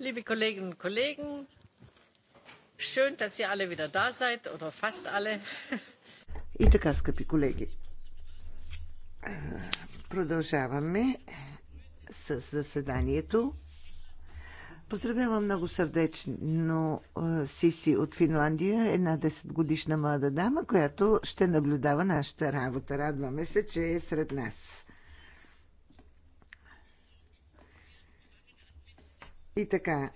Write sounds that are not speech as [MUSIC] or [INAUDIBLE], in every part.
liebe Kolleginnen und Kollegen, schön, dass ihr alle wieder da seid oder fast alle. И така, скъпи колеги, продължаваме с заседанието. Поздравявам много сърдечно Сиси от Финландия, една 10-годишна млада дама, която ще наблюдава нашата работа. Радваме се, че е сред нас. И така,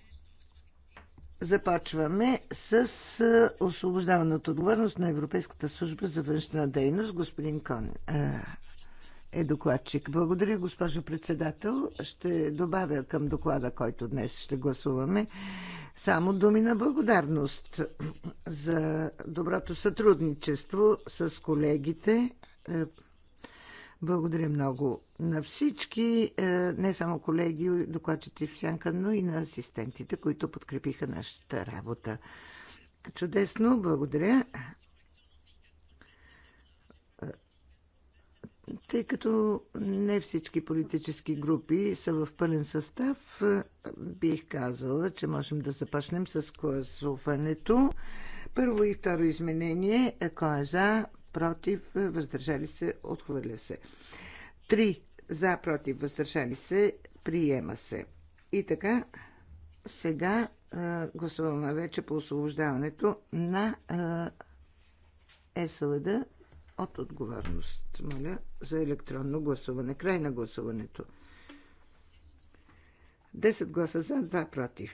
започваме с освобождаване от отговорност на Европейската служба за външна дейност. Господин Кон е докладчик. Благодаря, госпожо председател. Ще добавя към доклада, който днес ще гласуваме, само думи на благодарност за доброто сътрудничество с колегите благодаря много на всички, е, не само колеги, докладчици в Сянка, но и на асистентите, които подкрепиха нашата работа. Чудесно, благодаря. Тъй като не всички политически групи са в пълен състав, е, бих казала, че можем да започнем с класуването. Първо и второ изменение. Е, кой е за? против, въздържали се, отхвърля се. 3 за, против, въздържали се, приема се. И така, сега а, гласуваме вече по освобождаването на а, СЛД от отговорност. Моля за електронно гласуване. Край на гласуването. 10 гласа за, 2 против.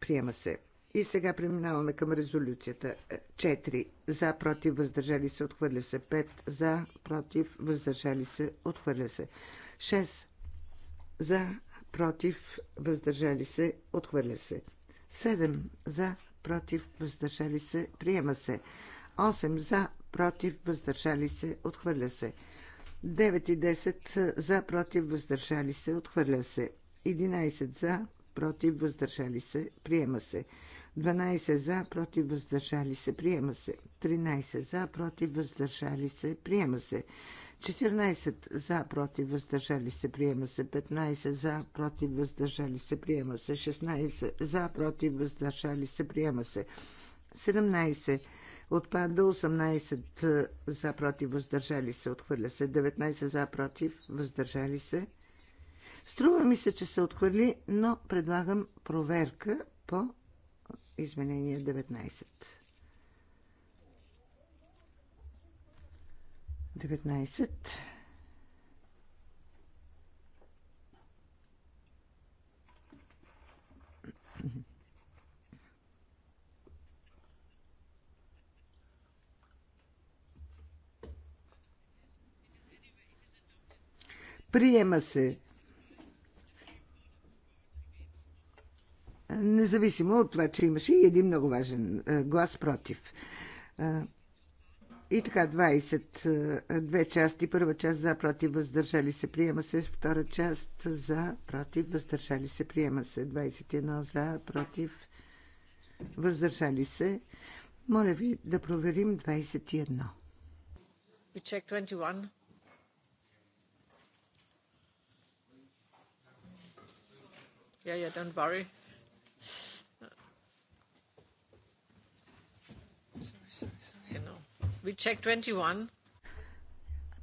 Приема се. И сега преминаваме към резолюцията. 4. Е, За, против, въздържали се, отхвърля се. 5. За, против, въздържали се, отхвърля се. 6. За, против, въздържали се, отхвърля се. 7. За, против, въздържали се, приема се. 8. За, против, въздържали се, отхвърля се. 9 и 10. За, против, въздържали се, отхвърля се. 11. За, против, въздържали се, приема се. 12 за, против, въздържали се, приема се. 13 за, против, въздържали се, приема се. 14 за, против, въздържали се, приема се. 15 за, против, въздържали се, приема се. 16 за, против, въздържали се, приема се. 17 отпада, 18 за, против, въздържали се, отхвърля се. 19 за, против, въздържали се, Струва ми се, че се отхвърли, но предлагам проверка по изменение 19. 19. Приема се независимо от това, че имаше и един много важен глас против. И така, 20, две части. Първа част за, против, въздържали се, приема се. Втора част за, против, въздържали се, приема се. 21 за, против, въздържали се. Моля ви да проверим 21. We check 21. Yeah, yeah, don't worry.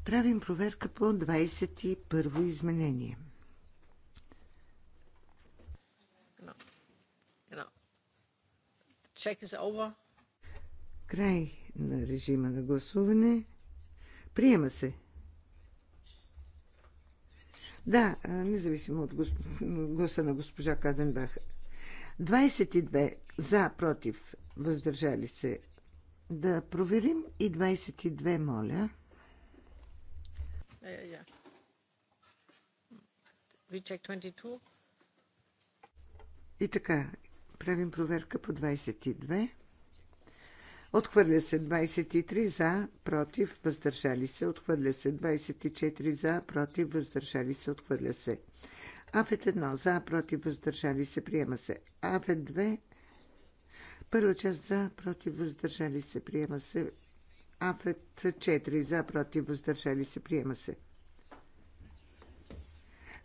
Правим проверка по 21 во изменение. Край на режима на гласуване. Приема се. Да, независимо от гласа на госпожа Каденбах. 22 за, против, въздържали се. Да проверим и 22, моля. Yeah, yeah. 22. И така, правим проверка по 22. Отхвърля се 23 за, против, въздържали се. Отхвърля се 24 за, против, въздържали се. Отхвърля се. Афет 1 за, против, въздържали се, приема се. Афет 2 първа част за, против, въздържали се, приема се. Афет 4 за, против, въздържали се, приема се.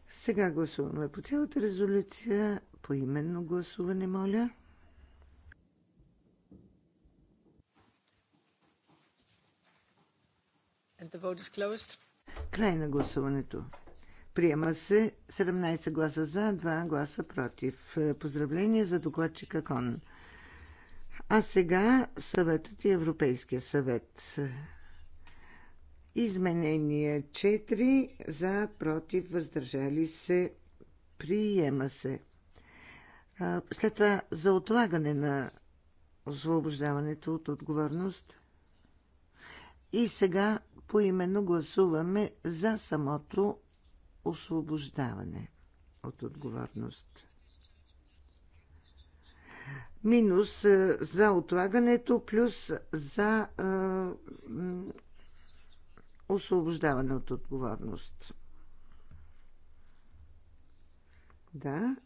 Сега гласуваме по цялата резолюция. По именно гласуване, моля. Край на гласуването. Приема се 17 гласа за, 2 гласа против. Поздравление за докладчика Кон. А сега съветът и Европейския съвет. Изменение 4 за, против, въздържали се. Приема се. След това за отлагане на освобождаването от отговорност. И сега поименно гласуваме за самото освобождаване от отговорност. Минус е, за отлагането, плюс за е, освобождаване от отговорност. Да.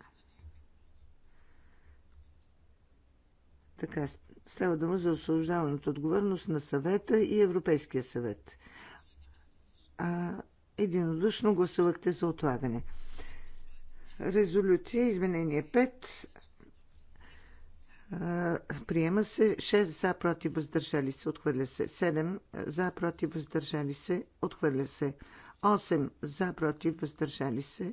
Така, става дума за освобождаването отговорност на съвета и Европейския съвет. А, единодушно гласувахте за отлагане. Резолюция, изменение 5. Приема се 6 за, против, въздържали се, отхвърля се. 7 за, против, въздържали се, отхвърля се. 8 за, против, въздържали се,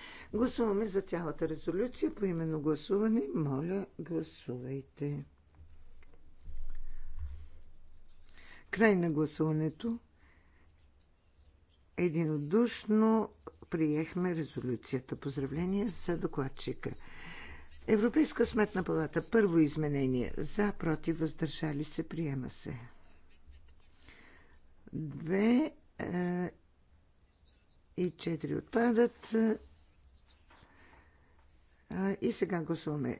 Гласуваме за цялата резолюция по именно гласуване. Моля, гласувайте. Край на гласуването. Единодушно приехме резолюцията. Поздравления за докладчика. Европейска сметна палата. Първо изменение. За, против, въздържали се. Приема се. Две е, и четири отпадат. И сега гласуваме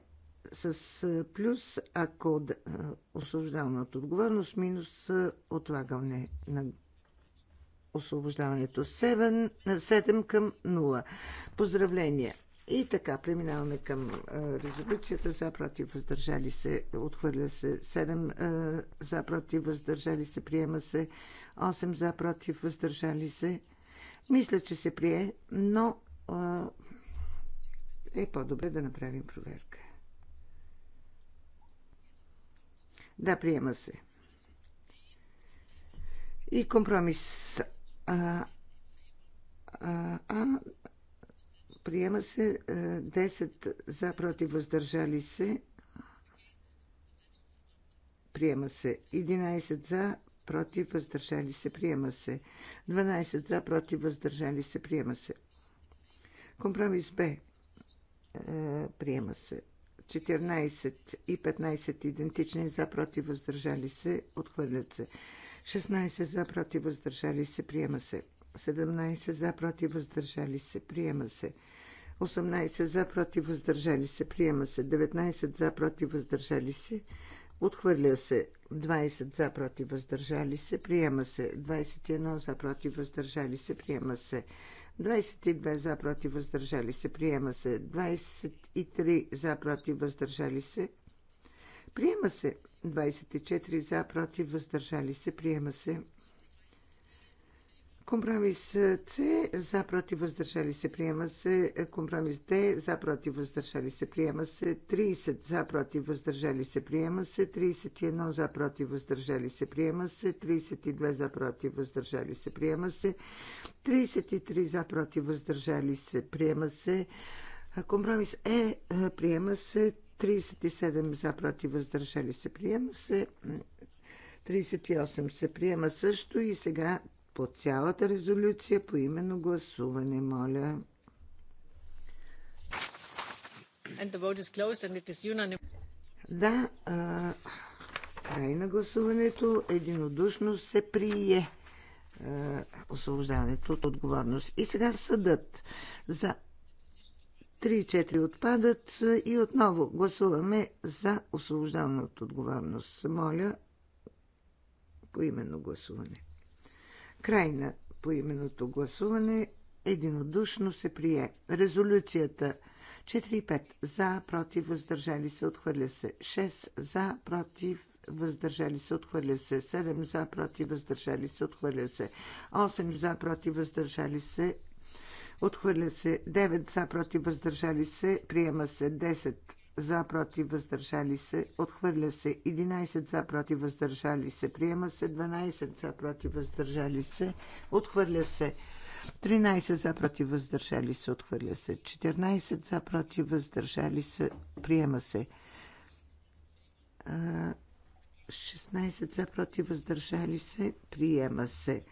с плюс, ако освобождаваме от отговорност, минус отлагане на освобождаването 7, 7 към 0. Поздравления! И така, преминаваме към резолюцията за против въздържали се. Отхвърля се 7 за против въздържали се. Приема се 8 за против въздържали се. Мисля, че се прие, но е по-добре да направим проверка. Да, приема се. И компромис. А, а, а приема се 10 за против въздържали се. Приема се 11 за против въздържали се. Приема се 12 за против въздържали се. Приема се. Компромис Б е, приема се. 14 и 15 идентични за против въздържали се, отхвърлят се. 16 за против въздържали се, приема се. 17 за против въздържали се, приема се. 18 за против въздържали се, приема се. 19 за против въздържали се, отхвърля се. 20 за против въздържали се, приема се. 21 за против въздържали се, приема се. 22 за против въздържали се. Приема се. 23 за против въздържали се. Приема се. 24 за против въздържали се. Приема се. Компромис е, С за против въздържали се приема се. Е, компромис Д за против въздържали се приема се. 30 за против въздържали се приема се. 31 за против въздържали се приема се. 32 за против въздържали се приема се. 33 за против въздържали се приема се. Е, компромис Е приема се. 37 за против въздържали се приема се. 38 се приема също и сега по цялата резолюция по именно гласуване, моля. Да, а, край на гласуването единодушно се прие а, освобождаването от отговорност. И сега съдът за 3-4 отпадат и отново гласуваме за освобождаване от отговорност. Моля, поименно гласуване. Край на поименното гласуване единодушно се прие. Резолюцията 4-5 за, против, въздържали се, отхвърля се. 6 за, против, въздържали се, отхвърля се. 7 за, против, въздържали се, отхвърля се. 8 за, против, въздържали се, отхвърля се. 9 за, против, въздържали се, приема се. 10 за против въздържали се, отхвърля се 11 за против въздържали се, приема се 12 за против въздържали се, отхвърля се 13 за против въздържали се, отхвърля се 14 за против въздържали се, приема се 16 за против въздържали се, приема се.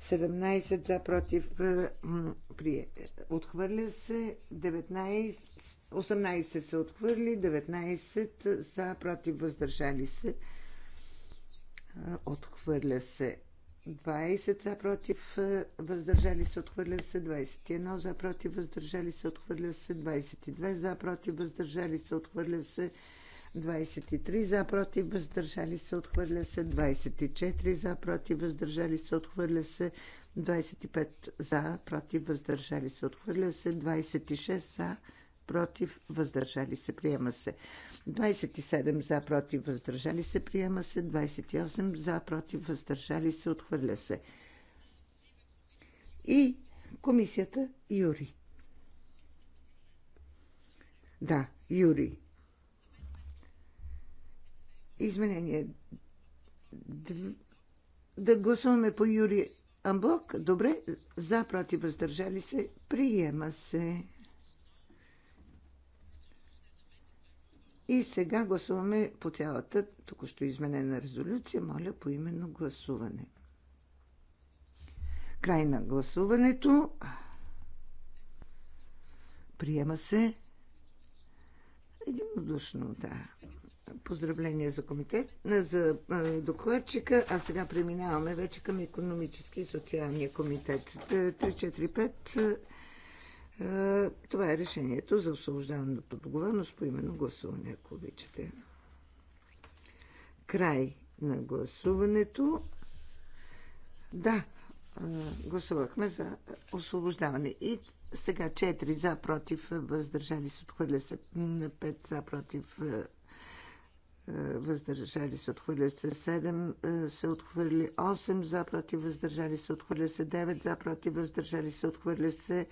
17 за против е, прие, отхвърля се, 19, 18 се отхвърли, 19 е, е, за против въздържали се, отхвърля се. 20 за против въздържали се, отхвърля се, 21 за против въздържали се, отхвърля се, 22 за против въздържали се, отхвърля се, 23 за против въздържали се отхвърля се 24 за против въздържали се отхвърля се 25 за против въздържали се отхвърля се 26 за против въздържали се приема се 27 за против въздържали се приема се 28 за против въздържали се отхвърля се и комисията Юри да, Юри Изменение. Да гласуваме по Юри Амблок. Добре. За, против, въздържали се. Приема се. И сега гласуваме по цялата току-що изменена резолюция. Моля по именно гласуване. Край на гласуването. Приема се единодушно, да. Поздравления за комитет, за докладчика, а сега преминаваме вече към економически и социалния комитет. 3-4-5. Това е решението за освобождаване от отговорност по именно гласуване, ако обичате. Край на гласуването. Да, гласувахме за освобождаване. И сега 4 за, против, въздържали се, отхвърля се на 5 за, против, е, въздържали се, отхвърля се 7, е, се отхвърли 8, за против, въздържали се, отхвърля се 9, за против, въздържали се, отхвърля се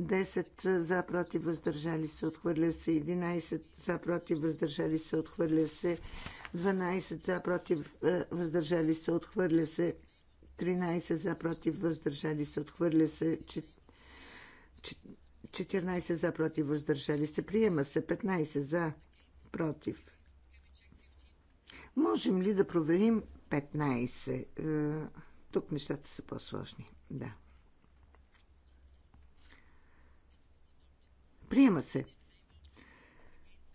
10, е, за против, въздържали се, отхвърля се 11, за против, въздържали се, отхвърля се 12, за против, въздържали се, отхвърля се 13, за против, въздържали се, отхвърля се 14 за против въздържали се. Приема се 15 за против Можем ли да проверим 15? Е, тук нещата са по-сложни. Да. Приема се.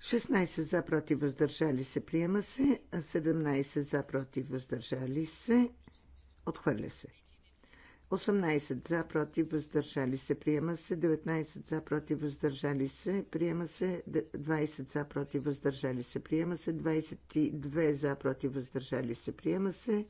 16 за против въздържали се. Приема се. 17 за против въздържали се. Отхвърля се. 18 за, против, въздържали се, приема се. 19 за, против, въздържали се, приема се. 20 за, против, въздържали се, приема се. 22 за, против, въздържали се, приема се.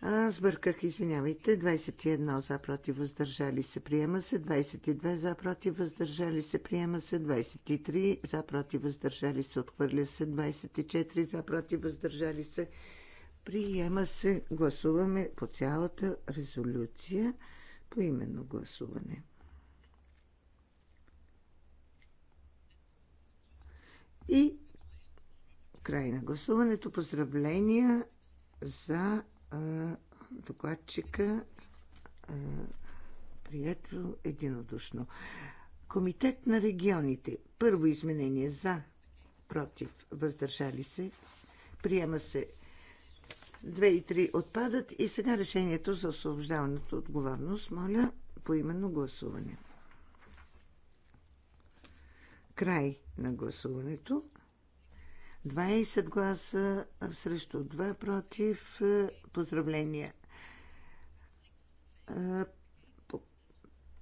А, сбърках, извинявайте. 21 за, против, въздържали се, приема се. 22 за, против, въздържали се, приема се. 23 за, против, въздържали се, отхвърля се. 24 за, против, въздържали се, се. Приема се. Гласуваме по цялата резолюция по именно гласуване. И край на гласуването. Поздравления за а, докладчика. А, прието единодушно. Комитет на регионите. Първо изменение за, против, въздържали се. Приема се 2 и 3 отпадат и сега решението за освобождаването отговорност. Моля по именно гласуване. Край на гласуването. 20 гласа срещу 2 против. Поздравления.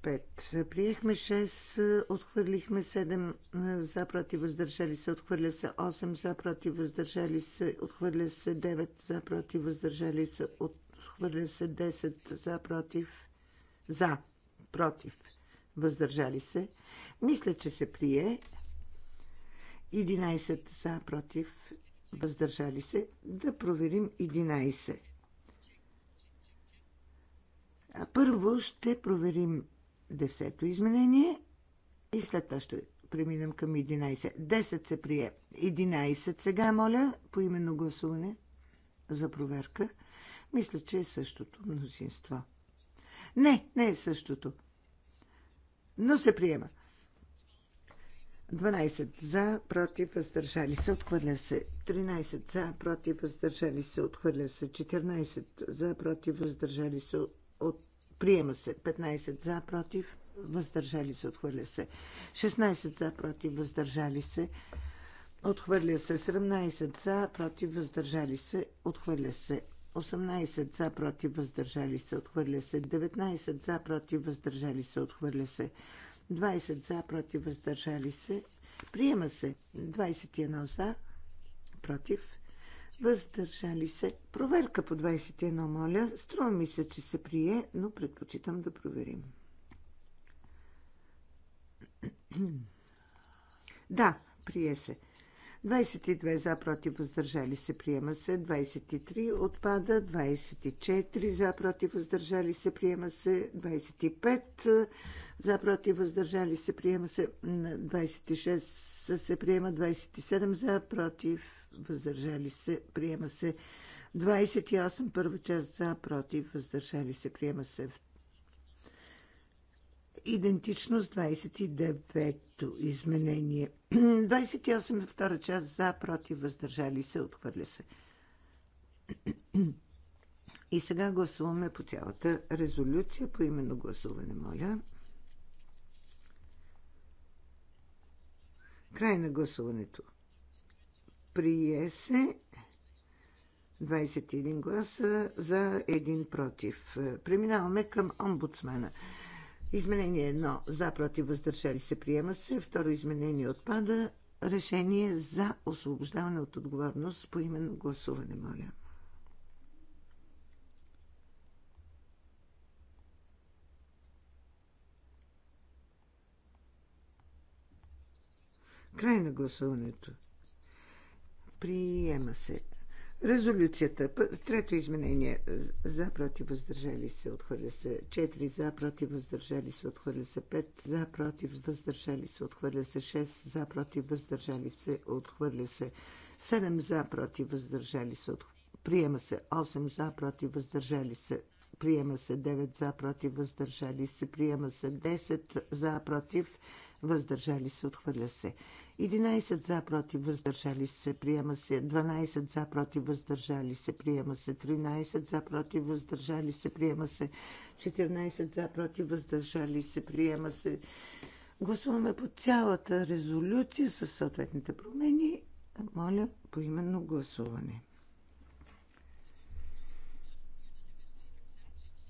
5. Приехме 6, отхвърлихме 7 за против въздържали се, отхвърля се 8 за против въздържали се, отхвърля се 9 за против въздържали се, отхвърля се 10 за против за против въздържали се. Мисля, че се прие 11 за против въздържали се. Да проверим 11. първо ще проверим Десето изменение и след това ще преминем към 11. 10 се прие. 11 сега, моля, по именно гласуване за проверка. Мисля, че е същото мнозинство. Не, не е същото. Но се приема. 12 за, против, въздържали се, отхвърля се. 13 за, против, въздържали се, отхвърля се. 14 за, против, въздържали се, от Приема се 15 за, против, въздържали се, отхвърля се. 16 за, против, въздържали се, отхвърля се. 17 за, против, въздържали се, отхвърля се. 18 за, против, въздържали се, отхвърля се. 19 за, против, въздържали се, отхвърля се. 20 за, против, въздържали се. Приема се. 21 за, против, въздържали се. Проверка по 21, моля. Струва ми се, че се прие, но предпочитам да проверим. [CLEARS THROAT] Да, прие се. 22 за, против, въздържали се, приема се. 23 отпада. 24 за, против, въздържали се, приема се. 25 за, против, въздържали се, приема се. 26 се приема. 27 за, против, въздържали се, приема се. 28 първа част за, против, въздържали се, приема се. Идентично с 29-то изменение. 28 [CLEARS THROAT] втора част за, против, въздържали се, отхвърля се. [CLEARS THROAT] И сега гласуваме по цялата резолюция, по именно гласуване, моля. Край на гласуването. Прие се 21 гласа за един против. Преминаваме към омбудсмена. Изменение 1 за против въздържали се приема се. Второ изменение отпада. Решение за освобождаване от отговорност по именно гласуване, моля. Край на гласуването. Приема се. Резолюцията. Трето изменение. За, против, въздържали се, отхвърля се. Четири За, против, въздържали се, отхвърля се. Пет, За, против, въздържали се, отхвърля се. Шест, За, против, въздържали се, отхвърля се. Седем За, против, въздържали се, приема се. 8. За, против, въздържали се, приема се. девет За, против, въздържали се, приема се. Десет За, против, въздържали се въздържали се, отхвърля се. 11 за, против, въздържали се, приема се. 12 за, против, въздържали се, приема се. 13 за, против, въздържали се, приема се. 14 за, против, въздържали се, приема се. Гласуваме по цялата резолюция със съответните промени. Моля, поименно гласуване.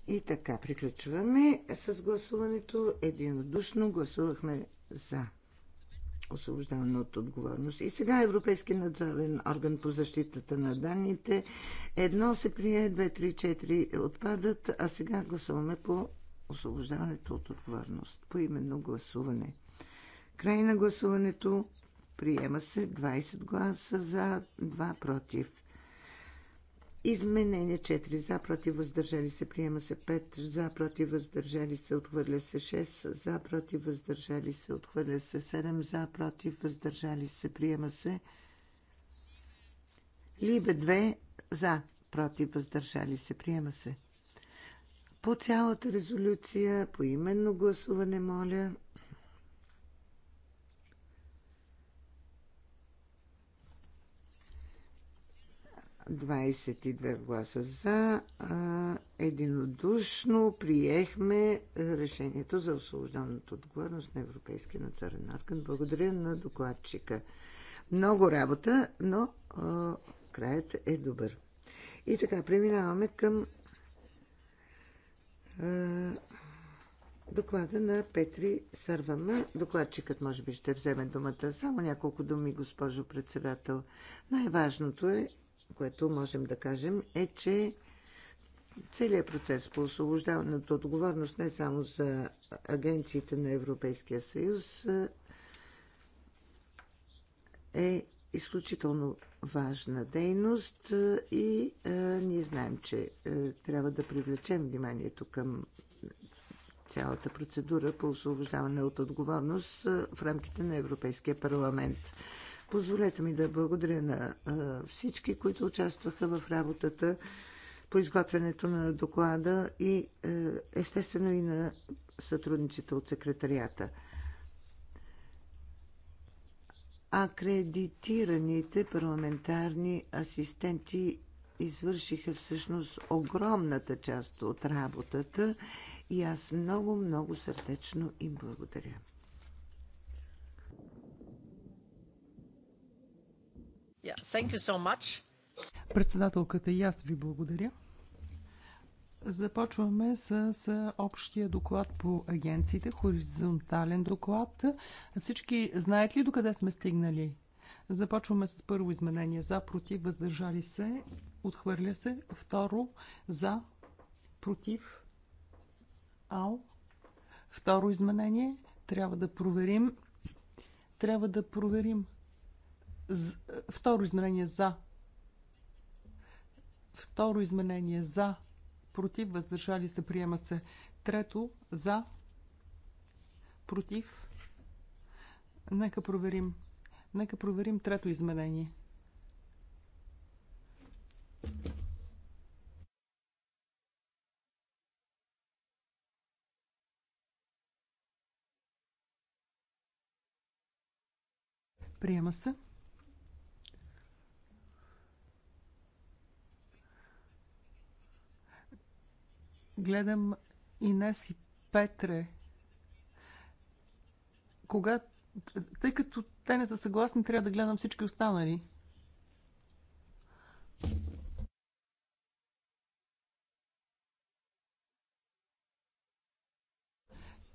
И така, приключваме с гласуването. Единодушно гласувахме за освобождаване от отговорност. И сега Европейски надзорен орган по защитата на данните. Едно се прие, две, три, четири отпадат, а сега гласуваме по освобождаването от отговорност. По именно гласуване. Край на гласуването приема се 20 гласа за, 2 против. Изменение 4 за против въздържали се приема се 5 за против въздържали се отхвърля се 6 за против въздържали се отхвърля се 7 за против въздържали се приема се Либе 2 за против въздържали се приема се по цялата резолюция по именно гласуване моля 22 гласа за. единодушно приехме решението за от отговорност на Европейския национален орган. Благодаря на докладчика. Много работа, но а, краят е добър. И така, преминаваме към а, доклада на Петри Сървама. Докладчикът може би ще вземе думата. Само няколко думи, госпожо председател. Най-важното е което можем да кажем, е, че целият процес по освобождаването от отговорност не само за агенциите на Европейския съюз е изключително важна дейност и е, ние знаем, че е, трябва да привлечем вниманието към цялата процедура по освобождаване от отговорност е, в рамките на Европейския парламент. Позволете ми да благодаря на всички, които участваха в работата по изготвянето на доклада и естествено и на сътрудниците от секретарията. Акредитираните парламентарни асистенти извършиха всъщност огромната част от работата и аз много, много сърдечно им благодаря. Yeah, thank you so much. Председателката и аз ви благодаря. Започваме с, общия доклад по агенциите, хоризонтален доклад. Всички знаят ли докъде сме стигнали? Започваме с първо изменение за, против, въздържали се, отхвърля се. Второ, за, против, ау. Второ изменение, трябва да проверим. Трябва да проверим. Второ изменение за. Второ изменение за. Против. Въздържали се. Приема се. Трето за. Против. Нека проверим. Нека проверим трето изменение. Приема се. Гледам Инес и Петре. Кога... Тъй като те не са съгласни, трябва да гледам всички останали.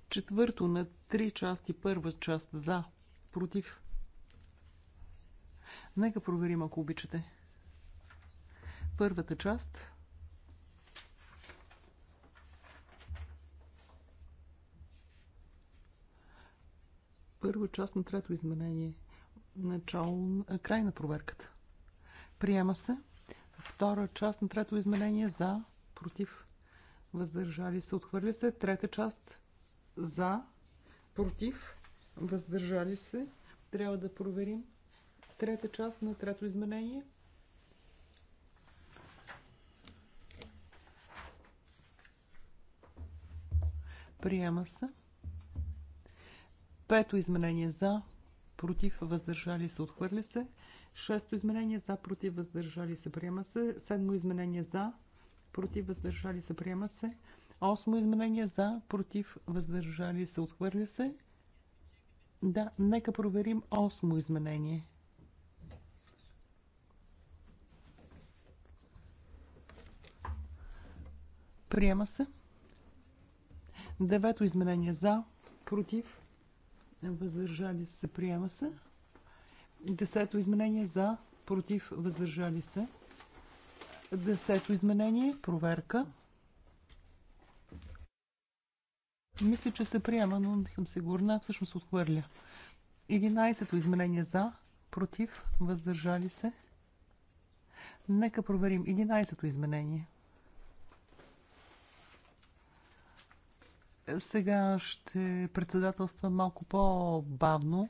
Четвърто на три части, първа част за, против. Нека проверим, ако обичате. Първата част Първа част на трето изменение. Начало, край на проверката. Приема се. Втора част на трето изменение за, против, въздържали се, отхвърля се. Трета част за, против, въздържали се. Трябва да проверим трета част на трето изменение. Приема се. Пето изменение за, против, въздържали се, отхвърля се. Шесто изменение за, против, въздържали се, приема се. Седмо изменение за, против, въздържали се, приема се. Осмо изменение за, против, въздържали се, отхвърля се. Да, нека проверим осмо изменение. Приема се. Девето изменение за, против, въздържали се, приема се. Десето изменение за, против, въздържали се. Десето изменение, проверка. Мисля, че се приема, но не съм сигурна. Всъщност отхвърля. 11-то изменение за, против, въздържали се. Нека проверим 11-то изменение. Сега ще председателства малко по-бавно.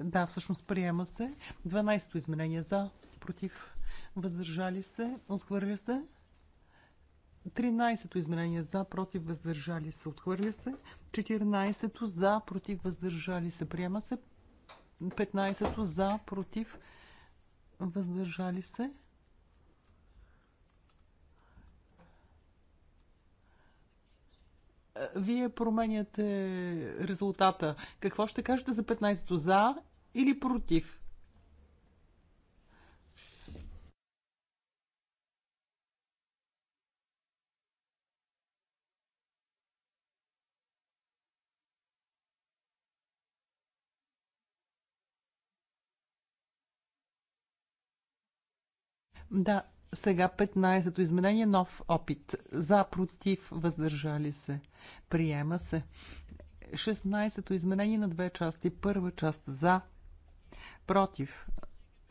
Да, всъщност приема се. 12-то изменение за, против, въздържали се, отхвърля се. 13-то изменение за, против, въздържали се, отхвърля се. 14-то за, против, въздържали се, приема се. 15-то за, против, въздържали се. Е, вие променяте резултата. Какво ще кажете за 15-то? За или против? Да, сега 15-то изменение, нов опит. За, против, въздържали се. Приема се. 16-то изменение на две части. Първа част за, против.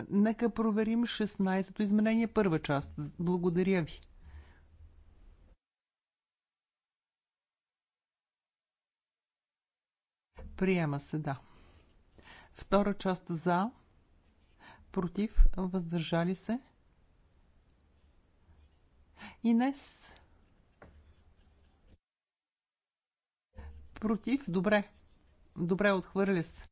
Нека проверим 16-то изменение, първа част. Благодаря ви. Приема се, да. Втора част за, против, въздържали се. Инес. Против. Добре. Добре, отхвърля се.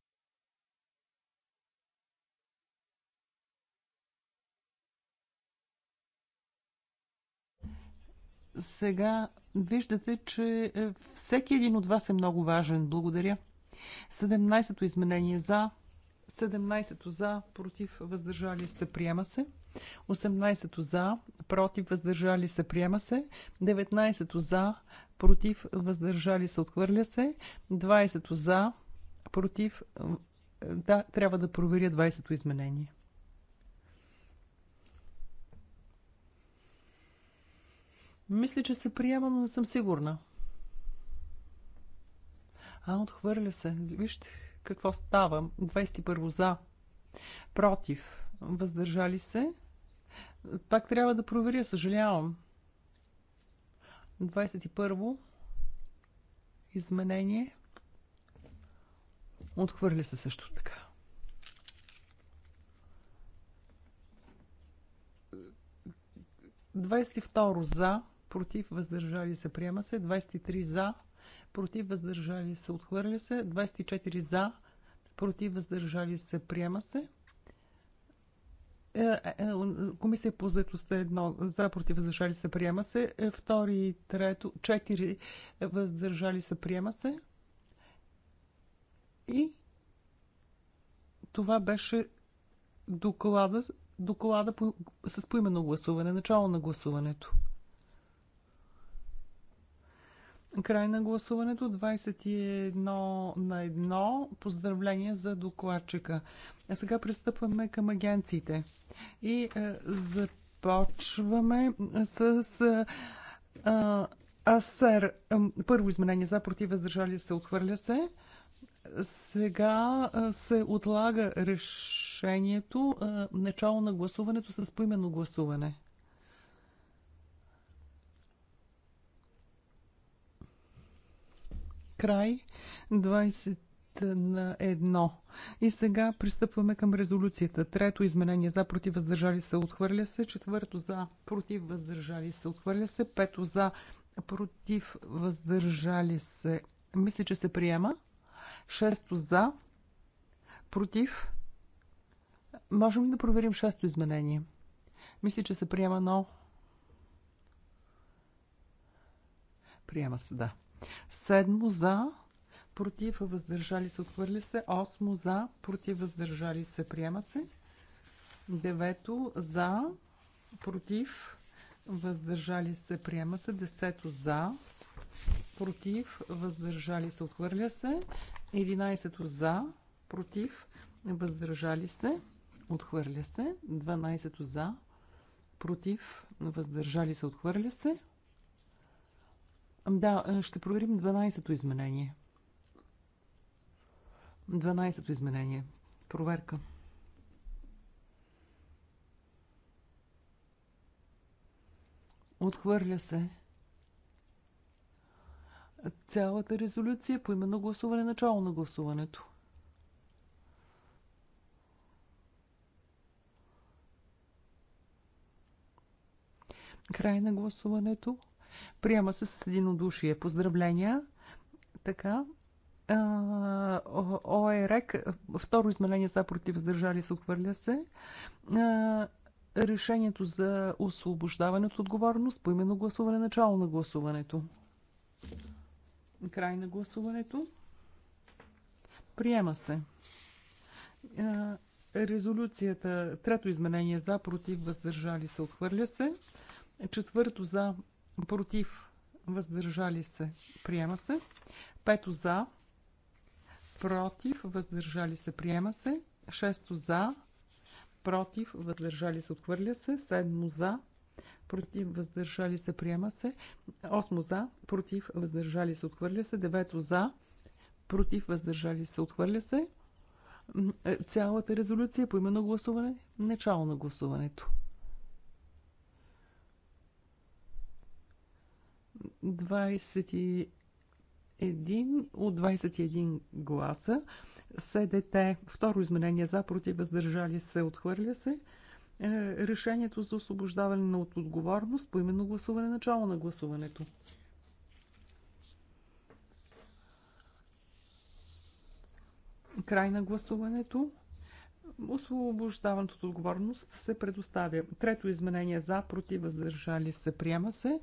Сега виждате, че е, всеки един от вас е много важен. Благодаря. 17-то изменение за 17 за, против, въздържали се, приема се. 18 за, против, въздържали се, приема се. 19 за, против, въздържали се, отхвърля се. 20 за, против, да, трябва да проверя 20-то изменение. Мисля, че се приема, но не съм сигурна. А, отхвърля се. Вижте, какво става. 21 за, против, въздържали се. Пак трябва да проверя, съжалявам. 21 изменение. Отхвърля се също така. Двадесет второ за, против, въздържали се, приема се. 23 за, против въздържали се, отхвърля се. 24 за, против въздържали се, приема се. Е, е, е, комисия по заедостта едно за против въздържали се приема се. Втори и трето, четири въздържали се приема се. И това беше доклада, доклада по, с поименно гласуване, начало на гласуването. Край на гласуването 21 на 1. Поздравление за докладчика. А сега пристъпваме към агенциите. И е, започваме с е, е АСЕР. Първо изменение за против въздържали се, отхвърля се. Сега е, се отлага решението е, начало на гласуването с поименно гласуване. край. 20 на 1. И сега пристъпваме към резолюцията. Трето изменение за против въздържали се отхвърля се. Четвърто за против въздържали се отхвърля се. Пето за против въздържали се. Мисля, че се приема. Шесто за против. Можем ли да проверим шесто изменение? Мисля, че се приема, но... Приема се, да. Седмо за, против, въздържали се, отхвърли се. Осмо за, против, въздържали се, приема се. Девето за, против, въздържали се, приема се. Десето за, против, въздържали се, отхвърля се. Единайсето за, против, въздържали се, отхвърля се. Дванайсето за, против, въздържали се, отхвърля се. Да, е, ще проверим 12-то изменение. 12-то изменение. Проверка. Отхвърля се. Цялата резолюция по именно гласуване, начало на гласуването. Край на гласуването. Приема се с единодушие. Поздравления. Така. ОЕРЕК, второ изменение за против, сдържали се, отхвърля се. Решението за освобождаване от отговорност по именно гласуване, начало на гласуването. Край на гласуването. Приема се. Резолюцията, трето изменение за, против, въздържали се, отхвърля се. Четвърто за, против, въздържали се, приема се. Пето за, против, въздържали се, приема се. Шесто за, против, въздържали се, отхвърля се. Седмо за, против, въздържали се, приема се. Осмо за, против, въздържали се, отхвърля се. Девето за, против, въздържали се, отхвърля се. Е, цялата резолюция по именно гласуване, начало на гласуването. 21 от 21 гласа. СДТ, второ изменение за, против, въздържали се, отхвърля се. Е, решението за освобождаване от отговорност по именно гласуване, начало на гласуването. Край на гласуването. Освобождаването от отговорност се предоставя. Трето изменение за, против, въздържали се, приема се.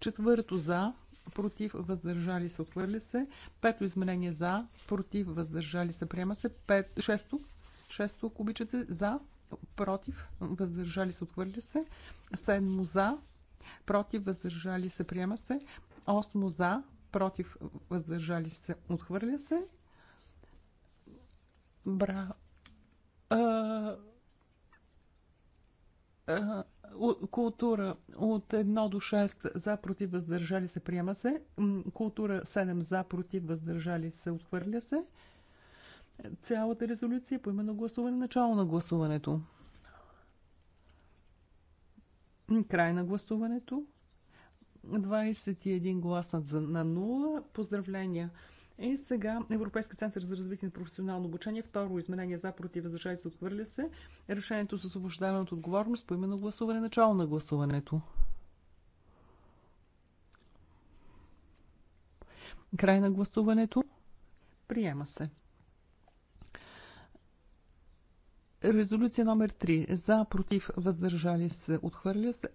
Четвърто за, против, въздържали се, отвърли се. Пето изменение за, против, въздържали се, приема се. Пет, шесто, шесто, ако обичате, за, против, въздържали се, отхвърля се. Седмо за, против, въздържали се, приема се. Осмо за, против, въздържали се, отхвърля се. Бра. А... А... Култура от 1 до 6 за против въздържали се приема се. Култура 7 за против въздържали се отхвърля се. Цялата резолюция по именно гласуване, начало на гласуването. Край на гласуването. 21 гласа на 0. Поздравления! И сега Европейски център за развитие на професионално обучение. Второ изменение за против въздържали се отхвърля се. Решението за освобождаване от отговорност по именно гласуване. Начало на гласуването. Край на гласуването. Приема се. Резолюция номер 3. За, против, въздържали се, отхвърля се.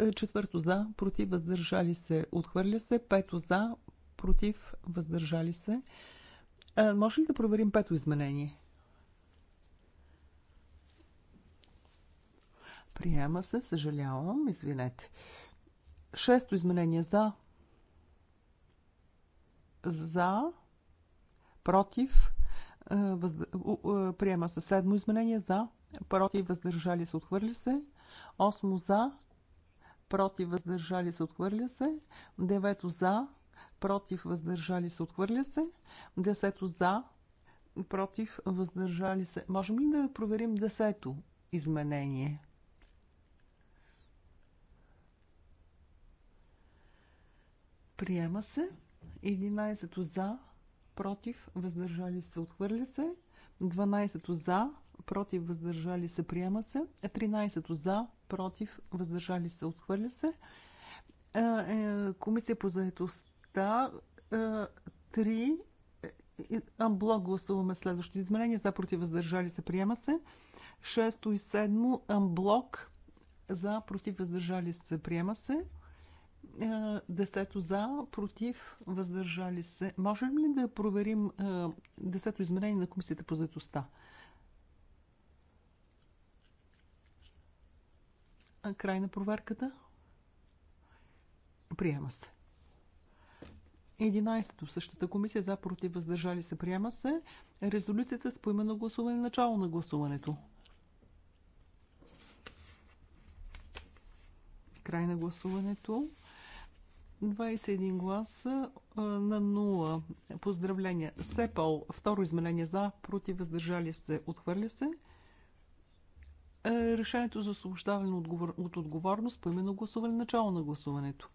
Е, четвърто за, против, въздържали се, отхвърля се. Пето за, против, въздържали се. А, може ли да проверим пето изменение? Приема се, съжалявам, извинете. Шесто изменение за. За. Против. Възд... Приема се седмо изменение за. Против. Въздържали се. Отхвърли се. Осмо за. Против. Въздържали се. Отхвърля се. Девето за против, въздържали се, отхвърля се. Десето за, против, въздържали се. Можем ли да проверим десето изменение? Приема се. 11 за, против, въздържали се, отхвърля се. 12 за, против, въздържали се, приема се. 13 за, против, въздържали се, отхвърля се. Е, е, Комисия по заедост Та, е, три. Е, Амблок гласуваме следващите изменения. За против въздържали се приема се. Шесто и седмо. Амблок за против въздържали се приема се. Е, десето за против въздържали се. Можем ли да проверим десето изменение на комисията по заедостта? Край на проверката. Приема се. 11. Същата комисия за против въздържали се приема се. Резолюцията с поименно гласуване. Начало на гласуването. Край на гласуването. 21 гласа на 0. Поздравления. СЕПАЛ. Второ изменение за против въздържали се. Отхвърля се. Решението за освобождаване от отговорност по именно гласуване. Начало на гласуването.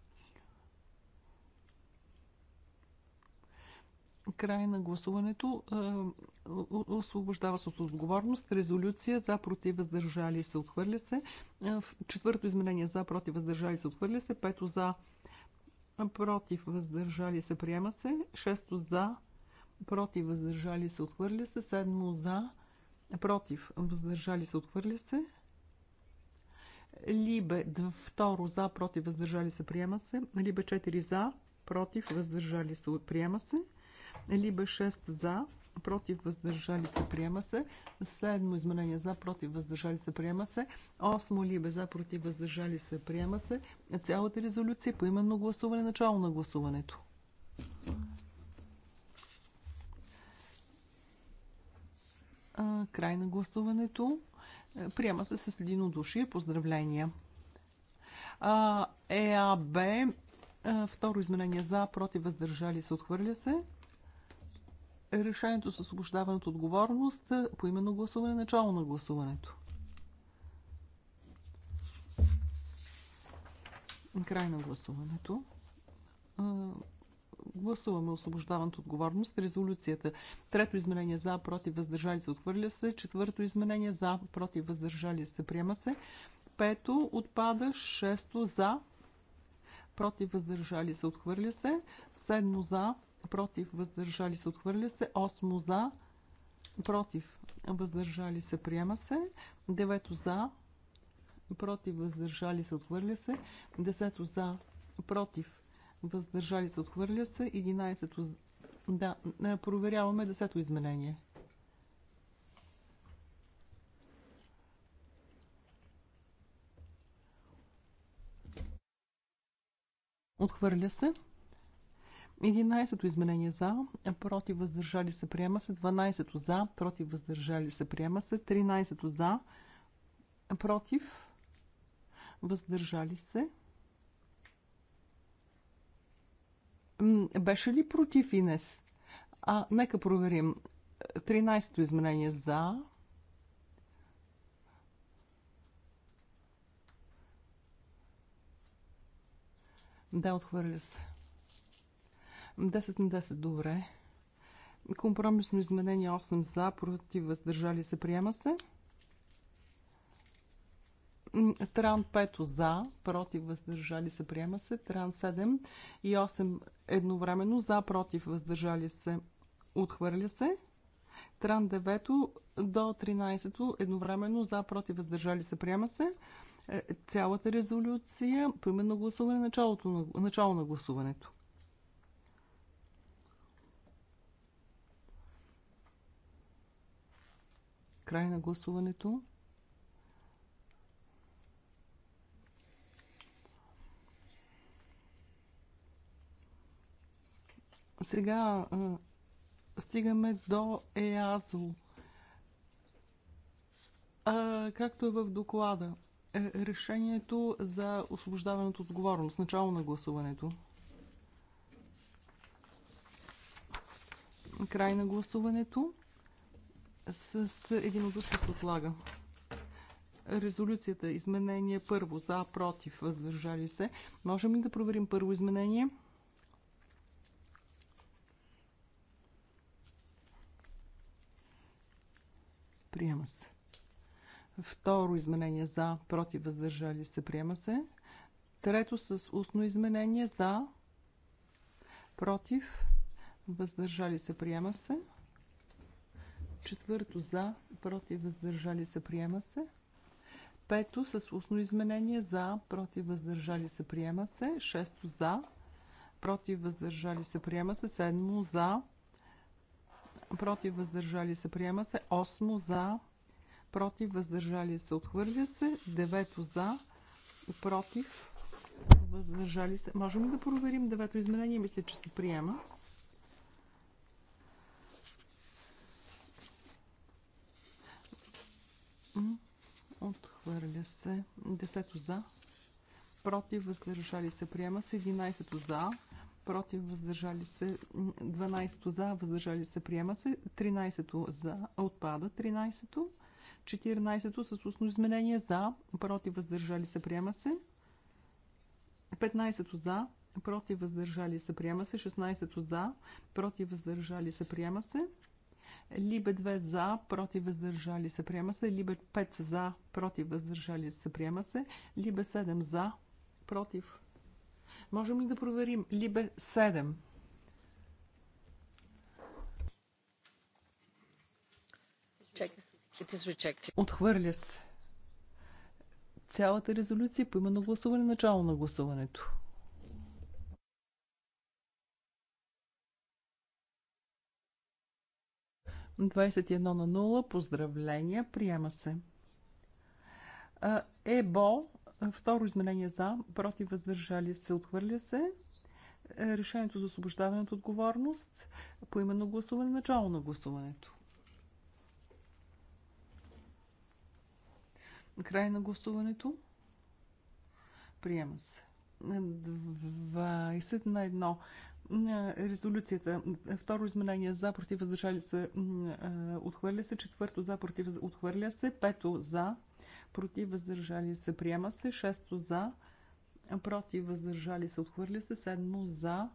Край на гласуването. Е, освобождава се от отговорност. Резолюция за против въздържали се отхвърля се. Е, четвърто изменение за против въздържали се отхвърля се. Пето за против въздържали се приема се. Шесто за против въздържали се отхвърля се. Седмо за против въздържали се отхвърля се. Либе второ за, против, въздържали се, приема се. Либе 4 за, против, въздържали се, приема се. Либе 6 за, против, въздържали се, приема се. Седмо изменение за, против, въздържали се, приема се. Осмо либе за, против, въздържали се, приема се. Цялата резолюция по именно гласуване, начало на гласуването. край на гласуването. Приема се с единодушие. Поздравления! ЕАБ, второ изменение за, против, въздържали се, отхвърля се решението с освобождаването отговорност по именно гласуване, начало на гласуването. Край на гласуването. Гласуваме освобождаването отговорност. Резолюцията. Трето изменение за, против, въздържали се, отхвърля се. Четвърто изменение за, против, въздържали се, приема се. Пето отпада. Шесто за, против, въздържали се, отхвърля се. Седмо за, против, въздържали се, отхвърля се. 8 за, против, въздържали се, приема се. 9 за, против, въздържали се, отхвърля се. 10 за, против, въздържали се, отхвърля се. 11 да, проверяваме 10 изменение. Отхвърля се. 11-то изменение за, против въздържали се, приема се. 12-то за, против въздържали се, приема се. 13-то за, против въздържали се. Беше ли против Инес? А, нека проверим. 13-то изменение за, Да, отхвърля се. 10 на 10, добре. Компромисно изменение 8 за, против, въздържали се, приема се. Тран 5 за, против, въздържали се, приема се. Тран 7 и 8 едновременно за, против, въздържали се, отхвърля се. Тран 9 до 13 едновременно за, против, въздържали се, приема се. Е, цялата резолюция, поименно гласуване, начало на гласуването. Край на гласуването. Сега а, стигаме до ЕАЗО. А, както е в доклада, е, решението за освобождаването отговорност, начало на гласуването. Край на гласуването с единодушно се отлага. Резолюцията, изменение първо, за, против, въздържали се. Можем ли да проверим първо изменение? Приема се. Второ изменение за, против, въздържали се, приема се. Трето с устно изменение за, против, въздържали се, приема се. Четвърто за, против, въздържали се, приема се. Пето с устно изменение за, против, въздържали се, приема се. Шесто за, против, въздържали се, приема се. Седмо за, против, въздържали се, приема се. Осмо за, против, въздържали се, отхвърля се. Девето за, против, въздържали се. Можем ли да проверим девето изменение? Мисля, че се приема. Отхвърля се. 10 за. Против въздържали се. Приема се. 11 за. Против въздържали се. 12 за. Въздържали се. Приема се. 13 за. Отпада. 13. 14 с устно изменение за. Против въздържали се. Приема се. 15 за. Против въздържали се. Приема се. 16 за. Против въздържали се. Приема се. Либе 2 за, против въздържали се, приема се. Либе 5 за, против въздържали се, приема се. Либе 7 за, против. Можем ли да проверим? Либе 7. Отхвърля се. Цялата резолюция по именно гласуване, начало на гласуването. 21 на 0. Поздравления. Приема се. ЕБО. Второ изменение за. Против въздържали се. Отхвърля се. Е, решението за освобождаване от отговорност. по именно гласуване. Начало на гласуването. Край на гласуването. Приема се. 20 е, на 1 резолюцията. Второ изменение за, против, въздържали се, отхвърля се. Четвърто за, против, отхвърля се. Пето за, против, въздържали се, приема се. Шесто за, против, въздържали се, отхвърля се. Седмо за,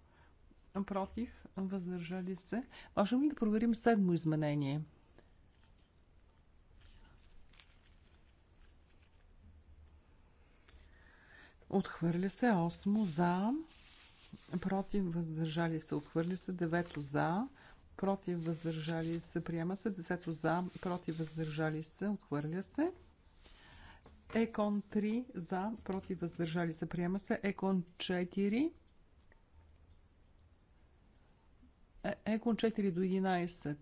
против, въздържали се. Можем ли да проверим седмо изменение? Отхвърля се. Осмо за, против, въздържали се, отхвърли се, девето за, против, въздържали се, приема се, десето за, против, въздържали се, отхвърля се. Екон 3 за, против, въздържали се, приема се. Екон 4. Е, Екон 4 до 11.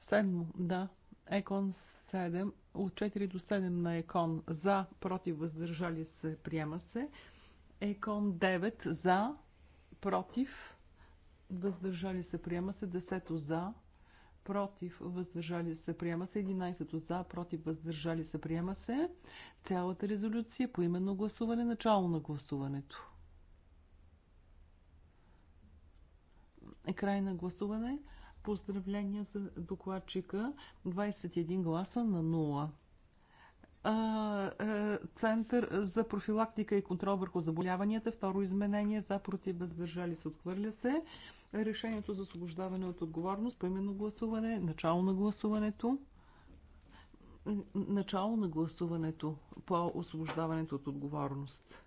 7, да. Екон 7. От 4 до 7 на Екон за, против, въздържали се, приема се. Екон 9 за, против, въздържали се, приема се. 10 за, против, въздържали се, приема се. 11 за, против, въздържали се, приема се. Цялата резолюция по именно гласуване, начало на гласуването. Е край на гласуване. Поздравления за докладчика. 21 гласа на 0. Е, Център за профилактика и контрол върху заболяванията. Второ изменение за против въздържали се отхвърля се. Решението за освобождаване от отговорност, поименно гласуване, начало на гласуването. Начало на гласуването по освобождаването от отговорност.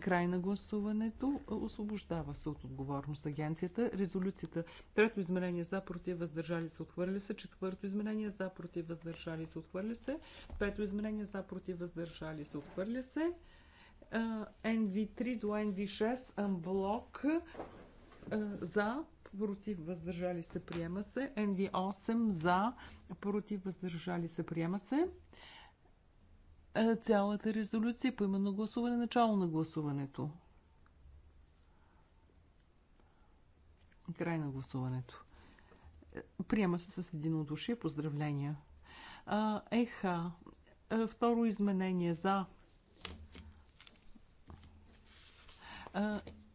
Край на гласуването. Освобождава се от отговорност агенцията. Резолюцията. Трето измерение за против въздържали се отхвърли се. Четвърто измерение за против въздържали се отхвърли се. Пето измерение за против въздържали се отхвърли се. NV3 до NV6 блок за против въздържали се приема се. NV8 за против въздържали се приема се. Е, цялата резолюция по именно гласуване, начало на гласуването. Край на гласуването. Е, приема се с единодушие. Поздравления. Еха. Е, второ изменение за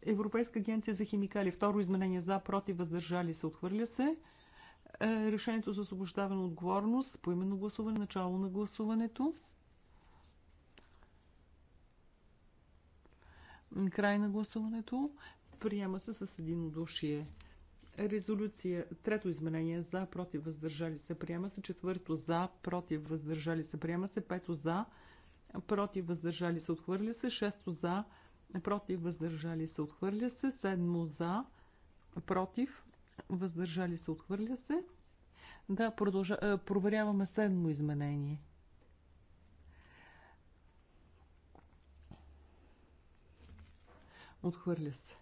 Европейска агенция за химикали. Второ изменение за, против, въздържали се, отхвърля се. Решението за освобождаване отговорност по именно гласуване, начало на гласуването. Край на гласуването. Приема се с единодушие. Резолюция. Трето изменение. За, против, въздържали се. Приема се. Четвърто. За, против, въздържали се. Приема се. Пето. За, против, въздържали се. Отхвърля се. Шесто. За, против, въздържали се. Отхвърля се. Седмо. За, против, въздържали се. Отхвърля се. Да, продължа... Е, проверяваме седмо изменение. Отхвърля се.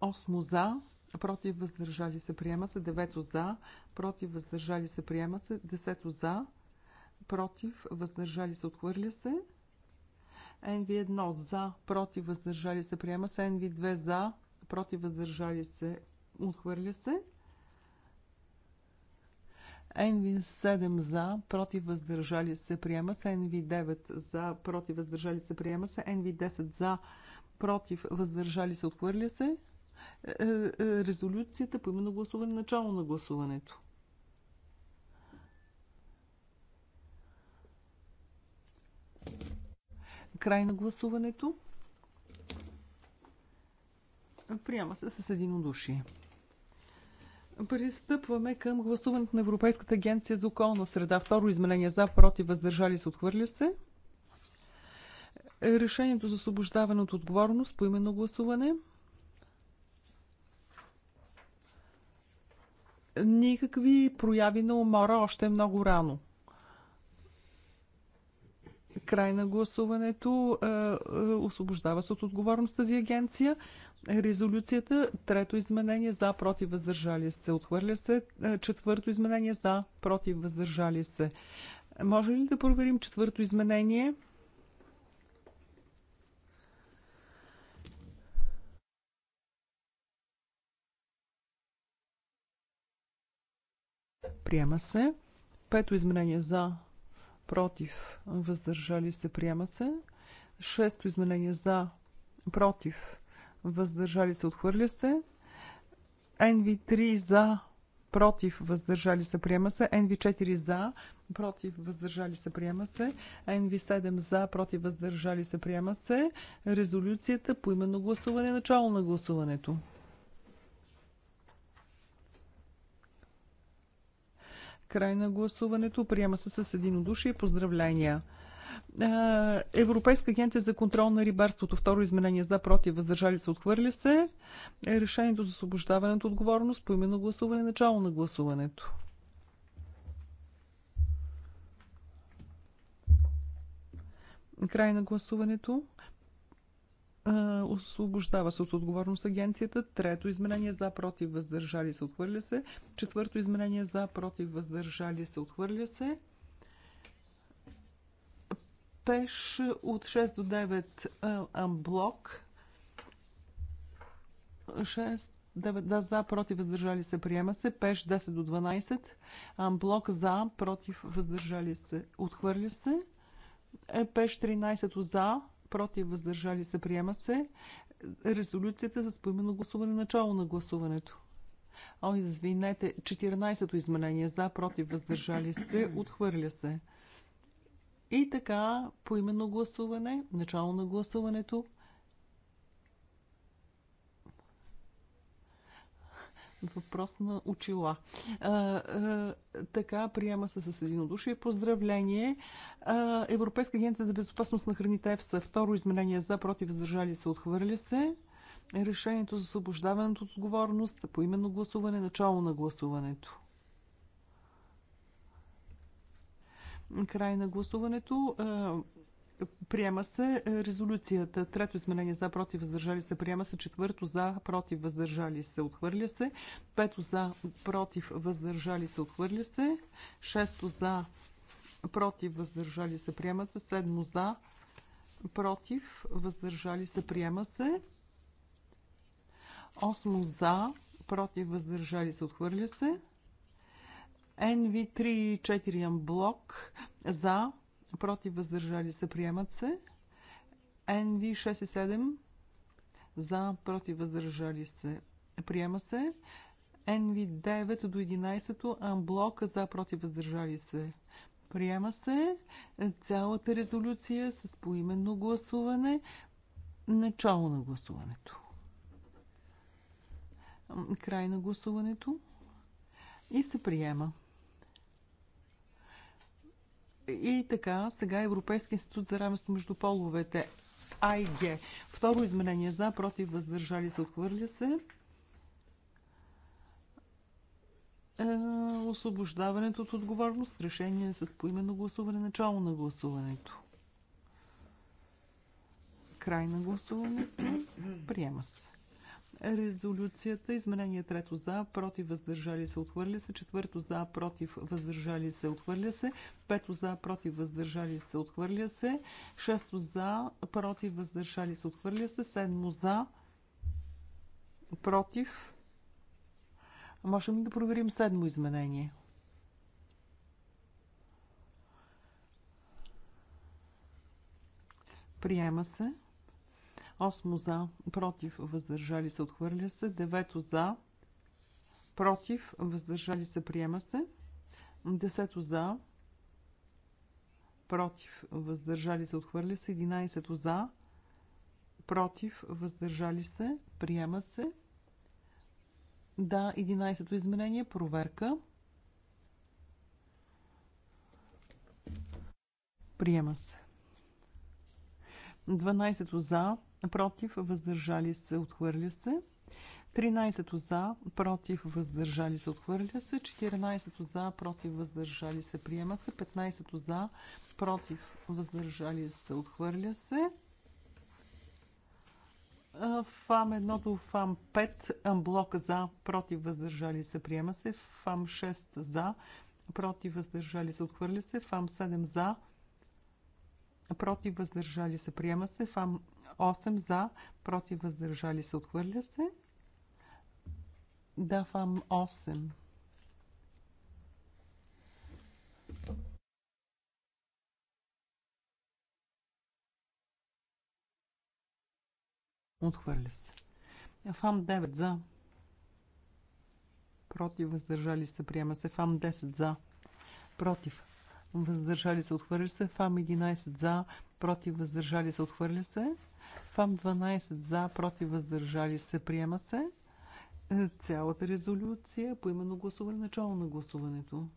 Осмо за, против въздържали се, приема се. Девето за, против въздържали се, приема се. Десето за, против въздържали се, отхвърля се. нв 1 за, против въздържали се, приема се. нв 2 за, против въздържали се, отхвърля се. нв 7 за, против въздържали се, приема се. нв 9 за, против въздържали се, приема се. нв 10 за, против, въздържали се, отхвърля се. Е, е, е, резолюцията по именно гласуване, начало на гласуването. Край на гласуването. Приема се с единодушие. Пристъпваме към гласуването на Европейската агенция за околна среда. Второ изменение за, против, въздържали се, отхвърля се. Решението за освобождаване от отговорност по именно гласуване. Никакви прояви на умора още е много рано. Край на гласуването е, е, освобождава се от отговорност тази агенция. Резолюцията, трето изменение за, против, въздържали се. Отхвърля се. Е, четвърто изменение за, против, въздържали се. Може ли да проверим четвърто изменение? приема се. Пето изменение за, против, въздържали се, приема се. Шесто изменение за, против, въздържали се, отхвърля се. NV3 за, против, въздържали се, приема се. NV4 за, против, въздържали се, приема се. NV7 за, против, въздържали се, приема се. Резолюцията по именно гласуване, начало на гласуването. Край на гласуването. Приема се с единодушие. Поздравления! Европейска агенция за контрол на рибарството. Второ изменение за против, въздържали се, отхвърля се. Решението за освобождаването отговорност по именно гласуване, начало на гласуването. Край на гласуването освобождава се от отговорност агенцията. Трето изменение за против въздържали се отхвърля се. Четвърто изменение за против въздържали се отхвърля се. Пеш от 6 до 9 амблок. 6 9 да, за, против, въздържали се, приема се. Пеш 10 до 12. Амблок за, против, въздържали се, отхвърля се. Е, пеш 13 за, против, въздържали се, приема се. Резолюцията за поименно гласуване, начало на гласуването. О, извинете, 14-то изменение за, против, въздържали се, отхвърля се. И така, поименно гласуване, начало на гласуването, въпрос на очила. А, а, така, приема се с единодушие. Поздравление! А, Европейска агенция за безопасност на храните ЕФСА. Второ изменение за против въздържали се. Отхвърля се. Решението за освобождаването от отговорност по именно гласуване. Начало на гласуването. Край на гласуването. А, Приема се е, резолюцията. Трето изменение за против въздържали се. Приема се. Четвърто за против въздържали се. Отхвърля се. Пето за против въздържали се. Отхвърля се. Шесто за против въздържали се. Приема се. Седмо за против въздържали се. Приема се. Осмо за против въздържали се. Отхвърля се. NV3 4 блок за против, въздържали се, приемат се. NV 67 за, против, въздържали се, приема се. NV 9 до 11 амблок за, против, въздържали се, приема се. Цялата резолюция с поименно гласуване. Начало на гласуването. Край на гласуването. И се приема. И така, сега Европейски институт за равенство между половете. АИГ. Второ изменение за, против, въздържали се, отхвърля се. Е, освобождаването от отговорност, решение с поименно гласуване, начало на гласуването. Край на гласуването. Приема се резолюцията. Изменение трето за, против, въздържали се, отхвърля се. Четвърто за, против, въздържали се, отхвърля се. Пето за, против, въздържали се, отхвърля се. Шесто за, против, въздържали се, отхвърля се. Седмо за, против. Можем ли да проверим седмо изменение? Приема се. 8 за, против, въздържали се, отхвърля се. 9 за, против, въздържали се, приема се. 10 за, против, въздържали се, отхвърля се. 11 за, против, въздържали се, приема се. Да, 11-то изменение, проверка. Приема се. 12 за, против, въздържали се, отхвърля се. 13 за, против, въздържали се, отхвърля се. 14 за, против, въздържали се, приема се. 15 за, против, въздържали се, отхвърля се. ФАМ 1 до ФАМ 5, блок за, против, въздържали се, приема се. ФАМ 6 за, против, въздържали се, отхвърля се. ФАМ 7 за, против, въздържали се, приема се. ФАМ 8 за, против, въздържали се, отхвърля се. Да, фам 8. Отхвърля се. Фам 9 за. Против, въздържали се, приема се. Фам 10 за. Против, въздържали се, отхвърля се. Фам 11 за. Против, въздържали се, отхвърля се. ФАМ 12 за, против, въздържали се, приема се. Е, цялата резолюция по именно гласуване, начало на гласуването.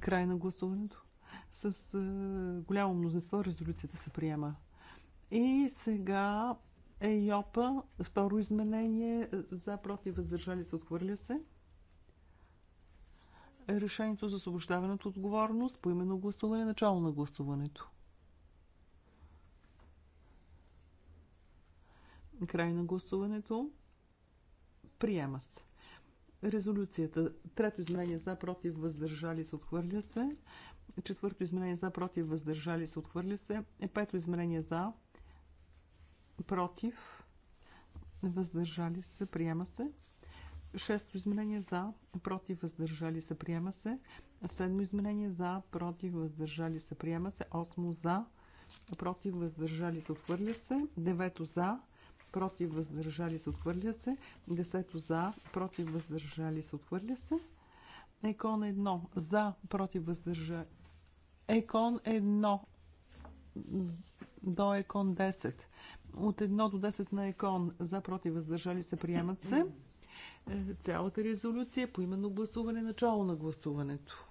Край на гласуването. С е, голямо мнозинство резолюцията се приема. И сега ЕЙОПА, второ изменение е, за против въздържали се, отхвърля се решението за освобождаването отговорност по именно гласуване, начало на гласуването. Край на гласуването. Приема се. Резолюцията. Трето изменение за против въздържали се отхвърля се. Четвърто изменение за против въздържали се отхвърля се. Пето изменение за против въздържали се приема се. Шесто изменение за, против, въздържали се, приема се. Седмо изменение за, против, въздържали се, приема се. Осмо за, против, въздържали се, отхвърля се. Девето за, против, въздържали се, отхвърля се. Десето за, против, въздържали се, отхвърля се. Екон едно за, против, въздържали. Екон едно до екон 10. От 1 до 10 на екон за, против, въздържали се, приемат се. Е, цялата резолюция по именно гласуване, начало на гласуването.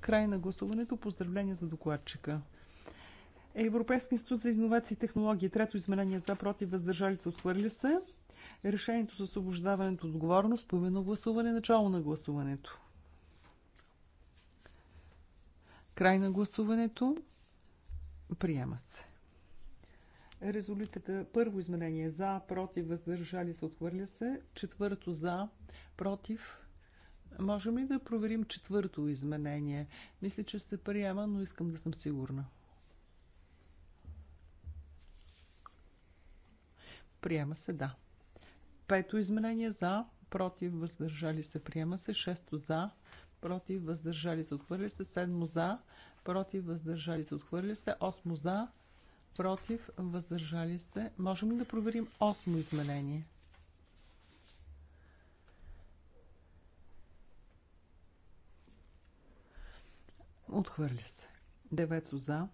Край на гласуването. Поздравление за докладчика. Европейски институт за инновации и технологии. Трето изменение за против въздържали се отхвърля се. Решението за освобождаването от отговорност по именно гласуване. Начало на гласуването. Край на гласуването. Приема се. Резолюцията първо изменение за, против, въздържали се, отхвърля се. Четвърто за, против. Можем ли да проверим четвърто изменение? Мисля, че се приема, но искам да съм сигурна. Приема се да. Пето изменение за, против, въздържали се, приема се. Шесто за, против, въздържали се, отхвърли се. Седмо за, против, въздържали се, отхвърли се. Осмо за, против, въздържали се. Можем ли да проверим осмо изменение? Отхвърля се. Девето за.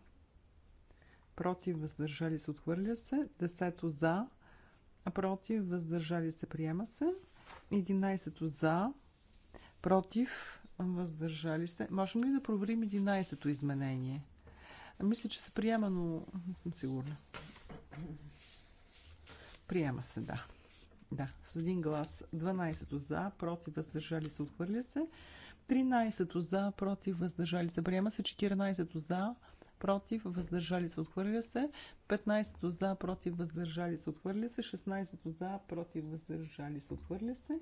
Против, въздържали се, отхвърля се. Десето за. Против, въздържали се, приема се. Единайсето за. Против, въздържали се. Можем ли да проверим 11-то изменение? Мисля, че се приема, но не съм сигурна. Приема се, да. Да, с един глас. 12 за, против, въздържали се, отхвърля се. 13 за, против, въздържали се, приема се. 14 за, против, въздържали се, отхвърля се. 15 за, против, въздържали се, отхвърля се. 16 за, против, въздържали се, отхвърля се.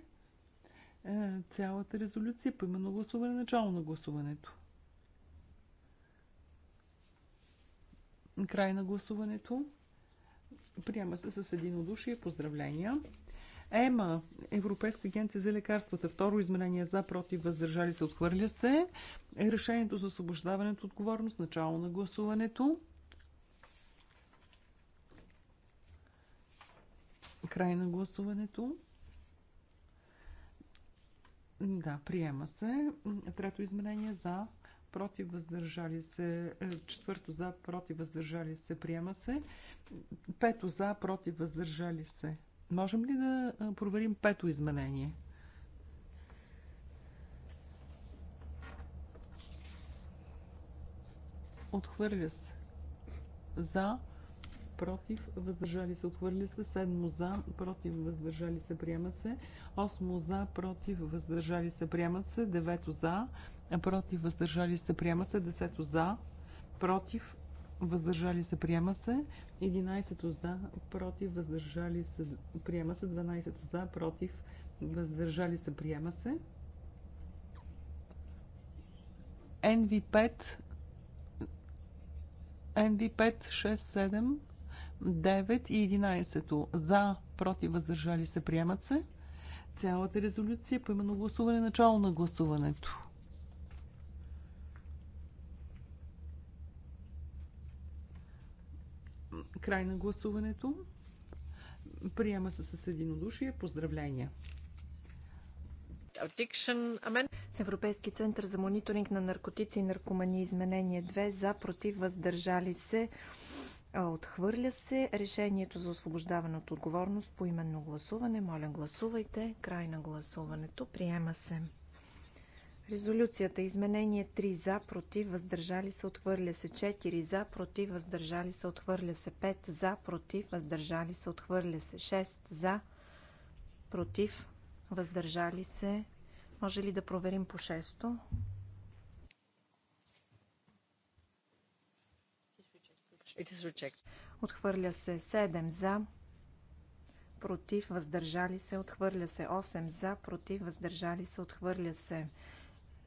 Е, цялата резолюция по именно гласуване, начало на гласуването. Край на гласуването. Приема се с единодушие. Поздравления! ЕМА, Европейска агенция за лекарствата, второ изменение за, против, въздържали се, отхвърля се. Решението за освобождаването отговорност, начало на гласуването. Край на гласуването. Да, приема се. Трето изменение за против въздържали се, е, четвърто за против въздържали се, приема се, пето за против въздържали се. Можем ли да е, проверим пето изменение? Отхвърля се. За против, въздържали се, отхвърля се. Седмо за, против, въздържали се, приема се. Осмо за, против, въздържали се, приема се. Девето за, против, въздържали се, приема се. Десето за, против, въздържали се, приема се. 11 за, против, въздържали се, приема се. 12 за, против, въздържали се, приема се. NV5, NV5, 6, 7. 9 и 11 за, против, въздържали се, приемат се. Цялата резолюция по именно гласуване, начало на гласуването. Край на гласуването. Приема се с единодушие. Поздравления! Европейски център за мониторинг на наркотици и наркомани изменение 2 за против въздържали се Отхвърля се решението за освобождаване от отговорност по именно гласуване. Моля, гласувайте. Край на гласуването. Приема се. Резолюцията. Изменение 3 за, против, въздържали се, отхвърля се. 4 за, против, въздържали се, отхвърля се. 5 за, против, въздържали се, отхвърля се. 6 за, против, въздържали се. Може ли да проверим по 6? Отхвърля се 7 за, против, въздържали се, отхвърля се 8 за, против, въздържали се, отхвърля се.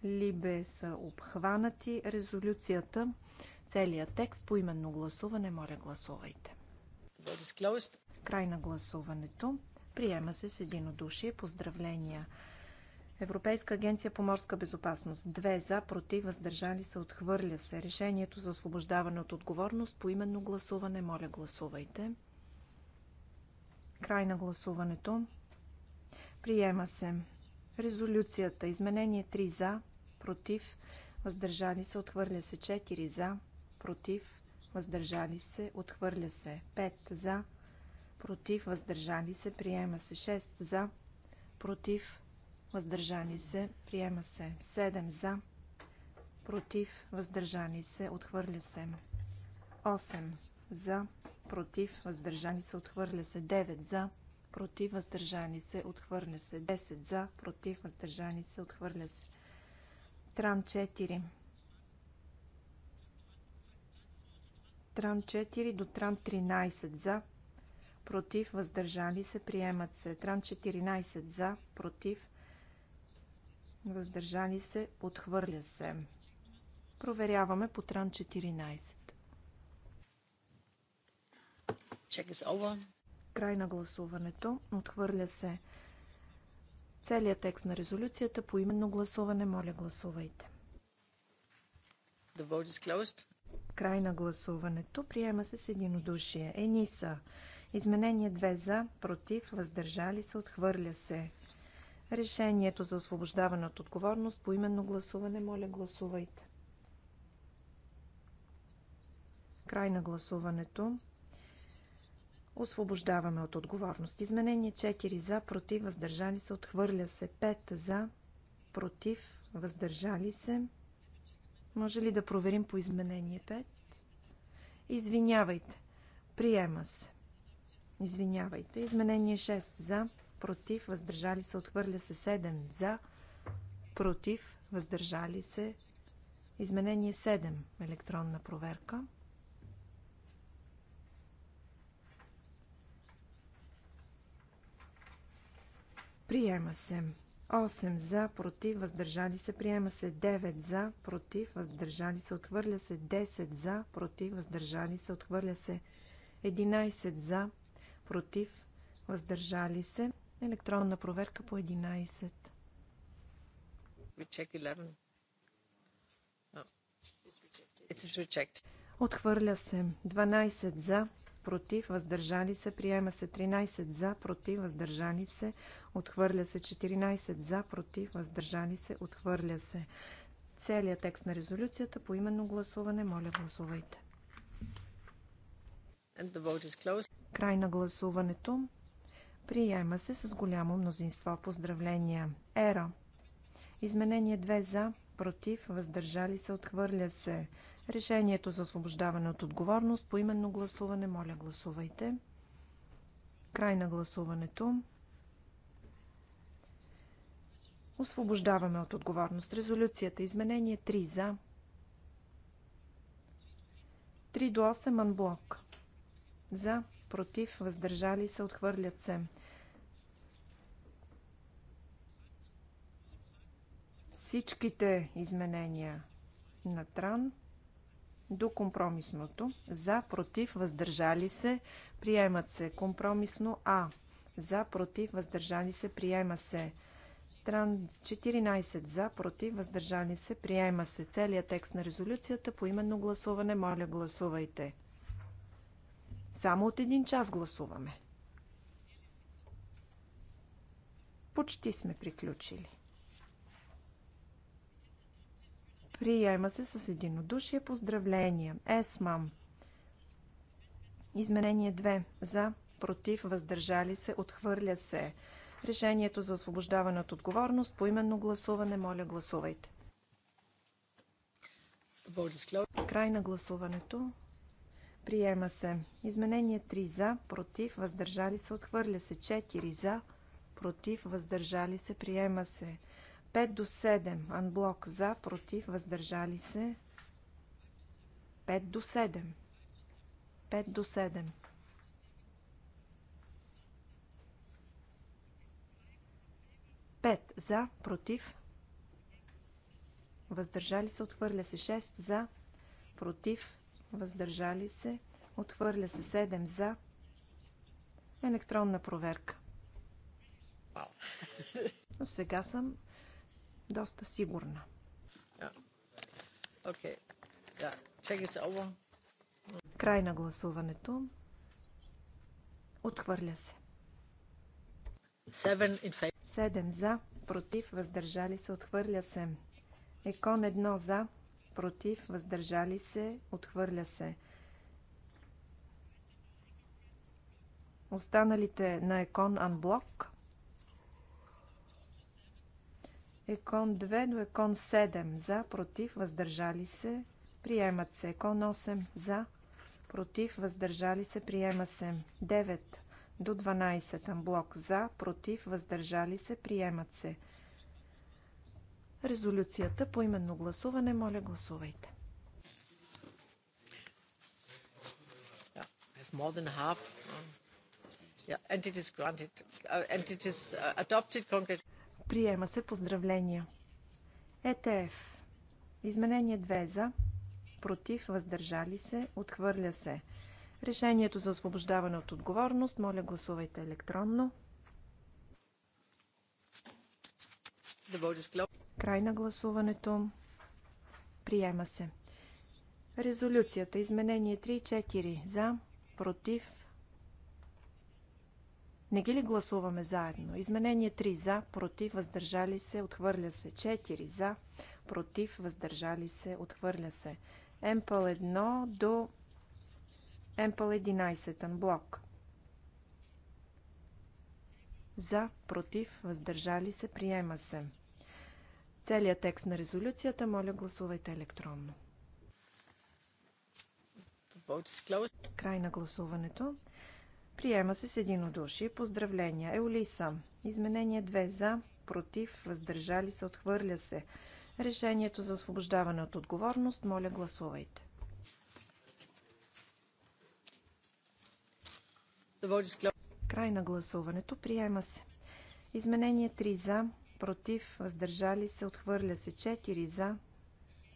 Либе са обхванати резолюцията. Целият текст по именно гласуване, моля гласувайте. Край на гласуването. Приема се с единодушие. Поздравления Европейска агенция по морска безопасност. Две за, против, въздържали се, отхвърля се. Решението за освобождаване от отговорност по именно гласуване. Моля, гласувайте. Край на гласуването. Приема се. Резолюцията. Изменение 3 за, против, въздържали се, отхвърля се. 4 за, против, въздържали се, отхвърля се. 5 за, против, въздържали се, приема се. 6 за, против, въздържани се, приема се. 7 за, против, въздържани се, отхвърля се. 8 за, против, въздържани се, отхвърля се. 9 за, против, въздържани се, отхвърля се. 10 за, против, въздържани се, отхвърля се. Тран 4. Тран 4 до Тран 13 за, против, въздържани се, приемат се. Тран 14 за, против, въздържали се, отхвърля се. Проверяваме по тран 14. Е Край на гласуването. Отхвърля се целият текст на резолюцията по именно гласуване. Моля, гласувайте. The vote is closed. Край на гласуването. Приема се с единодушие. Ениса. Изменение 2 за, против, въздържали се, отхвърля се. Решението за освобождаване от отговорност по именно гласуване. Моля, гласувайте. Край на гласуването. Освобождаваме от отговорност. Изменение 4 за, против, въздържали се, отхвърля се 5 за, против, въздържали се. Може ли да проверим по изменение 5? Извинявайте. Приема се. Извинявайте. Изменение 6 за, против, въздържали се, отхвърля се 7 за, против, въздържали се. Изменение 7. Електронна проверка. Приема се. 8 за, против, въздържали се, приема се 9 за, против, въздържали се, отхвърля се 10 за, против, въздържали се, отхвърля се 11 за, против, въздържали се. Електронна проверка по 11. Отхвърля се. 12 за, против, въздържали се. Приема се 13 за, против, въздържали се. Отхвърля се 14 за, против, въздържали се. Отхвърля се. Целият текст на резолюцията по именно гласуване. Моля, гласувайте. Край на гласуването. Приема се с голямо мнозинство. Поздравления! Ера. Изменение 2 за, против, въздържали се, отхвърля се. Решението за освобождаване от отговорност по именно гласуване. Моля, гласувайте. Край на гласуването. Освобождаваме от отговорност. Резолюцията. Изменение 3 за. 3 до 8 анблок. За против, въздържали се, отхвърлят се. Всичките изменения на Тран до компромисното. За, против, въздържали се, приемат се. Компромисно А. За, против, въздържали се, приема се. Тран 14 за, против, въздържали се, приема се. Целият текст на резолюцията по именно гласуване. Моля, гласувайте. Само от един час гласуваме. Почти сме приключили. Приема се с единодушие поздравления. Есмам. Изменение 2. За, против, въздържали се, отхвърля се. Решението за освобождаване от отговорност по именно гласуване. Моля, гласувайте. Край на гласуването. Приема се. Изменение 3 за, против, въздържали се, отхвърля се. 4 за, против, въздържали се, приема се. 5 до 7, анблок за, против, въздържали се. 5 до 7. 5 до 7. Пет за, против, въздържали се, отхвърля се. 6 за, против, въздържали се, отхвърля се 7 за. Електронна проверка. Но сега съм доста сигурна. Okay. Yeah. Край на гласуването. Отхвърля се. 7 за, против, въздържали се, отхвърля се. Екон едно за, против, въздържали се, отхвърля се. Останалите на Екон Анблок. Екон 2 до Екон 7 за, против, въздържали се, приемат се. Екон 8 за, против, въздържали се, приема се. 9 до 12 блок за, против, въздържали се, приемат се резолюцията по именно гласуване. Моля, гласувайте. more than half. Yeah, and it is granted. Uh, and it is uh, adopted. Приема се поздравления. ЕТФ. Изменение 2 за. Против. Въздържали се. Отхвърля се. Решението за освобождаване от отговорност. Моля, гласувайте електронно. The vote is closed. Край на гласуването. Приема се. Резолюцията. Изменение 3 4. За. Против. Не ги ли гласуваме заедно? Изменение 3 за, против, въздържали се, отхвърля се. 4 за, против, въздържали се, отхвърля се. МПЛ 1 до МПЛ 11 блок. За, против, въздържали се, приема се. Целият текст на резолюцията, моля гласувайте електронно. Край на гласуването. Приема се с единодушие. Поздравления. Еолиса. Изменение 2 за, против, въздържали се, отхвърля се. Решението за освобождаване от отговорност, моля гласувайте. Край на гласуването. Приема се. Изменение 3 за, против, въздържали се, отхвърля се. 4 за,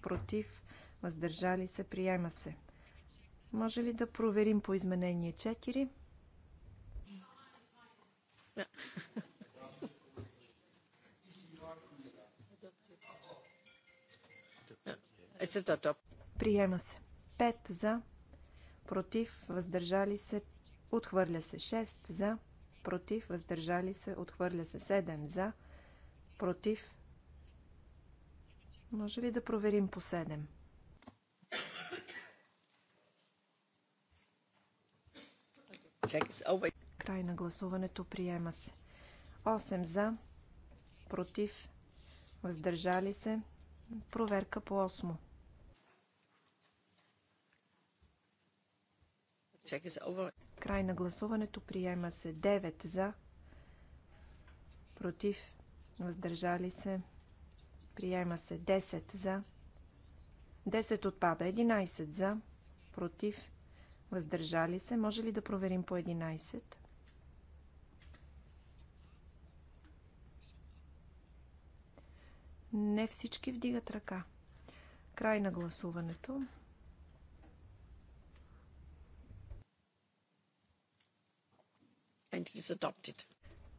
против, въздържали се, приема се. Може ли да проверим по изменение 4? Приема се. 5 за, против, въздържали се, отхвърля се. 6 за, против, въздържали се, отхвърля се. 7 за, Против? Може ли да проверим по 7? Край на гласуването приема се. 8 за, против, въздържали се. Проверка по 8. Край на гласуването приема се 9 за, против, въздържали се, приема се 10 за, 10 отпада, 11 за, против, въздържали се. Може ли да проверим по 11? Не всички вдигат ръка. Край на гласуването.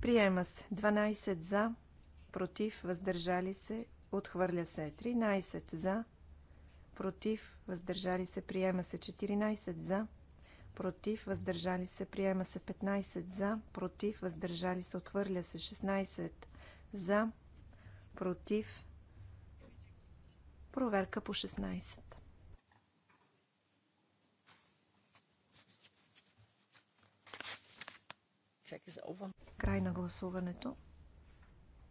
Приема се 12 за, против, въздържали се, отхвърля се. 13 за, против, въздържали се, приема се. 14 за, против, въздържали се, приема се. 15 за, против, въздържали се, отхвърля се. 16 за, против, проверка по 16. Край на гласуването.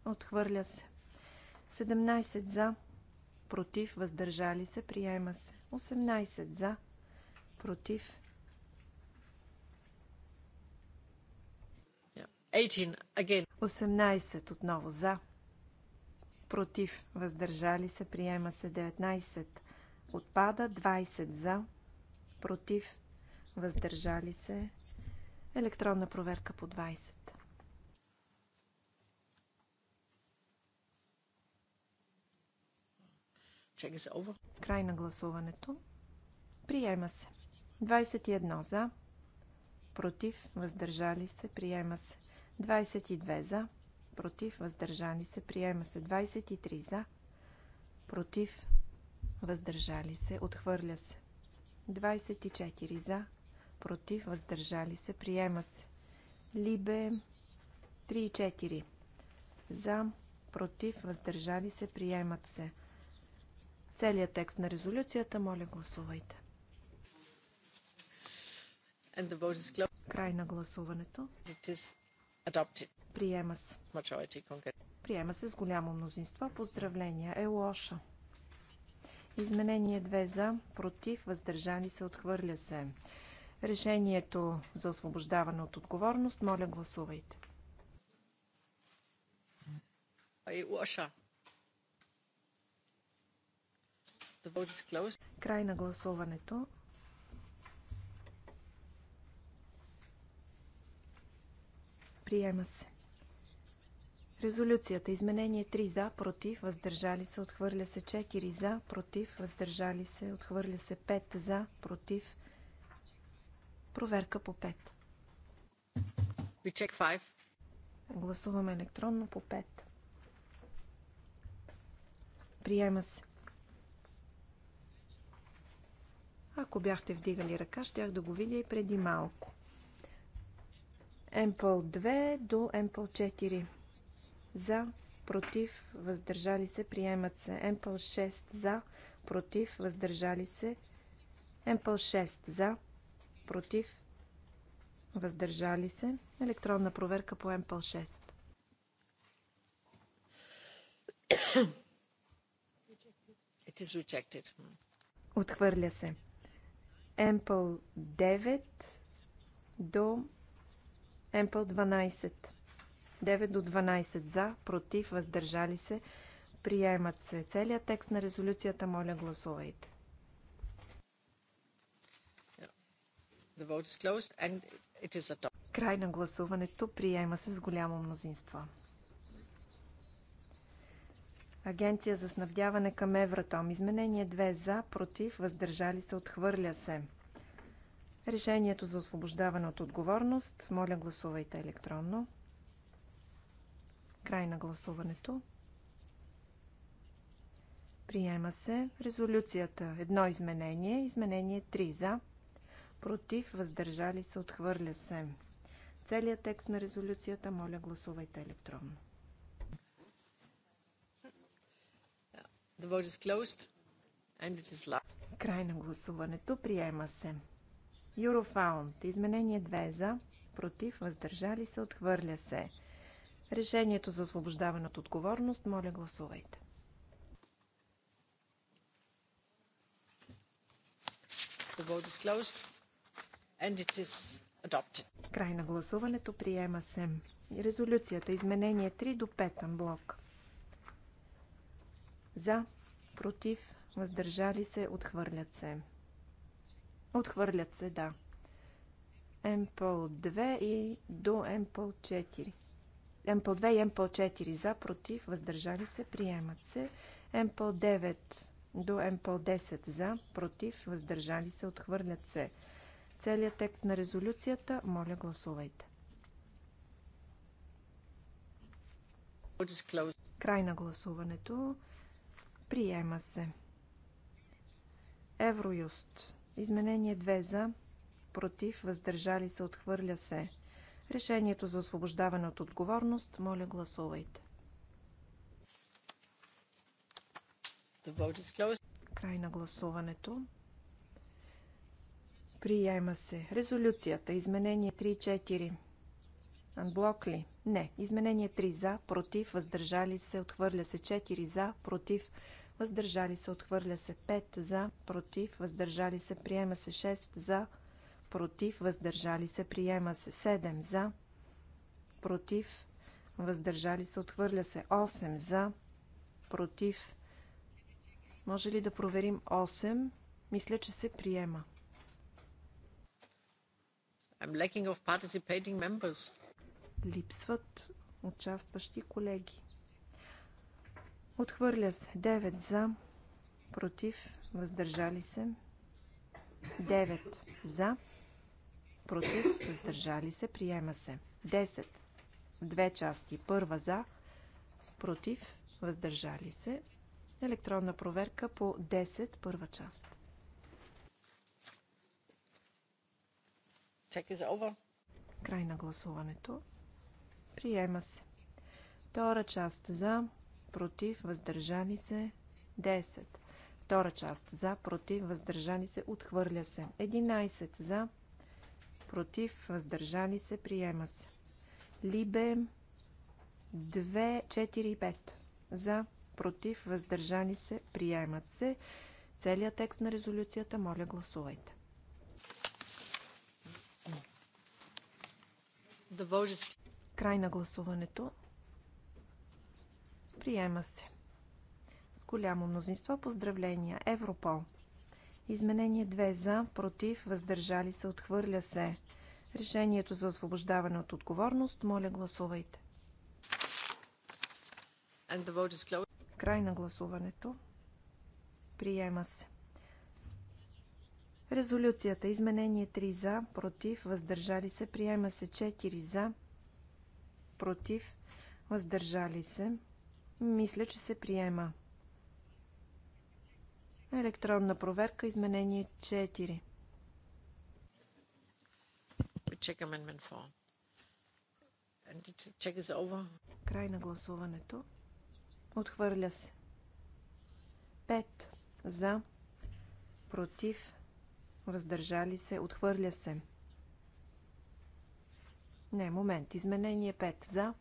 Отхвърля се. 17 за. Против. Въздържали се. Приема се. 18 за. Против. 18 отново за. Против. Въздържали се. Приема се. 19. Отпада. 20 за. Против. Въздържали се. Електронна проверка по 20. Край на гласуването. Приема се. 21 за. Против. Въздържали се. Приема се. 22 за. Против. Въздържали се. Приема се. 23 за. Против. Въздържали се. Отхвърля се. 24 за. Против. Въздържали се. Приема се. Либе 3 и 4. За. Против. Въздържали се. Приемат се. Целият текст на резолюцията, моля гласувайте. Край на гласуването. Приема се. Приема се с голямо мнозинство. Поздравления. Е лоша. Изменение 2 за, против, въздържани се, отхвърля се. Решението за освобождаване от отговорност, моля гласувайте. Е лоша. Край на гласуването. Приема се. Резолюцията. Изменение 3 за, против, въздържали се, отхвърля се 4 за, против, въздържали се, отхвърля се 5 за, против. Проверка по 5. We check 5. Гласуваме електронно по 5. Приема се. Ако бяхте вдигали ръка, щях да го видя и преди малко. МПЛ 2 до МПЛ 4. За, против, въздържали се, приемат се. МПЛ 6 за, против, въздържали се. МПЛ 6 за, против, въздържали се. Електронна проверка по МПЛ 6. Отхвърля се. Емпъл 9 до Емпъл 12. 9 до 12 за, против, въздържали се, приемат се. Целият текст на резолюцията, моля, гласувайте. Край на гласуването приема се с голямо мнозинство. Агенция за снабдяване към Евратом. Изменение 2 за, против, въздържали се, отхвърля се. Решението за освобождаване от отговорност. Моля, гласувайте електронно. Край на гласуването. Приема се резолюцията. Едно изменение. Изменение 3 за. Против. Въздържали се. Отхвърля се. Целият текст на резолюцията. Моля, гласувайте електронно. Край на гласуването. Приема се. Юрофаунд. Изменение 2 за, против, въздържали се, отхвърля се. Решението за освобождаване от отговорност, моля гласувайте. The vote is closed and it is adopted. Край на гласуването приема се. Резолюцията изменение 3 до 5 блок. За, против, въздържали се, отхвърлят се. Отхвърлят се, да. МПЛ 2 и до МПЛ 4. МПЛ 2 и МПЛ 4 за, против, въздържали се, приемат се. МПЛ 9 до МПЛ 10 за, против, въздържали се, отхвърлят се. Целият текст на резолюцията, моля гласувайте. Край на гласуването. Приема се. Евроюст. Изменение 2 за, против, въздържали се, отхвърля се. Решението за освобождаване от отговорност, моля гласувайте. Край на гласуването. Приема се. Резолюцията. Изменение 3-4. Анблок ли? Не. Изменение 3 за, против, въздържали се, отхвърля се 4 за, против, въздържали се, отхвърля се 5 за, против, въздържали се, приема се 6 за, против, въздържали се, приема се 7 за, против, въздържали се, отхвърля се 8 за, против. Може ли да проверим 8? Мисля, че се приема. I'm lacking of participating members. Липсват участващи колеги. Отхвърля се. 9 за, против, въздържали се. 9 за, против, въздържали се, приема се. 10. Две части. Първа за, против, въздържали се. Електронна проверка по 10, първа част. Check is over. Край на гласуването. Приема се. Втора част за, против, въздържали се, 10. Втора част за, против, въздържали се, отхвърля се. 11 за, против, въздържали се, приема се. Либе 2, 4 и 5 за, против, въздържани се, приемат се. Целият текст на резолюцията, моля гласувайте. Край на гласуването. Приема се. С голямо мнозинство поздравления. Европол. Изменение 2 за, против, въздържали се, отхвърля се. Решението за освобождаване от отговорност, моля гласувайте. Край на гласуването. Приема се. Резолюцията. Изменение 3 за, против, въздържали се. Приема се 4 за, против, въздържали се. Мисля, че се приема. Електронна проверка, изменение 4. Край на гласуването. Отхвърля се. 5. За. Против. Въздържали се. Отхвърля се. Не, момент. Изменение 5. За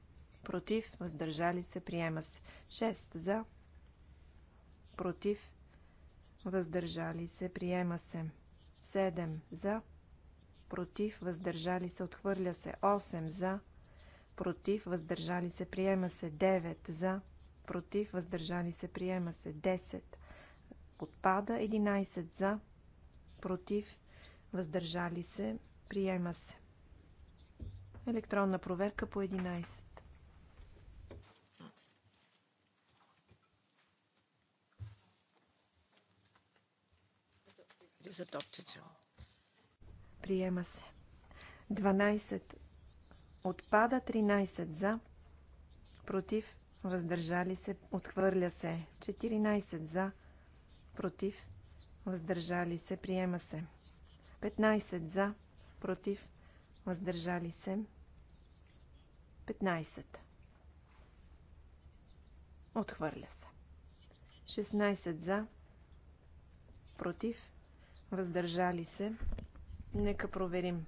против, въздържали се, приема се. 6 за, против, въздържали се, приема се. 7 за, против, въздържали се, отхвърля се. 8 за, против, въздържали се, приема се. 9 за, против, въздържали се, приема се. 10 отпада. 11 за, против, въздържали се, приема се. Електронна проверка по 11. За is Приема се. 12 отпада, 13 за, против, въздържали се, отхвърля се. 14 за, против, въздържали се, приема се. 15 за, против, въздържали се. 15. Отхвърля се. 16 за, против, въздържали се. Нека проверим.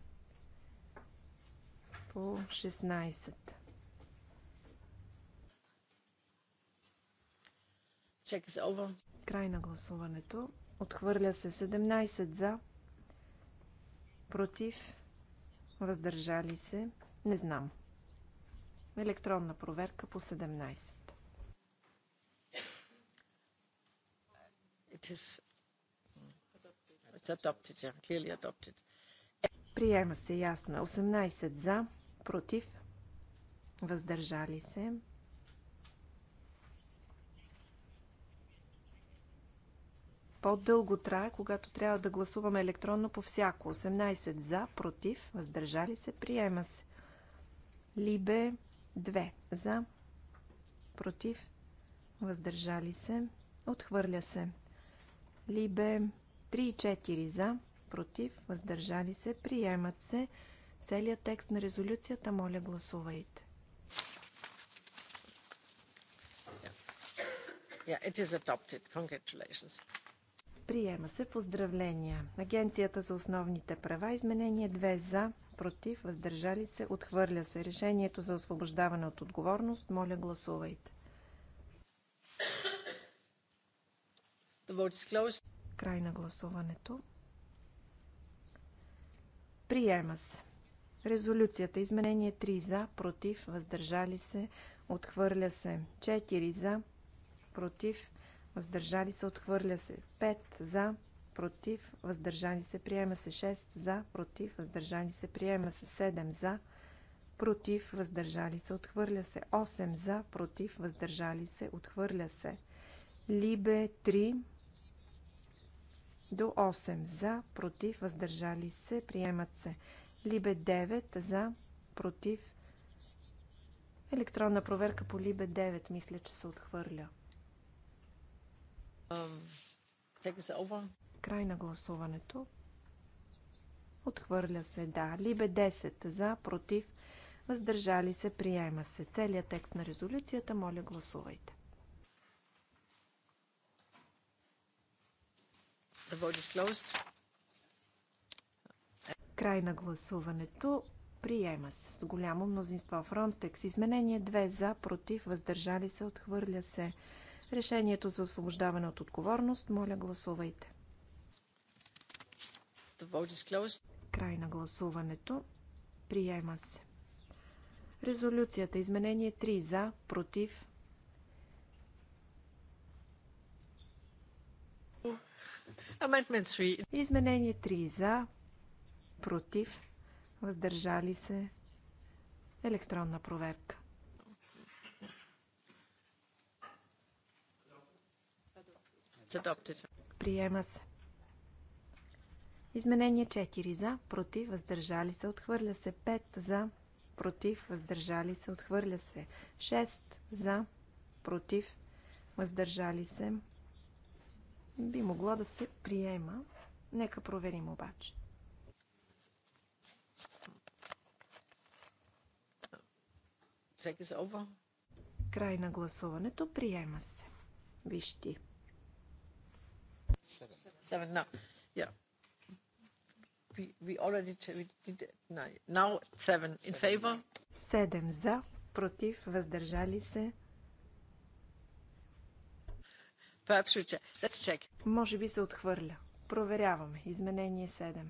По 16. Край на гласуването. Отхвърля се 17 за, против, въздържали се. Не знам. Електронна проверка по 17. It is Приема се ясно. 18 е. за, против, въздържали се. По-дълго трае, когато трябва да гласуваме електронно по всяко. 18 за, против, въздържали се, приема се. Либе 2 за, против, въздържали се, отхвърля се. Либе 3 и 4 за, против, въздържали се, приемат се. Целият текст на резолюцията, моля гласувайте. Yeah, Приема се поздравления. Агенцията за основните права изменение 2 за, против, въздържали се, отхвърля се. Решението за освобождаване от отговорност, моля гласувайте. Край на гласуването. Приема се. Резолюцията. Изменение 3 за, против, въздържали се, отхвърля се. 4 за, против, въздържали се, отхвърля се. 5 за, против, въздържали се, приема се. 6 за, против, въздържали се, приема се. 7 за, против, въздържали се, отхвърля се. 8 за, против, въздържали се, отхвърля се. Либе 3 до 8 за, против, въздържали се, приемат се. Либе 9 за, против. Електронна проверка по Либе 9 мисля, че се отхвърля. Край на гласуването. Отхвърля се, да. Либе 10 за, против, въздържали се, приема се. Целият текст на резолюцията, моля гласувайте. The vote is closed. Край на гласуването. Приема се с голямо мнозинство. Frontex. Изменение 2 за, против, въздържали се, отхвърля се. Решението за освобождаване от отговорност. Моля, гласувайте. The vote is closed. Край на гласуването. Приема се. Резолюцията. Изменение 3 за, против, Изменение 3 за, против, въздържали се, електронна проверка. Приема се. Изменение 4 за, против, въздържали се, отхвърля се. 5 за, против, въздържали се, отхвърля се. 6 за, против, въздържали се, би могло да се приема. Нека проверим обаче. Край на гласуването. Приема се. Виж ти. Seven. seven Седем за, против, въздържали се, е Може би се отхвърля. Проверяваме. Изменение 7.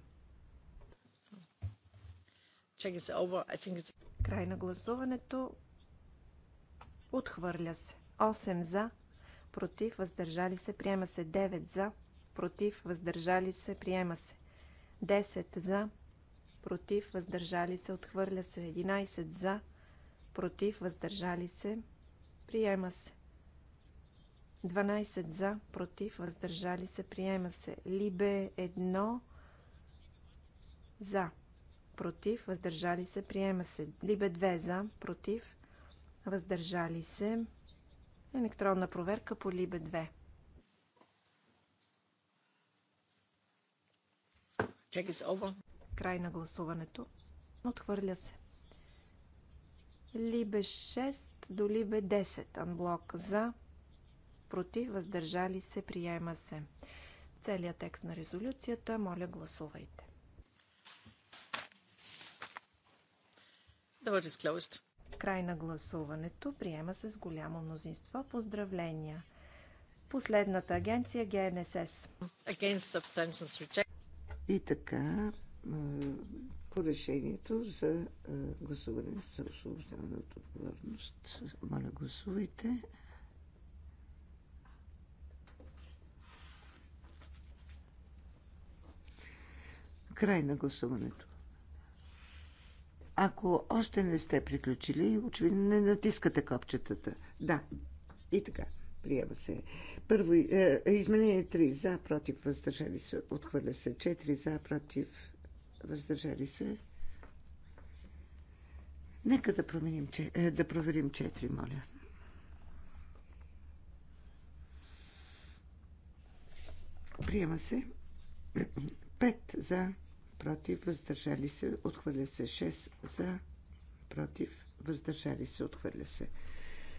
Check is over. I think it's... Край на гласуването. Отхвърля се. 8 за, против, въздържали се, приема се. 9 за, против, въздържали се, приема се. 10 за, против, въздържали се, отхвърля се. 11 за, против, въздържали се, приема се. 12 за, против, въздържали се, приема се. Либе 1 за, против, въздържали се, приема се. Либе 2 за, против, въздържали се. Електронна проверка по Либе 2. Край на гласуването. Отхвърля се. Либе 6 до Либе 10. Анблок за, против, въздържали се, приема се. Целият текст на резолюцията, моля гласувайте. Край на гласуването приема се с голямо мнозинство. Поздравления! Последната агенция ГНСС. И така, по решението за гласуване с освобождаване от отговорност. Моля, гласувайте. Край на гласуването. Ако още не сте приключили, очевидно не натискате копчетата. Да. И така. Приема се. Първо, е, е изменение 3 за, против, въздържали се. Отхвърля се. 4 за, против, въздържали се. Нека да, променим, че, е, да проверим 4, моля. Приема се. 5 за, против, въздържали се, отхвърля се. 6 за, против, въздържали се, отхвърля се.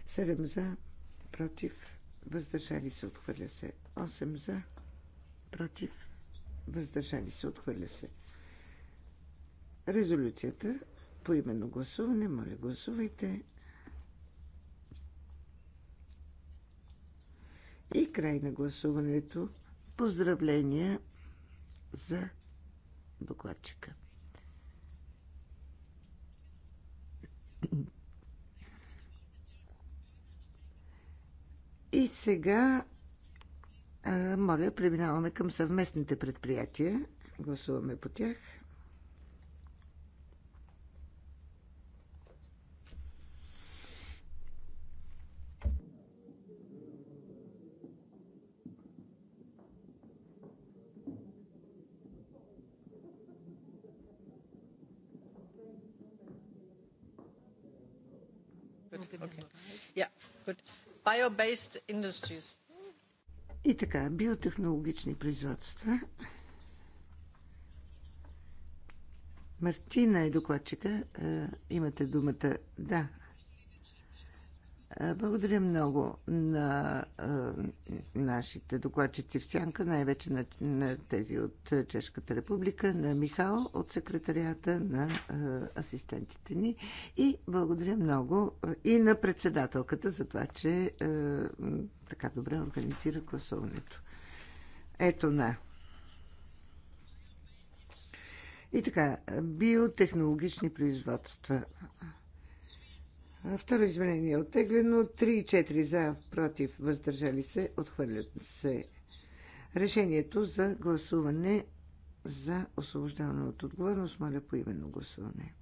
7 за, против, въздържали се, отхвърля се. 8 за, против, въздържали се, отхвърля се. Резолюцията по именно гласуване, моля гласувайте. И край на гласуването. Поздравления за докладчика. И сега, моля, преминаваме към съвместните предприятия. Гласуваме по тях. Bio-based industries. И така, биотехнологични производства. Мартина е докладчика. Е, имате думата. Да, е, благодаря много на е, нашите докладчици в Сянка, най-вече на, на тези от Чешката република, на Михал от секретарията, на е, асистентите ни и благодаря много и на председателката за това, че така добре организира гласуването. Ето на. И така, биотехнологични производства. Второ изменение е оттеглено. 3 и 4 за, против, въздържали се, отхвърлят се. Решението за гласуване за освобождаване от отговорност, моля по именно гласуване.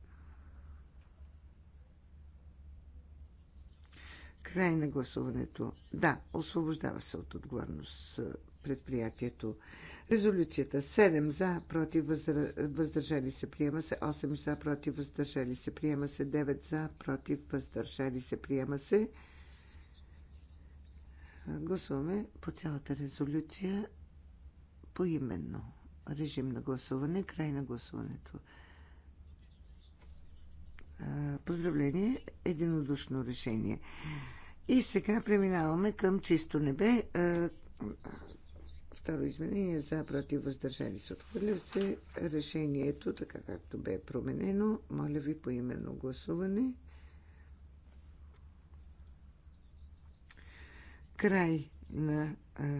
Край на гласуването. Да, освобождава се от отговорност предприятието. Резолюцията 7 за, против, въздържали се, приема се. 8 за, против, въздържали се, приема се. 9 за, против, въздържали се, приема се. Гласуваме по цялата резолюция поименно. Режим на гласуване, край на гласуването. Поздравление, единодушно решение. И сега преминаваме към чисто небе. Второ изменение е за против въздържали се. Отхвърля се решението, така както бе променено. Моля ви по именно гласуване. Край на а,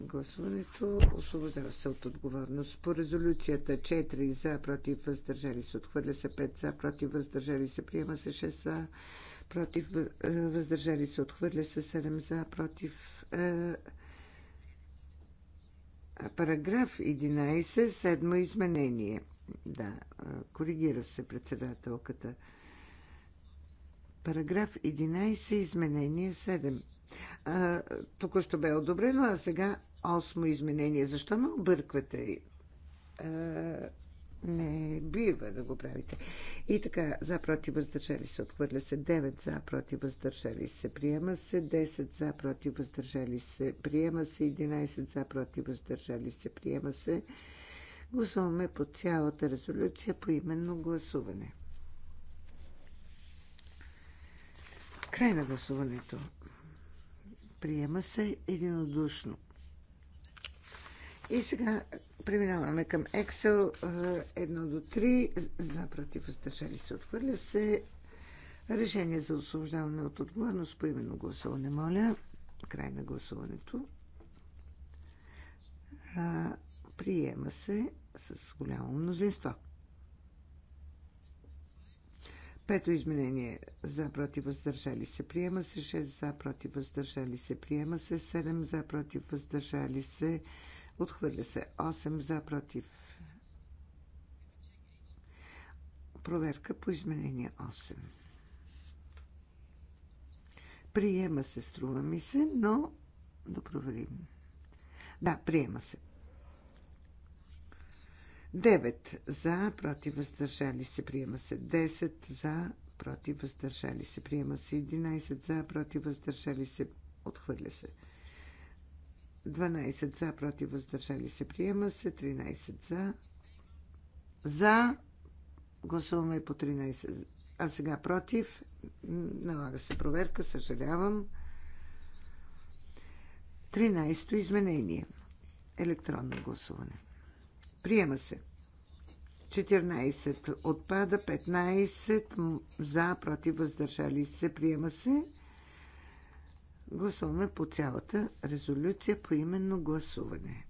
гласуването. Освобождава се от отговорност. По резолюцията 4 за против въздържали се. Отхвърля се 5 за против въздържали се. Приема се 6 за против въздържали се. Отхвърля се 7 за против. А, Параграф 11, седмо изменение. Да, коригира се председателката. Параграф 11, изменение 7. Тук току бе одобрено, а сега 8 изменение. Защо ме обърквате? А, не бива да го правите. И така, за против въздържали се, отхвърля се 9, за против въздържали се, приема се 10, за против въздържали се, приема се 11, за против въздържали се, приема се. Гласуваме по цялата резолюция по именно гласуване. Край на гласуването. Приема се единодушно. И сега Преминаваме към Excel 1 е, до 3. За против въздържали се отхвърля се. Решение за освобождаване от отговорност по именно гласуване. Моля, край на гласуването. А, приема се с голямо мнозинство. Пето изменение за против въздържали се приема се, 6 за против въздържали се приема се, 7 за против въздържали се се. Отхвърля се 8 за против. Проверка по изменение 8. Приема се, струва ми се, но да проверим. Да, приема се. 9 за, против, въздържали се, приема се. 10 за, против, въздържали се, приема се. 11 за, против, въздържали се, отхвърля се. 12 за, против, въздържали се, приема се. 13 за. За. Гласуваме по 13. А сега против. Налага се проверка, съжалявам. 13-то изменение. Електронно гласуване. Приема се. 14 отпада, 15 за, против, въздържали се, приема се. Гласуваме по цялата резолюция по именно гласуване.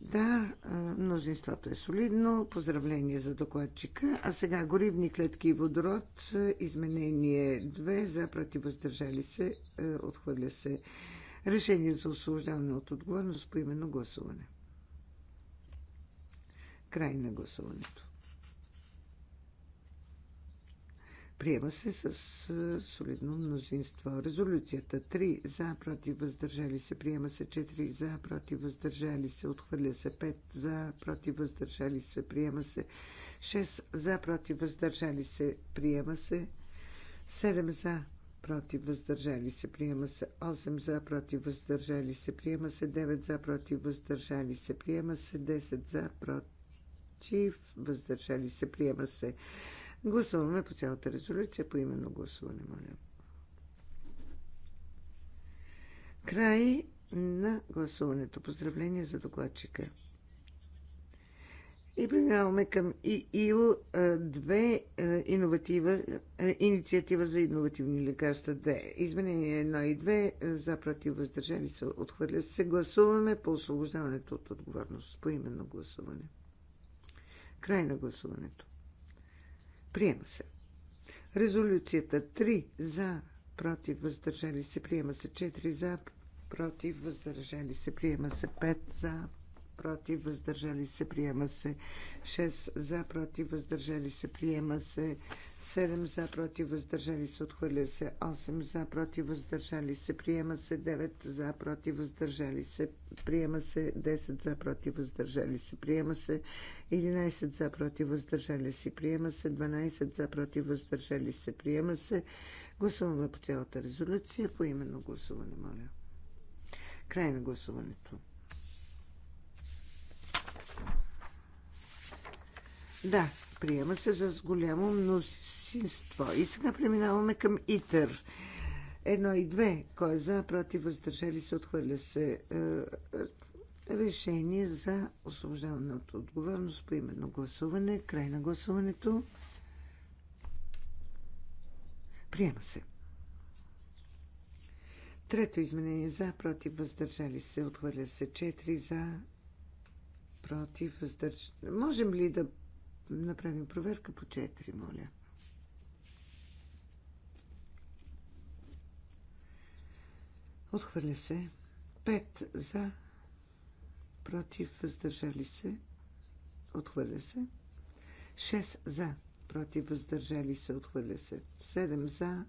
Да, мнозинството е солидно. Поздравление за докладчика. А сега горивни клетки и водород. Изменение 2 за противоздържали се. Отхвърля се решение за освобождаване от отговорност по именно гласуване. Край на гласуването. Приема се с солидно мнозинство. Резолюцията 3 за, против, въздържали се. Приема се 4 за, против, въздържали се. Отхвърля се 5 за, против, въздържали се. Приема се 6 за, против, въздържали се. Приема се 7 за, против, въздържали се. Приема се 8 за, против, въздържали се. Приема се 9 за, против, въздържали се. Приема се 10 за, против против, въздържали се, приема се. Гласуваме по цялата резолюция, по именно гласуване, моля. Край на гласуването. Поздравление за докладчика. И преминаваме към ИИЛ 2 инициатива за иновативни лекарства 2. Изменение 1 и 2 за против въздържали се отхвърля се. Гласуваме по освобождаването от отговорност, по именно гласуване. Край на гласуването. Приема се. Резолюцията 3 за, против, въздържали се, приема се 4 за, против, въздържали се, приема се 5 за, против, въздържали се, приема се. 6 за, против, въздържали се, приема се. 7 за, против, въздържали се, отхвърля се. 8 за, против, въздържали се, приема се. 9 за, против, въздържали се, приема се. 10 за, против, въздържали се, приема се. 11 за, против, въздържали се, приема се. 12 за, против, въздържали се, приема се. Гласуваме по цялата резолюция. По именно гласуване, моля. Край на гласуването. Да, приема се с голямо мнозинство. И сега преминаваме към ИТЕР. Едно и две. Кой е за, против, въздържали се, отхвърля се. Е, е, решение за освобождаване от отговорност по именно гласуване. Край на гласуването. Приема се. Трето изменение за, против, въздържали се, отхвърля се. Четири за, против, въздържали. Можем ли да направим проверка по 4, моля. Отхвърля се. 5 за. Против. Въздържали се. Отхвърля се. 6 за. Против. Въздържали се. Отхвърля се. 7 за.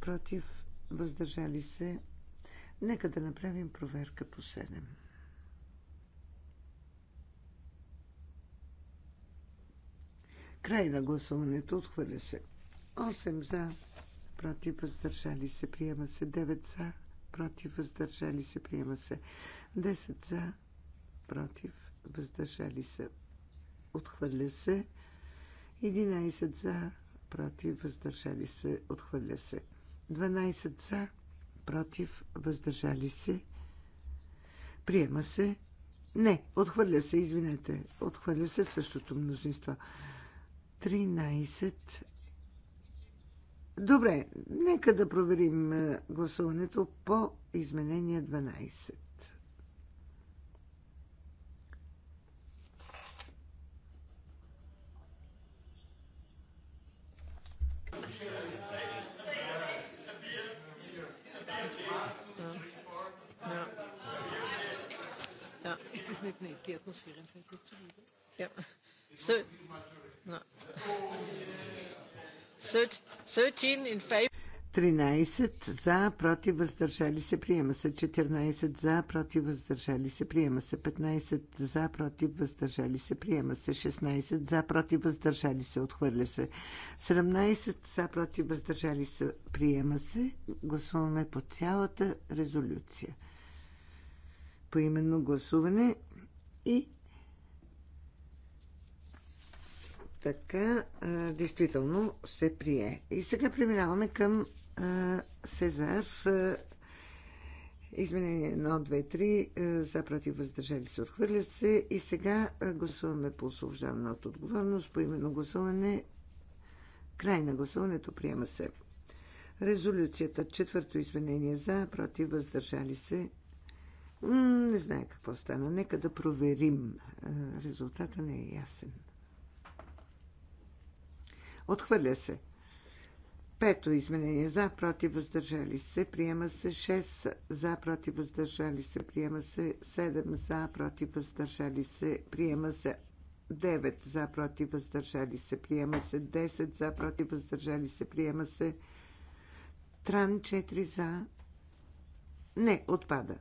Против. Въздържали се. Нека да направим проверка по 7. Край на гласуването. Отхвърля се. 8 за. Против. Въздържали се. Приема се. 9 за. Против. Въздържали се. Приема се. 10 за. Против. Въздържали се. Отхвърля се. 11 за. Против. Въздържали се. Отхвърля се. 12 за. Против. Въздържали се. Приема се. Не, отхвърля се, извинете. Отхвърля се същото мнозинство. 13. Добре, нека да проверим гласуването по изменение 12. Ist es nicht nett? Die Atmosphäre fällt nicht zu lieben. Ja. 13 за, против, въздържали се, приема се. 14 за, против, въздържали се, приема се. 15 за, против, въздържали се, приема се. 16 за, против, въздържали се, отхвърля се. 17 за, против, въздържали се, приема се. Гласуваме по цялата резолюция. Поименно гласуване и Така, а, действително се прие. И сега преминаваме към а, Сезар. изменение 1, 2, 3, за против въздържали се, отхвърля се. И сега а, гласуваме по освобождаване от отговорност, по именно гласуване. Край на гласуването приема се. Резолюцията, четвърто изменение за, против въздържали се. не знае какво стана. Нека да проверим. резултата не е ясен. Отхвърля се. Пето изменение за, против, въздържали се, приема се 6 за, против, въздържали се, приема се 7 за, против, въздържали се, приема се 9 за, против, въздържали се, приема се 10 за, против, въздържали се, приема се Тран 4 за. Не, отпада.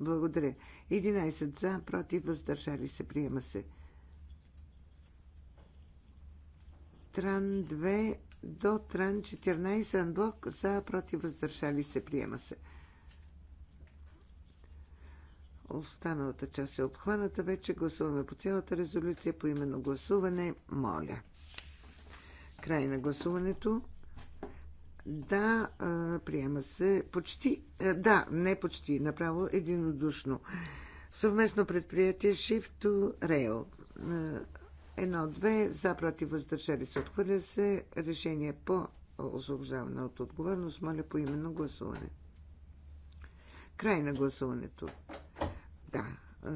Благодаря. 11 за, против, въздържали се, приема се. Тран 2 до Тран 14 анблок за против въздържали се приема се. Останалата част е обхваната вече. Гласуваме по цялата резолюция по именно гласуване. Моля. Край на гласуването. Да, приема се почти. Да, не почти. Направо единодушно. Съвместно предприятие Shift to Rail 1-2 за против въздържали се отхвърля се. Решение по освобождаване от отговорност. Моля по именно гласуване. Край на гласуването. Да,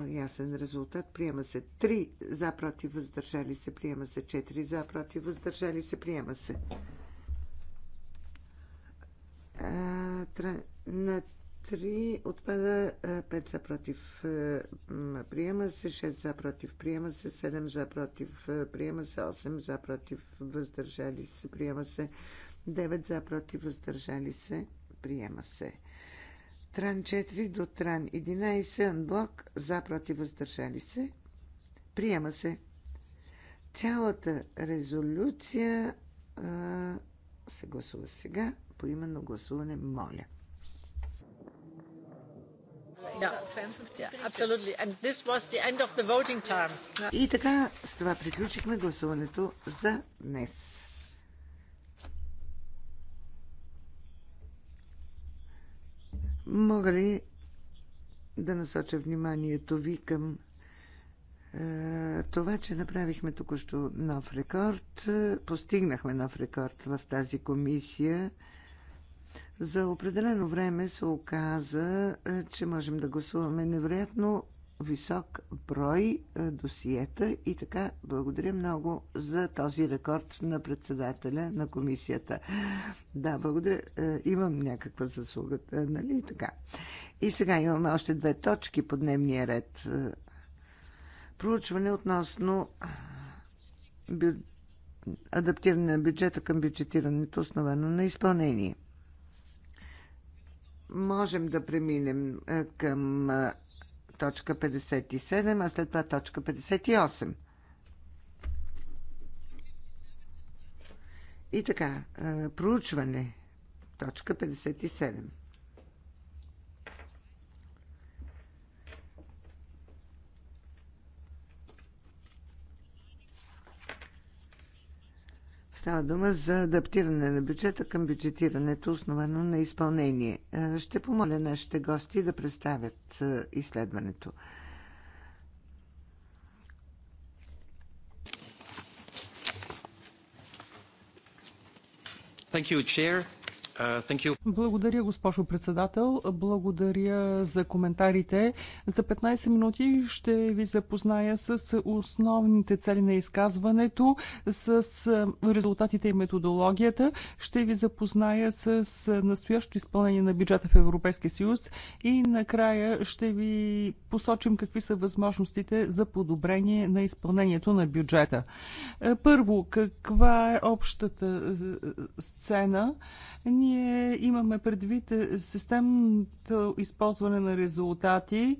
ясен резултат. Приема се 3 за против въздържали се. Приема се 4 за против въздържали се. Приема се. А, на 3 отпада, 5 за против приема се, 6 за против приема се, 7 за против приема се, 8 за против въздържали се приема се, 9 за против въздържали се приема се. Тран 4 до Тран 11 анблок за против въздържали се приема се. Цялата резолюция а, се гласува сега по именно гласуване моля. И така, с това приключихме гласуването за днес. Мога ли да насоча вниманието ви към е, това, че направихме току-що нов рекорд? Постигнахме нов рекорд в тази комисия. За определено време се оказа, е, че можем да гласуваме невероятно висок брой е, досиета и така благодаря много за този рекорд на председателя на комисията. Да, благодаря. Е, имам някаква заслуга, нали така. И сега имаме още две точки по дневния ред. Проучване относно адаптиране на бюджета към бюджетирането, основано на изпълнение можем да преминем е, към е, точка 57, а след това точка 58. И така, е, проучване. Точка 57. Става дума за адаптиране на бюджета към бюджетирането, основано на изпълнение. Ще помоля нашите гости да представят изследването. Thank you, Chair. Uh, Благодаря, госпожо председател. Благодаря за коментарите. За 15 минути ще ви запозная с основните цели на изказването, с резултатите и методологията. Ще ви запозная с настоящото изпълнение на бюджета в Европейския съюз и накрая ще ви посочим какви са възможностите за подобрение на изпълнението на бюджета. Първо, каква е общата сцена? Ние имаме предвид системното използване на резултати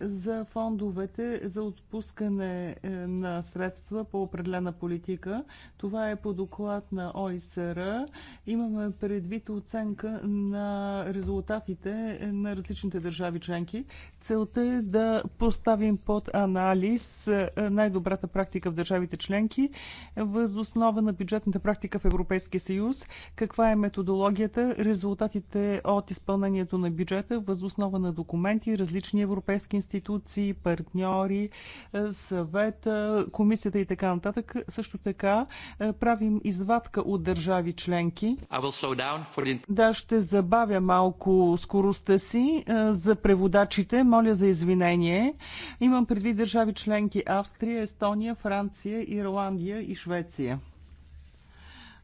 за фондовете за отпускане е, на средства по определена политика. Това е по доклад на ОИСР. Имаме предвид оценка на резултатите е, на различните държави членки. Целта е да поставим под анализ е, най-добрата практика в държавите членки Въз основа на бюджетната практика в Европейския съюз, каква е методологията, резултатите от изпълнението на бюджета въз основа на документи, различни европейски институции институции, партньори, е, съвета, комисията и така нататък. Също така е, правим извадка от държави членки. The... Да, ще забавя малко скоростта си е, за преводачите. Моля за извинение. Имам предвид държави членки Австрия, Естония, Франция, Ирландия и Швеция.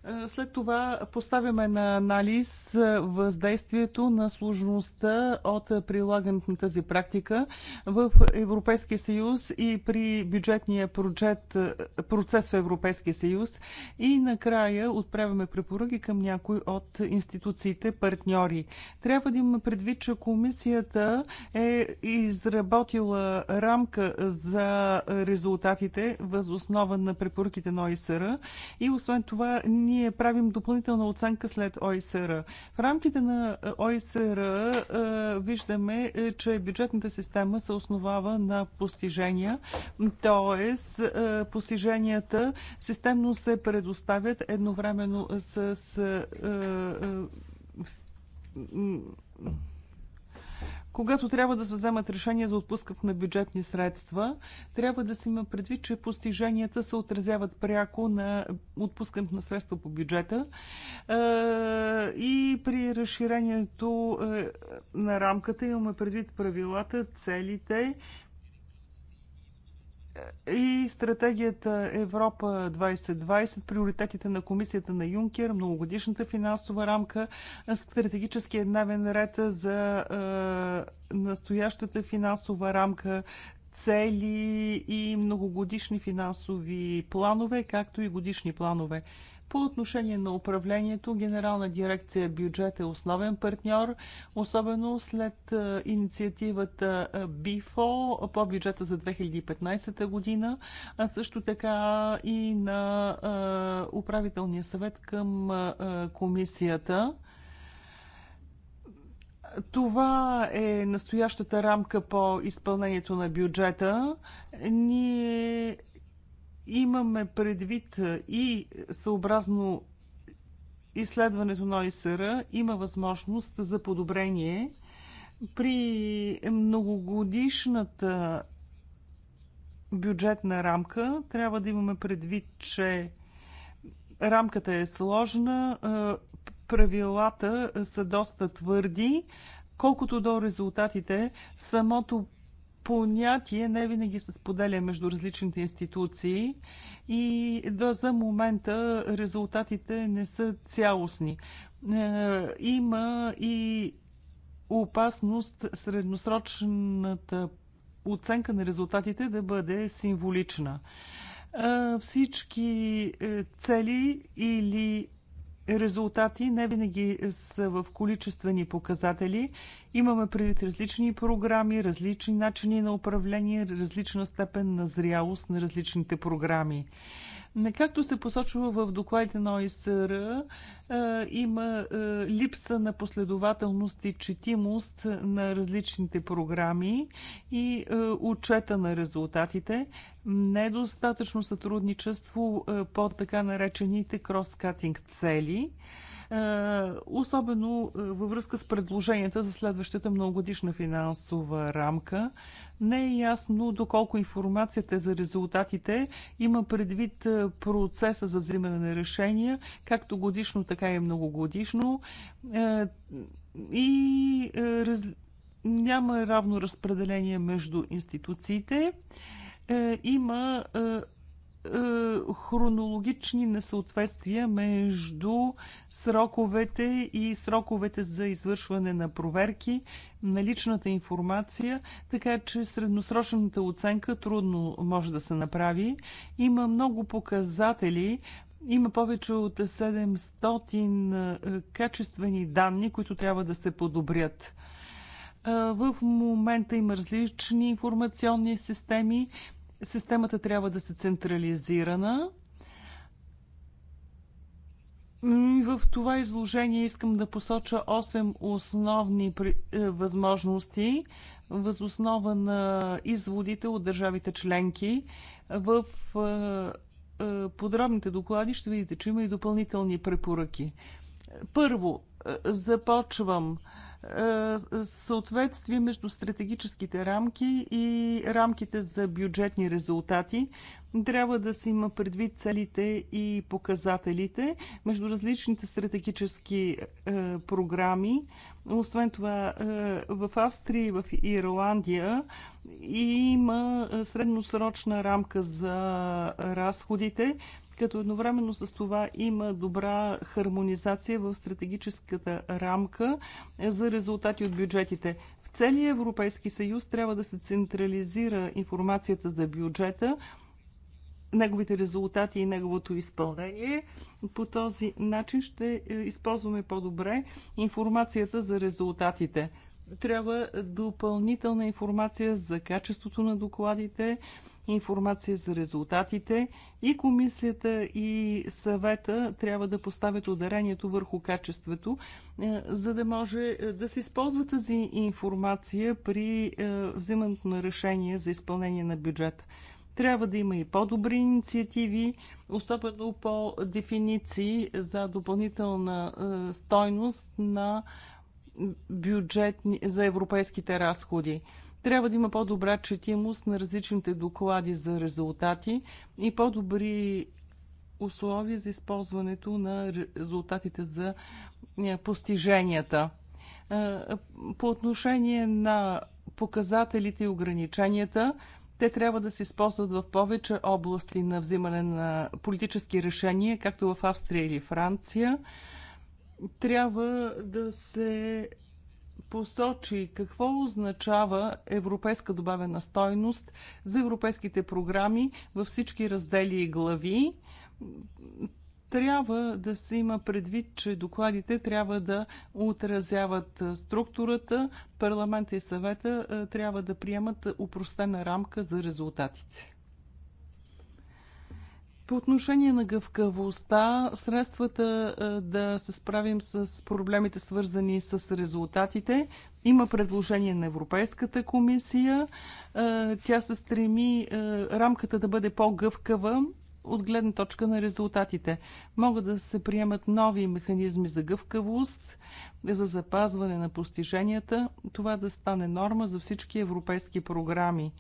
Е, след това поставяме на анализ е, въздействието на сложността от прилагането на тази практика в Европейския съюз и при бюджетния бюджет, е, процес в Европейския съюз. И накрая отправяме препоръки към някои от институциите партньори. Трябва да имаме предвид, че комисията е изработила рамка за резултатите възоснова на препоръките на ОИСР и освен това ние ние правим допълнителна оценка след ОИСР. В рамките на е, ОИСР е, виждаме, е, че бюджетната система се основава на постижения, т.е. постиженията системно се предоставят едновременно с когато трябва да се вземат решения за отпускането на бюджетни средства, трябва да се има предвид, че постиженията се отразяват пряко на отпускането на средства по бюджета и при разширението на рамката имаме предвид правилата, целите, и стратегията Европа 2020, приоритетите на комисията на Юнкер, многогодишната финансова рамка, стратегически дневен ред за е, настоящата финансова рамка, цели и многогодишни финансови планове, както и годишни планове. По отношение на управлението, Генерална дирекция бюджет е основен партньор, особено след е, инициативата е, БИФО по бюджета за 2015 година, а също така и на е, управителния съвет към комисията. Това е настоящата рамка по изпълнението на бюджета. Ние Имаме предвид и съобразно изследването на ОИСР има възможност за подобрение при многогодишната бюджетна рамка. Трябва да имаме предвид, че рамката е сложна, правилата са доста твърди. Колкото до резултатите, самото понятие не винаги се споделя между различните институции и да за момента резултатите не са цялостни. Е, има и опасност средносрочната оценка на резултатите да бъде символична. Е, всички е, цели или резултати не винаги са в количествени показатели. Имаме предвид различни програми, различни начини на управление, различна степен на зрялост на различните програми. Както се посочва в докладите на ОИСР, има липса на последователност и четимост на различните програми и отчета на резултатите, недостатъчно сътрудничество по така наречените кроскатинг цели – е, особено е, във връзка с предложенията за следващата многогодишна финансова рамка. Не е ясно доколко информацията за резултатите има предвид е, процеса за взимане на решения, както годишно, така и многогодишно. И раз... няма равно разпределение между институциите. Има е, хронологични несъответствия между сроковете и сроковете за извършване на проверки, на личната информация, така че средносрочната оценка трудно може да се направи. Има много показатели, има повече от 700 е, качествени данни, които трябва да се подобрят. Е, в момента има различни информационни системи, Системата трябва да се централизирана. В това изложение искам да посоча 8 основни е, възможности възоснова на изводите от държавите членки. В е, е, подробните доклади ще видите, че има и допълнителни препоръки. Първо, започвам е, съответствие между стратегическите рамки и рамките за бюджетни резултати. Трябва да се има предвид целите и показателите между различните стратегически е, програми. Освен това, е, в Австрия и в Ирландия има средносрочна рамка за разходите, като едновременно с това има добра хармонизация в стратегическата рамка за резултати от бюджетите. В целия Европейски съюз трябва да се централизира информацията за бюджета, неговите резултати и неговото изпълнение. По този начин ще е, използваме по-добре информацията за резултатите трябва допълнителна информация за качеството на докладите, информация за резултатите и комисията и съвета трябва да поставят ударението върху качеството, е, за да може е, да се използва тази информация при е, взимането на решение за изпълнение на бюджета. Трябва да има и по-добри инициативи, особено по дефиниции за допълнителна стойност на бюджетни, за европейските разходи. Трябва да има по-добра четимост на различните доклади за резултати и по-добри условия за използването на резултатите за е, постиженията. Е, по отношение на показателите и ограниченията, те трябва да се използват в повече области на взимане на политически решения, както в Австрия или Франция трябва да се посочи какво означава европейска добавена стойност за европейските програми във всички раздели и глави. Трябва да се има предвид, че докладите трябва да отразяват структурата, парламента и съвета трябва да приемат упростена рамка за резултатите. По отношение на гъвкавостта, средствата да се справим с проблемите, свързани с резултатите, има предложение на Европейската комисия. Тя се стреми рамката да бъде по-гъвкава от гледна точка на резултатите. Могат да се приемат нови механизми за гъвкавост, за запазване на постиженията. Това да стане норма за всички европейски програми.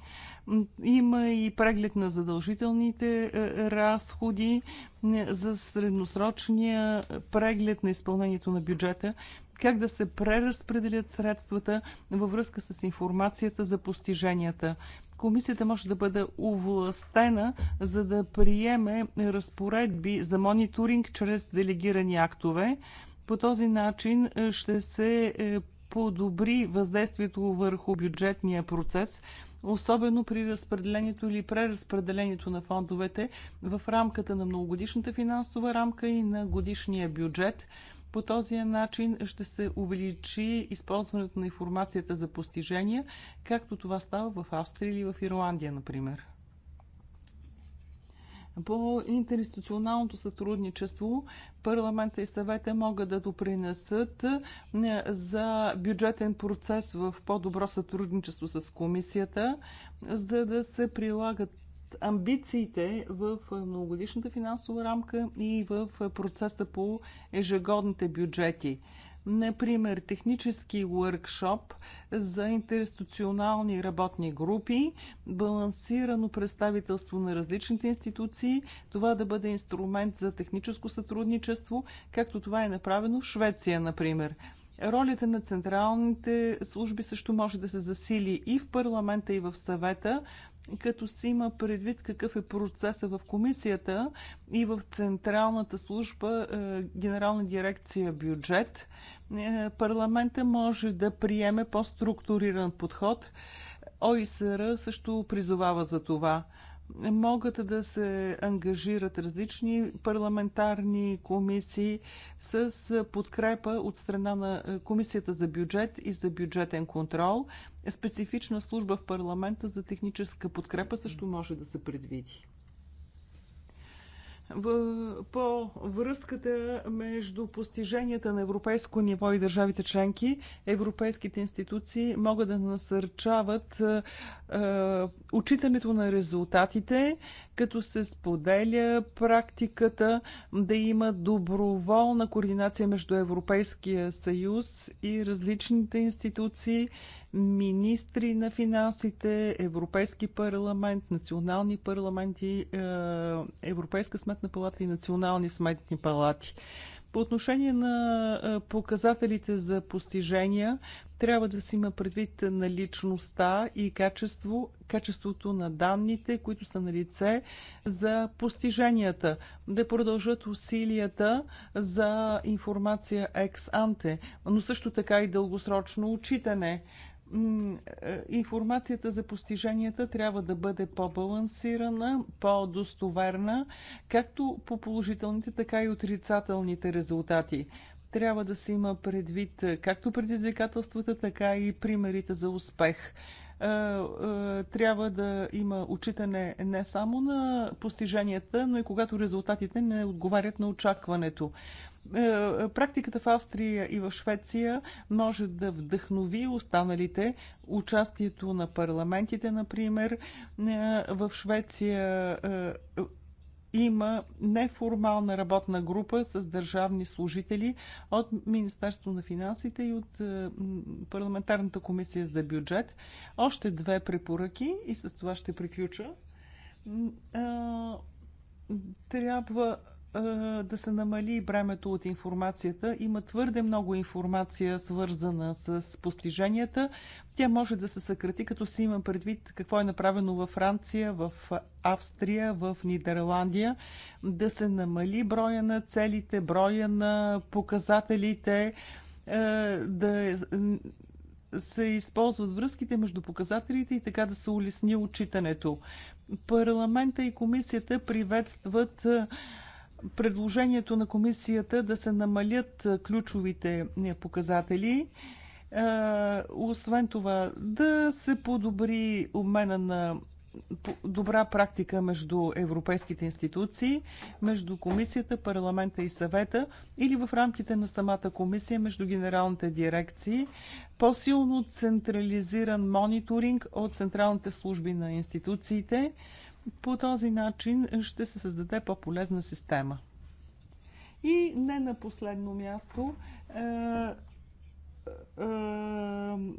Има и преглед на задължителните е, е, разходи е, за средносрочния преглед на изпълнението на бюджета как да се преразпределят средствата във връзка с информацията за постиженията. Комисията може да бъде овластена, за да приеме разпоредби за мониторинг чрез делегирани актове. По този начин е, ще се е, подобри въздействието върху бюджетния процес, особено при разпределението или преразпределението на фондовете в рамката на многогодишната финансова рамка и на годишния бюджет – по този начин ще се увеличи използването на информацията за постижения, както това става в Австрия или в Ирландия, например. По интернационалното сътрудничество парламента и съвета могат да допринесат е, за бюджетен процес в по-добро сътрудничество с комисията, за да се прилагат амбициите в многогодишната финансова рамка и в процеса по ежегодните бюджети. Например, технически workshop за интерституционални работни групи, балансирано представителство на различните институции, това да бъде инструмент за техническо сътрудничество, както това е направено в Швеция, например. Ролята на централните служби също може да се засили и в парламента, и в съвета, като се има предвид какъв е процеса в комисията и в Централната служба, е, Генерална дирекция бюджет, е, парламента може да приеме по-структуриран подход. ОИСР също призовава за това – могат да се ангажират различни парламентарни комисии с подкрепа от страна на е, Комисията за бюджет и за бюджетен контрол. Специфична служба в парламента за техническа подкрепа също може да се предвиди в, по връзката между постиженията на европейско ниво и държавите членки, европейските институции могат да насърчават е, учитането е, на резултатите, като се споделя практиката да има доброволна координация между Европейския съюз и различните институции, министри на финансите, Европейски парламент, национални парламенти, е, Европейска сметна палата и национални сметни палати. По отношение на е, показателите за постижения, трябва да си има предвид наличността и качество, качеството на данните, които са на лице за постиженията. Да продължат усилията за информация екс-анте, но също така и дългосрочно отчитане. Е, информацията за постиженията трябва да бъде по-балансирана, по-достоверна, както по положителните, така и отрицателните резултати. Трябва да се има предвид както предизвикателствата, така и примерите за успех е, е, трябва да има отчитане не само на постиженията, но и когато резултатите не отговарят на очакването. Е, практиката в Австрия и в Швеция може да вдъхнови останалите. Участието на парламентите, например, е, в Швеция е, има неформална работна група с държавни служители от Министерство на финансите и от Парламентарната комисия за бюджет. Още две препоръки и с това ще приключа. Трябва да се намали бремето от информацията. Има твърде много информация, свързана с постиженията. Тя може да се съкрати, като си има предвид какво е направено във Франция, в Австрия, в Нидерландия. Да се намали броя на целите, броя на показателите, да се използват връзките между показателите и така да се улесни отчитането. Парламента и комисията приветстват предложението на комисията да се намалят ключовите е, показатели. Освен това, да се подобри обмена на добра практика между европейските институции, между комисията, парламента и съвета или в рамките на самата комисия между генералните дирекции, по-силно централизиран мониторинг от централните служби на институциите, по този начин ще се създаде по-полезна система. И не на последно място, е, е,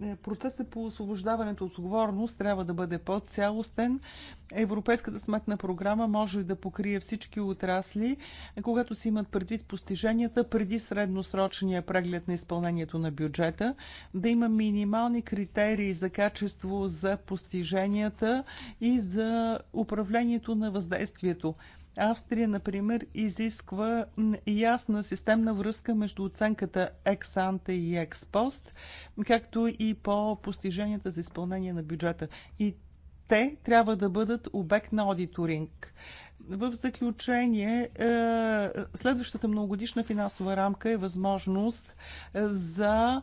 е, процесът по освобождаването от отговорност трябва да бъде по-цялостен. Европейската сметна програма може да покрие всички отрасли, когато си имат предвид постиженията преди средносрочния преглед на изпълнението на бюджета, да има минимални критерии за качество за постиженията и за управлението на въздействието. Австрия, например, изисква ясна системна връзка между оценката ексанте и експост, както и по постиженията за изпълнение на бюджета. И те трябва да бъдат обект на аудиторинг. В заключение, е, следващата многогодишна финансова рамка е възможност за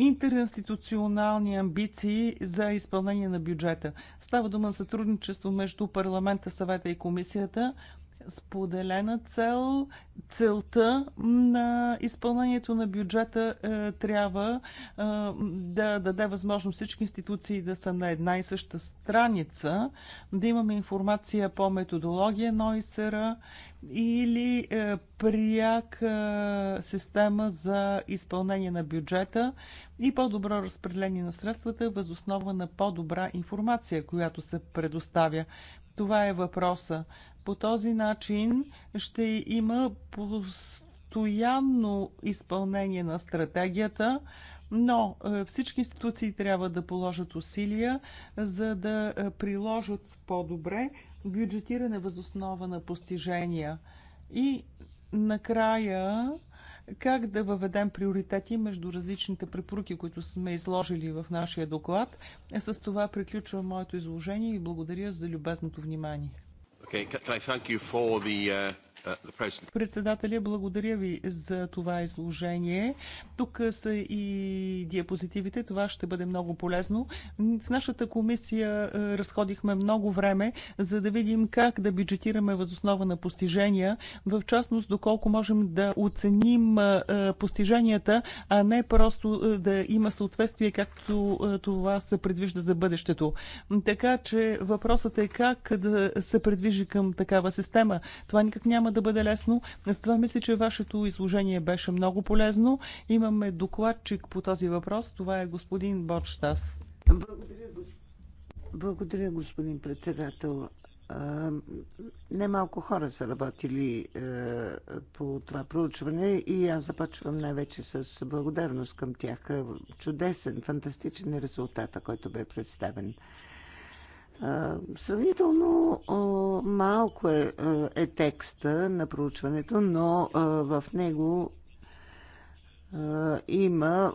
интеринституционални амбиции за изпълнение на бюджета. Става дума за сътрудничество между парламента, съвета и комисията споделена цел. Целта на изпълнението на бюджета е, трябва е, да даде възможност всички институции да са на една и съща страница, да имаме информация по методология Нойсера или е, пряка е, система за изпълнение на бюджета и по-добро разпределение на средствата възоснова на по-добра информация, която се предоставя. Това е въпроса. По този начин ще има постоянно изпълнение на стратегията, но е, всички институции трябва да положат усилия, за да е, приложат по-добре бюджетиране възоснова на постижения. И накрая как да въведем приоритети между различните препоръки, които сме изложили в нашия доклад. Е, с това приключвам моето изложение и благодаря за любезното внимание. Okay, can I thank you for the, uh... Председателя, благодаря ви за това изложение. Тук са и диапозитивите. Това ще бъде много полезно. В нашата комисия е, разходихме много време, за да видим как да бюджетираме възоснова на постижения, в частност доколко можем да оценим е, постиженията, а не просто е, да има съответствие, както това се предвижда за бъдещето. Така че въпросът е как да се предвижи към такава система. Това никак няма да да бъде лесно. С това мисля, че вашето изложение беше много полезно. Имаме докладчик по този въпрос. Това е господин Борштас. Благодаря, господин. Благодаря, господин председател. Немалко хора са работили е, по това проучване и аз започвам най-вече с благодарност към тях. Чудесен, фантастичен е резултата, който бе представен. Сравнително малко е, е текста на проучването, но в него има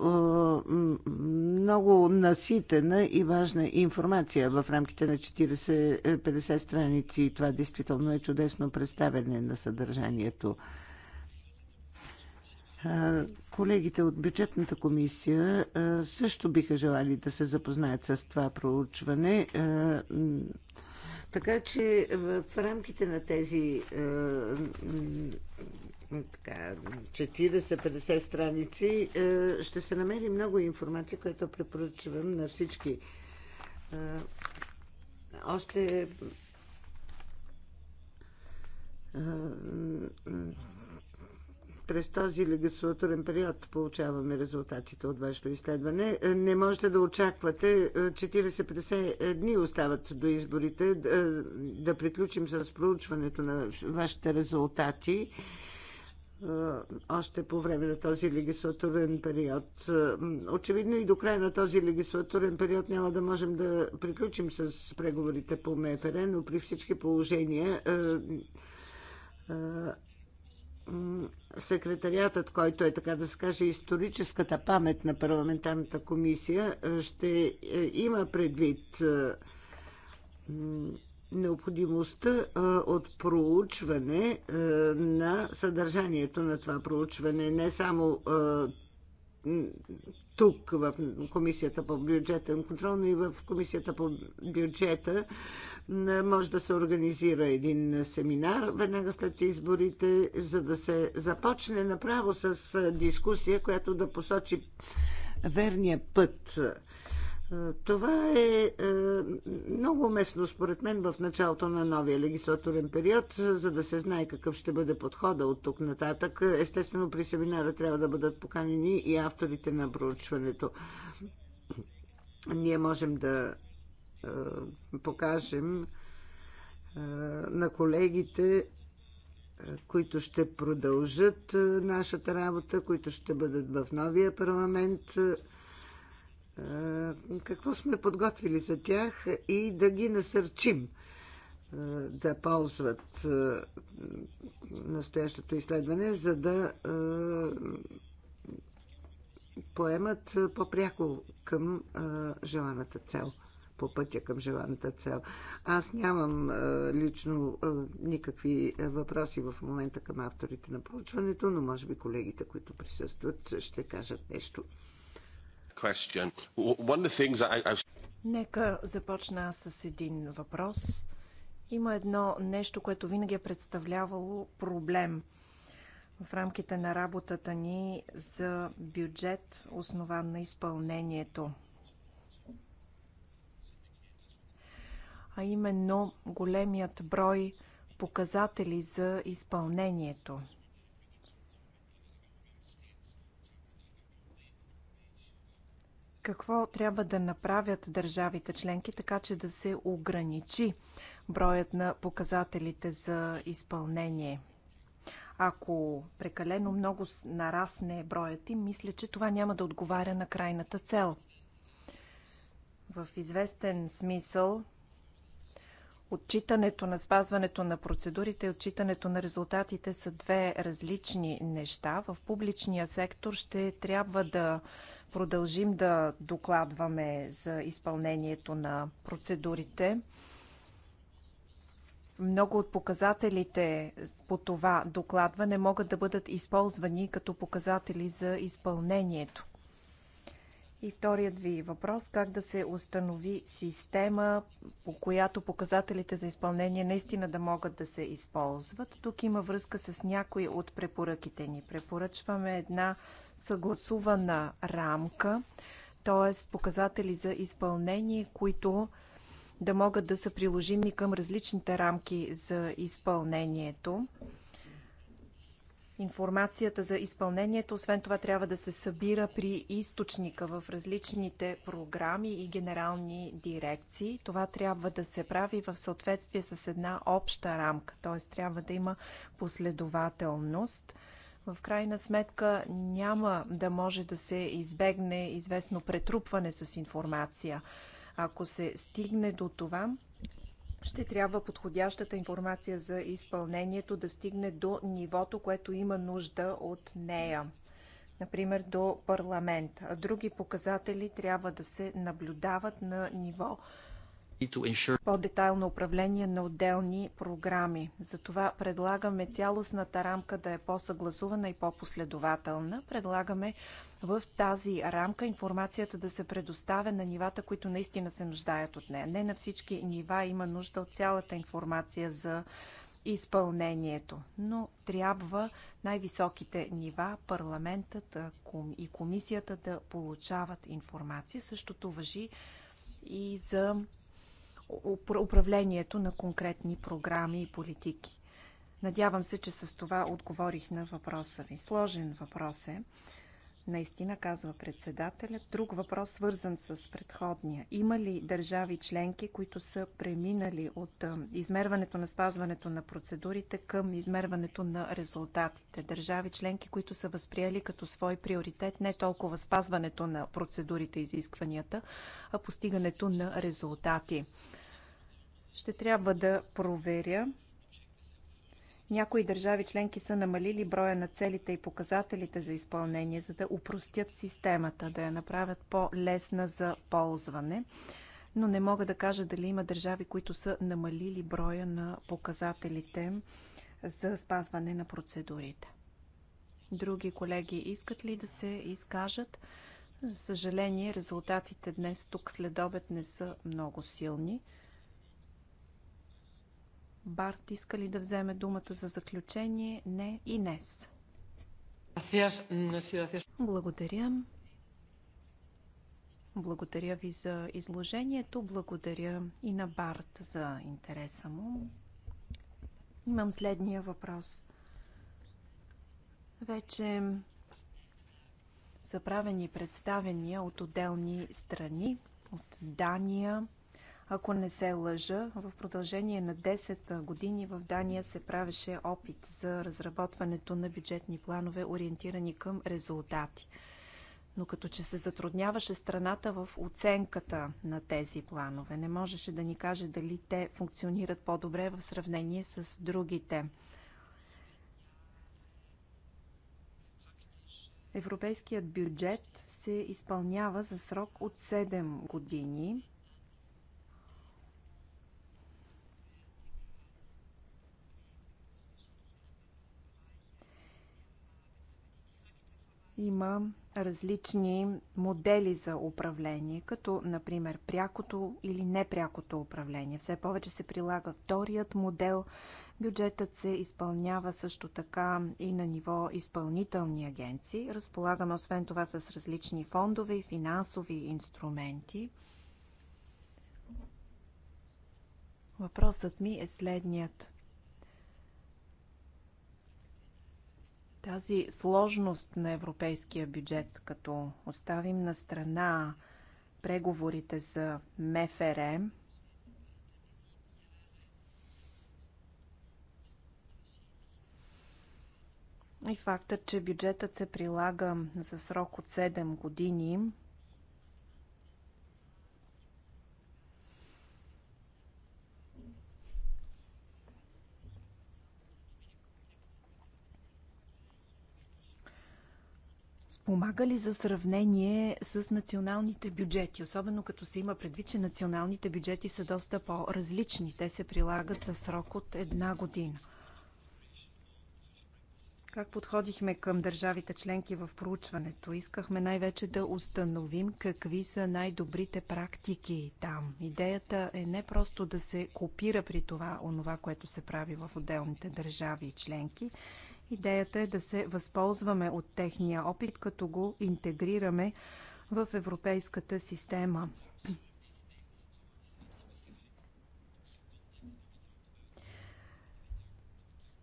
много наситена и важна информация в рамките на 40-50 страници. Това действително е чудесно представяне на съдържанието. Колегите от бюджетната комисия също биха желали да се запознаят с това проучване. Така че в рамките на тези 40-50 страници ще се намери много информация, която препоръчвам на всички. Още през този легислатурен период получаваме резултатите от вашето изследване. Е, не можете да очаквате 40-50 е, дни остават до изборите да, е, да приключим с проучването на вашите резултати още по време на този легислатурен период. Очевидно и до края на този легислатурен период няма да можем да приключим с преговорите по МФР, но при всички положения секретариатът, който е така да се каже историческата памет на парламентарната комисия, е, ще е, има предвид е, необходимостта от проучване на съдържанието на това проучване, не само тук в Комисията по бюджетен контрол, но и в Комисията по бюджета може да се организира един семинар веднага след изборите, за да се започне направо с дискусия, която да посочи верния път. Това е много уместно, според мен, в началото на новия легислатурен период, за да се знае какъв ще бъде подхода от тук нататък. Естествено, при семинара трябва да бъдат поканени и авторите на проучването. Ние можем да е, покажем е, на колегите, е, които ще продължат нашата работа, които ще бъдат в новия парламент, какво сме подготвили за тях и да ги насърчим да ползват настоящото изследване, за да поемат по-пряко към желаната цел по пътя към желаната цел. Аз нямам лично никакви въпроси в момента към авторите на проучването, но може би колегите, които присъстват, ще кажат нещо. Нека започна с един въпрос. Има едно нещо, което винаги е представлявало проблем в рамките на работата ни за бюджет, основан на изпълнението. а именно големият брой показатели за изпълнението. Какво трябва да направят държавите членки, така че да се ограничи броят на показателите за изпълнение? Ако прекалено много нарасне броят им, мисля, че това няма да отговаря на крайната цел. В известен смисъл Отчитането на спазването на процедурите и отчитането на резултатите са две различни неща. В публичния сектор ще трябва да продължим да докладваме за изпълнението на процедурите. Много от показателите по това докладване могат да бъдат използвани като показатели за изпълнението. И вторият ви въпрос как да се установи система, по която показателите за изпълнение наистина да могат да се използват. Тук има връзка с някои от препоръките ни. Препоръчваме една съгласувана рамка, т.е. показатели за изпълнение, които да могат да са приложими към различните рамки за изпълнението. Информацията за изпълнението, освен това, трябва да се събира при източника в различните програми и генерални дирекции. Това трябва да се прави в съответствие с една обща рамка, т.е. трябва да има последователност в крайна сметка няма да може да се избегне известно претрупване с информация. Ако се стигне до това, ще трябва подходящата информация за изпълнението да стигне до нивото, което има нужда от нея, например до парламент. А други показатели трябва да се наблюдават на ниво по-детайлно управление на отделни програми. Затова предлагаме цялостната рамка да е по-съгласувана и по-последователна. Предлагаме в тази рамка информацията да се предоставя на нивата, които наистина се нуждаят от нея. Не на всички нива има нужда от цялата информация за изпълнението, но трябва най-високите нива, парламентът и комисията да получават информация. Същото въжи и за управлението на конкретни програми и политики. Надявам се, че с това отговорих на въпроса ви. Сложен въпрос е. Наистина, казва председателят. Друг въпрос, свързан с предходния. Има ли държави членки, които са преминали от измерването на спазването на процедурите към измерването на резултатите? Държави членки, които са възприели като свой приоритет не толкова спазването на процедурите и изискванията, а постигането на резултати. Ще трябва да проверя. Някои държави членки са намалили броя на целите и показателите за изпълнение, за да упростят системата, да я направят по-лесна за ползване. Но не мога да кажа дали има държави, които са намалили броя на показателите за спазване на процедурите. Други колеги искат ли да се изкажат? За съжаление, резултатите днес тук след обед не са много силни. Барт иска ли да вземе думата за заключение? Не и днес. Благодаря. Благодаря ви за изложението. Благодаря и на Барт за интереса му. Имам следния въпрос. Вече са правени представения от отделни страни, от Дания, ако не се лъжа, в продължение на 10 години в Дания се правеше опит за разработването на бюджетни планове, ориентирани към резултати. Но като че се затрудняваше страната в оценката на тези планове, не можеше да ни каже дали те функционират по-добре в сравнение с другите. Европейският бюджет се изпълнява за срок от 7 години Има различни модели за управление, като например прякото или непрякото управление. Все повече се прилага вторият модел. Бюджетът се изпълнява също така и на ниво изпълнителни агенции. Разполагаме освен това с различни фондове и финансови инструменти. Въпросът ми е следният. Тази сложност на европейския бюджет, като оставим на страна преговорите за МФРМ, и фактът, че бюджетът се прилага за срок от 7 години, спомага ли за сравнение с националните бюджети, особено като се има предвид, че националните бюджети са доста по-различни. Те се прилагат за срок от една година. Как подходихме към държавите членки в проучването? Искахме най-вече да установим какви са най-добрите практики там. Идеята е не просто да се копира при това онова, което се прави в отделните държави и членки, Идеята е да се възползваме от техния опит, като го интегрираме в европейската система.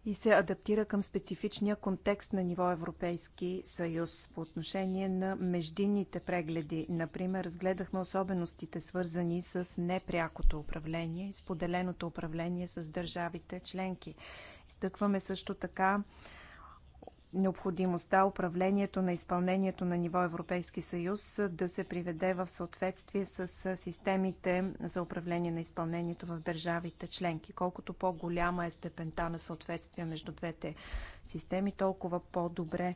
и се адаптира към специфичния контекст на ниво Европейски съюз. По отношение на междинните прегледи, например, разгледахме особеностите свързани с непрякото управление и споделеното управление с държавите членки. Изтъкваме също така необходимостта управлението на изпълнението на ниво Европейски съюз да се приведе в съответствие с системите за управление на изпълнението в държавите членки. Колкото по-голяма е степента на съответствие между двете системи, толкова по-добре.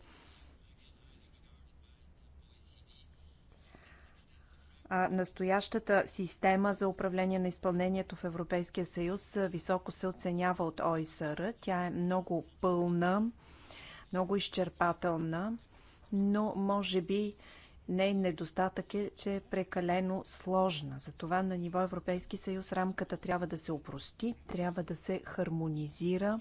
настоящата система за управление на изпълнението в Европейския съюз високо се оценява от ОИСР. Тя е много пълна, много изчерпателна, но може би Нейн недостатък е, че е прекалено сложна. Затова на ниво Европейски съюз рамката трябва да се опрости, трябва да се хармонизира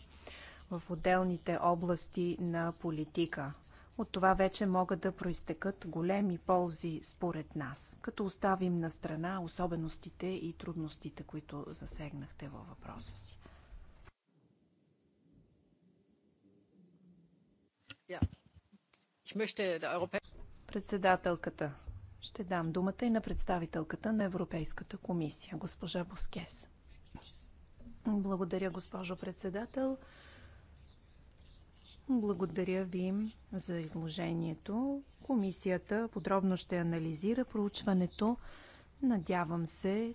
в отделните области на политика. От това вече могат да проистекат големи ползи според нас, като оставим на страна особеностите и трудностите, които засегнахте във въпроса си. Председателката. Ще дам думата и на представителката на Европейската комисия, госпожа Боскес. Благодаря, госпожо председател. Благодаря ви за изложението. Комисията подробно ще анализира проучването. Надявам се,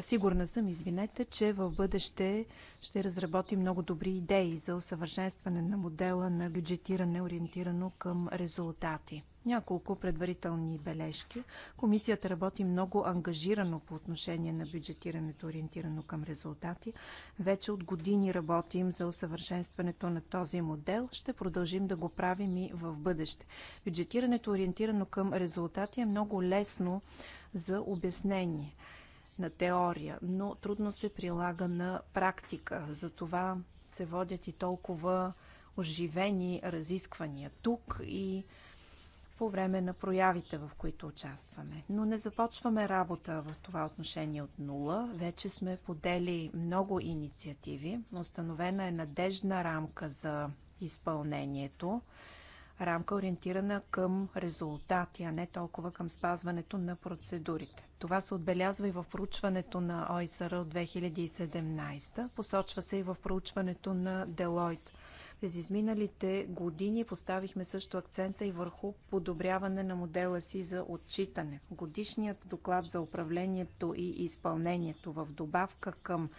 Сигурна съм, извинете, че в бъдеще ще разработи много добри идеи за усъвършенстване на модела на бюджетиране, ориентирано към резултати. Няколко предварителни бележки. Комисията работи много ангажирано по отношение на бюджетирането, ориентирано към резултати. Вече от години работим за усъвършенстването на този модел. Ще продължим да го правим и в бъдеще. Бюджетирането, ориентирано към резултати е много лесно за обяснение – на теория, но трудно се прилага на практика. Затова се водят и толкова оживени разисквания тук и по време на проявите, в които участваме. Но не започваме работа в това отношение от нула. Вече сме подели много инициативи. Установена е надежна рамка за изпълнението. Рамка ориентирана към резултати, а не толкова към спазването на процедурите. Това се отбелязва и в проучването на ОИСР от 2017. Посочва се и в проучването на Делойт. През изминалите години поставихме също акцента и върху подобряване на модела си за отчитане. Годишният доклад за управлението и изпълнението в добавка към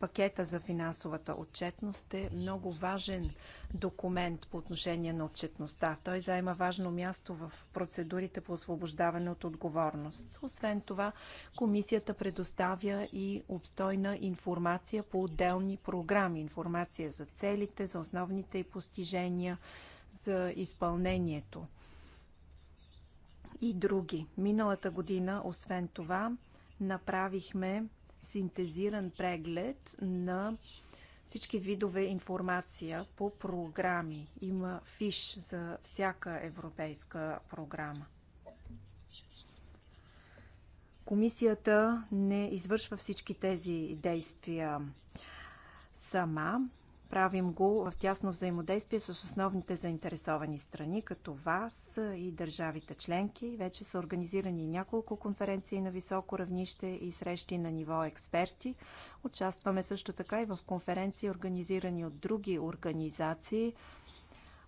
Пакета за финансовата отчетност е много важен документ по отношение на отчетността. Той заема важно място в процедурите по освобождаване от отговорност. Освен това, комисията предоставя и обстойна информация по отделни програми. Информация за целите, за основните и постижения, за изпълнението и други. Миналата година, освен това, направихме синтезиран преглед на всички видове информация по програми. Има фиш за всяка европейска програма. Комисията не извършва всички тези действия сама. Правим го в тясно взаимодействие с основните заинтересовани страни, като вас и държавите членки. Вече са организирани няколко конференции на високо равнище и срещи на ниво експерти. Участваме също така и в конференции, организирани от други организации.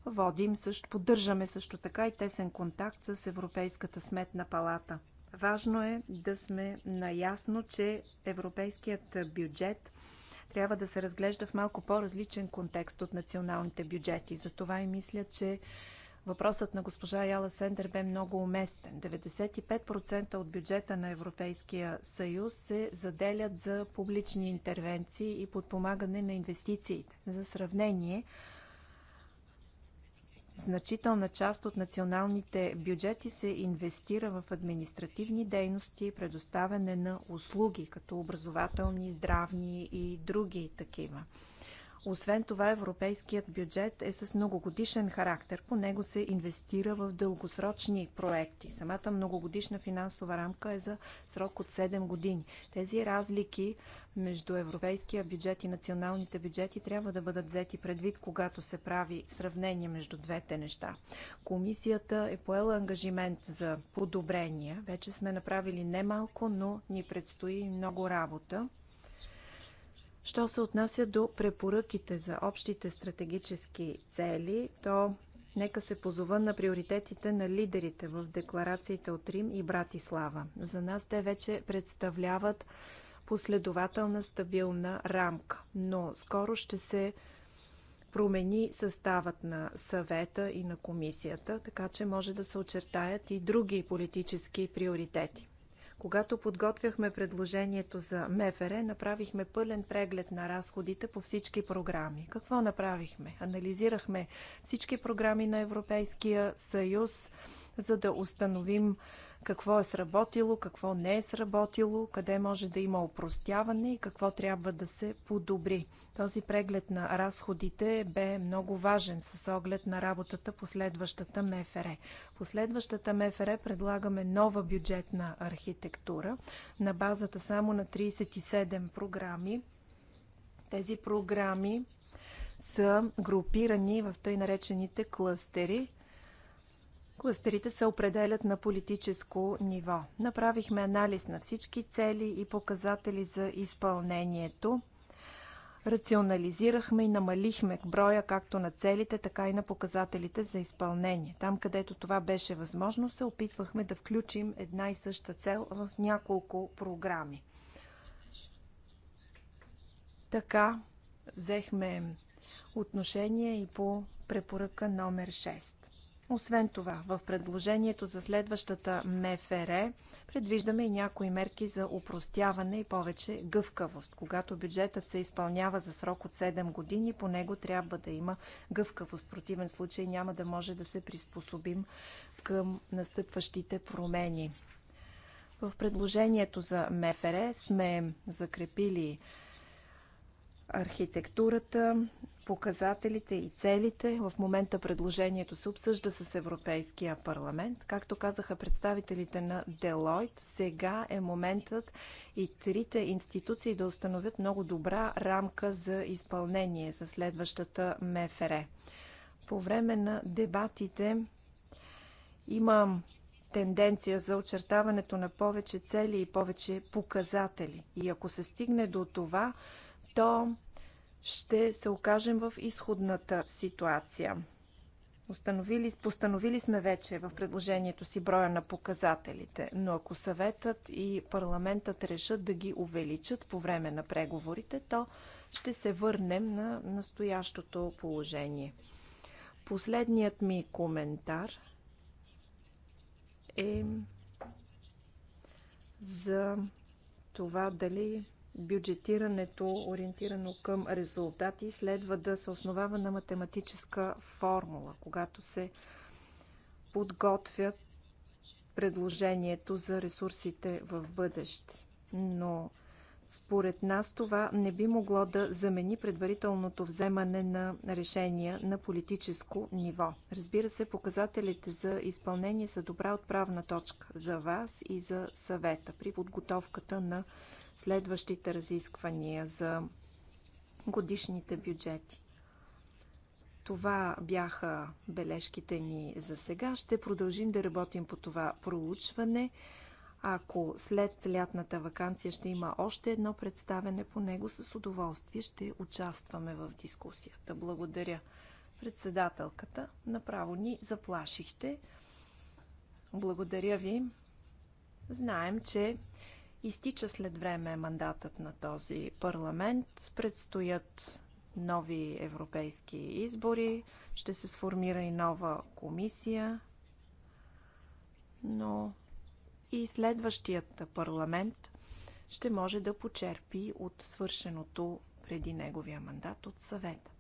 Водим също, поддържаме също така и тесен контакт с Европейската сметна палата. Важно е да сме наясно, че европейският бюджет – трябва да се разглежда в малко по-различен контекст от националните бюджети. Затова и мисля, че Въпросът на госпожа Яла Сендер бе много уместен. 95% от бюджета на Европейския съюз се заделят за публични интервенции и подпомагане на инвестициите. За сравнение, Значителна част от националните бюджети се инвестира в административни дейности и предоставяне на услуги, като образователни, здравни и други такива. Освен това, европейският бюджет е с многогодишен характер. По него се инвестира в дългосрочни проекти. Самата многогодишна финансова рамка е за срок от 7 години. Тези разлики между европейския бюджет и националните бюджети трябва да бъдат взети предвид, когато се прави сравнение между двете неща. Комисията е поела ангажимент за подобрения. Вече сме направили немалко, но ни предстои много работа. Що се отнася до препоръките за общите стратегически цели, то нека се позова на приоритетите на лидерите в декларациите от Рим и Братислава. За нас те вече представляват последователна стабилна рамка, но скоро ще се промени съставът на съвета и на комисията, така че може да се очертаят и други политически приоритети. Когато подготвяхме предложението за МФР, направихме пълен преглед на разходите по всички програми. Какво направихме? Анализирахме всички програми на Европейския съюз, за да установим какво е сработило, какво не е сработило, къде може да има упростяване и какво трябва да се подобри. Този преглед на разходите бе много важен с оглед на работата по следващата МФР. По следващата МФР предлагаме нова бюджетна архитектура на базата само на 37 програми. Тези програми са групирани в тъй наречените клъстери. Кластерите се определят на политическо ниво. Направихме анализ на всички цели и показатели за изпълнението. Рационализирахме и намалихме броя както на целите, така и на показателите за изпълнение. Там, където това беше възможно, се опитвахме да включим една и съща цел в няколко програми. Така взехме отношение и по препоръка номер 6. Освен това, в предложението за следващата МФР предвиждаме и някои мерки за упростяване и повече гъвкавост. Когато бюджетът се изпълнява за срок от 7 години, по него трябва да има гъвкавост. В противен случай няма да може да се приспособим към настъпващите промени. В предложението за МФР сме закрепили архитектурата, показателите и целите. В момента предложението се обсъжда с Европейския парламент. Както казаха представителите на Делойт, сега е моментът и трите институции да установят много добра рамка за изпълнение за следващата МФР. По време на дебатите има тенденция за очертаването на повече цели и повече показатели. И ако се стигне до това, то ще се окажем в изходната ситуация. Установили, постановили сме вече в предложението си броя на показателите, но ако съветът и парламентът решат да ги увеличат по време на преговорите, то ще се върнем на настоящото положение. Последният ми коментар е за това дали бюджетирането, ориентирано към резултати, следва да се основава на математическа формула, когато се подготвят предложението за ресурсите в бъдеще. Но според нас това не би могло да замени предварителното вземане на решения на политическо ниво. Разбира се, показателите за изпълнение са добра отправна точка за вас и за съвета при подготовката на следващите разисквания за годишните бюджети. Това бяха бележките ни за сега. Ще продължим да работим по това проучване. Ако след лятната вакансия ще има още едно представене по него, с удоволствие ще участваме в дискусията. Благодаря. Председателката, направо ни заплашихте. Благодаря ви. Знаем, че Изтича след време мандатът на този парламент. Предстоят нови европейски избори. Ще се сформира и нова комисия. Но и следващият парламент ще може да почерпи от свършеното преди неговия мандат от съвета.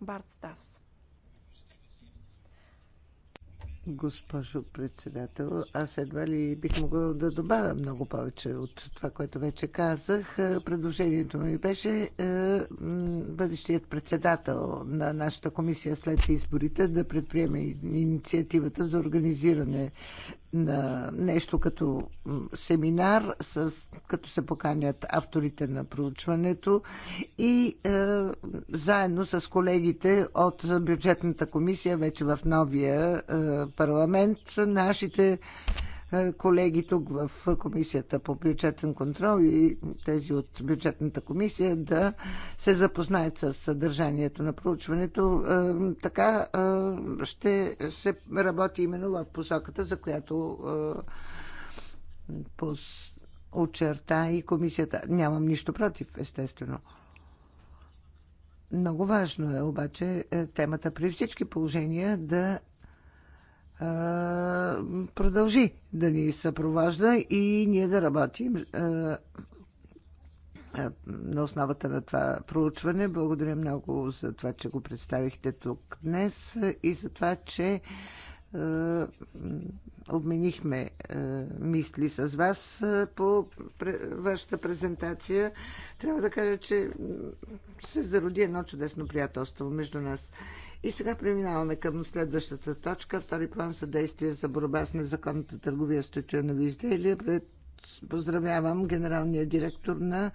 Барт Стас госпожо председател. Аз едва ли бих могъл да добавя много повече от това, което вече казах. Предложението ми беше е, бъдещият председател на нашата комисия след изборите да предприеме инициативата за организиране на нещо като семинар, с, като се поканят авторите на проучването и е, заедно с колегите от бюджетната комисия вече в новия е, парламент, нашите е, колеги тук в Комисията по бюджетен контрол и тези от бюджетната комисия да се запознаят с съдържанието на проучването. Е, така е, ще се работи именно в посоката, за която очерта и комисията. Нямам нищо против, естествено. Много важно е обаче темата при всички положения да продължи да ни съпровожда и ние да работим на основата на това проучване. Благодаря много за това, че го представихте тук днес и за това, че е, обменихме е, мисли с вас е, по вашата презентация. Трябва да кажа, че се зароди едно чудесно приятелство между нас. И сега преминаваме към следващата точка. Втори план съдействие за борба с незаконната търговия с тютюнови изделия. Пред... Поздравявам генералния директор на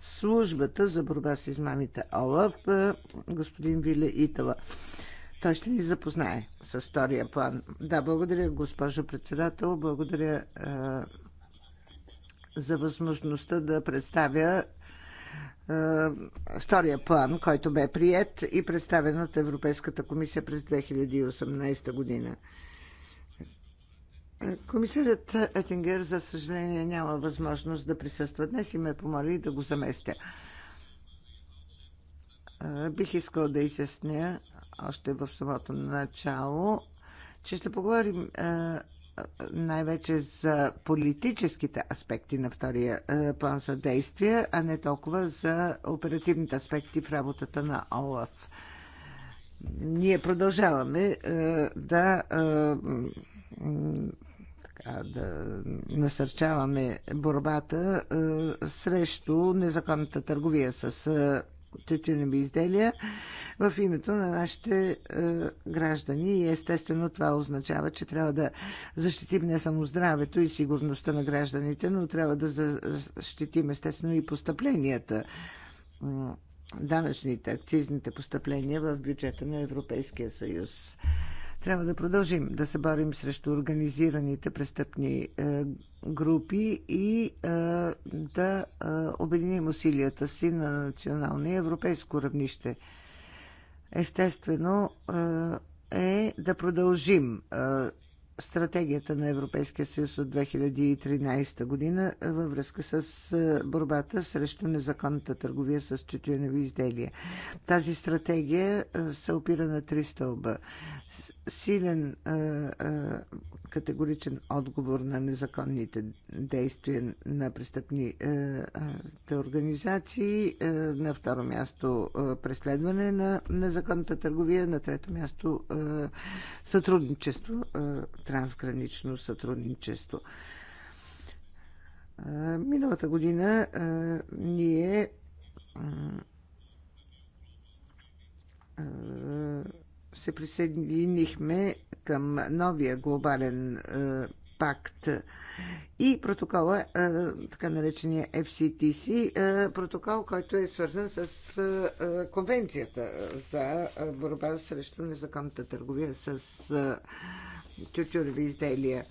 службата за борба с измамите ОЛАП, господин Виле Итала. Той ще ни запознае с втория план. Да, благодаря, госпожо председател. Благодаря е, за възможността да представя е, втория план, който бе прият и представен от Европейската комисия през 2018 година. Комисарят Етингер, за съжаление, няма възможност да присъства днес и ме помоли да го заместя. Е, бих искал да изясня още в самото начало, че ще поговорим е, е, най-вече за политическите аспекти на втория е, план за действие, а не толкова за оперативните аспекти в работата на ОЛАФ. Ние продължаваме да, така, да насърчаваме борбата срещу незаконната търговия с тютюневи изделия в името на нашите е, граждани. И естествено това означава, че трябва да защитим не само здравето и сигурността на гражданите, но трябва да защитим естествено и постъпленията данъчните, акцизните постъпления в бюджета на Европейския съюз. Трябва да продължим да се борим срещу организираните престъпни е, групи и е, да е, обединим усилията си на национално и европейско равнище. Естествено е да продължим стратегията на Европейския съюз от 2013 година във връзка с борбата срещу незаконната търговия с тютюневи изделия. Тази стратегия се опира на три стълба. Силен категоричен отговор на незаконните действия на престъпните е, организации. Е, на второ място е, преследване на незаконната търговия. На трето място сътрудничество, трансгранично сътрудничество. Миналата година ние се присъединихме към новия глобален е, пакт и протокола, е, така наречения FCTC, е, протокол, който е свързан с конвенцията за борба срещу незаконната търговия с тютюреви изделия.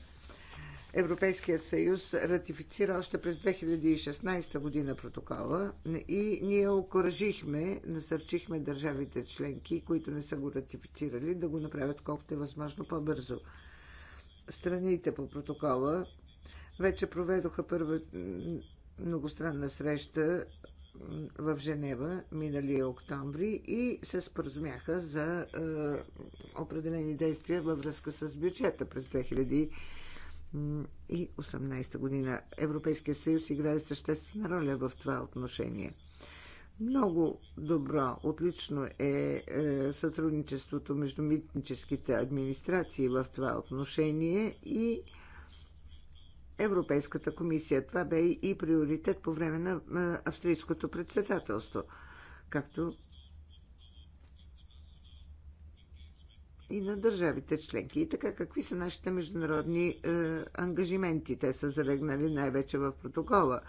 Европейският съюз ратифицира още през 2016 година протокола и ние окоръжихме, насърчихме държавите членки, които не са го ратифицирали, да го направят колкото е възможно по-бързо. Страните по протокола вече проведоха първа многостранна среща в Женева миналия октомври и се споразумяха за е, определени действия във връзка с бюджета през 2018 година. Европейския съюз играе съществена роля в това отношение. Много добро, отлично е, е сътрудничеството между митническите администрации в това отношение и Европейската комисия. Това бе и приоритет по време на е, австрийското председателство, както и на държавите членки. И така, какви са нашите международни е, ангажименти? Те са залегнали най-вече в протокола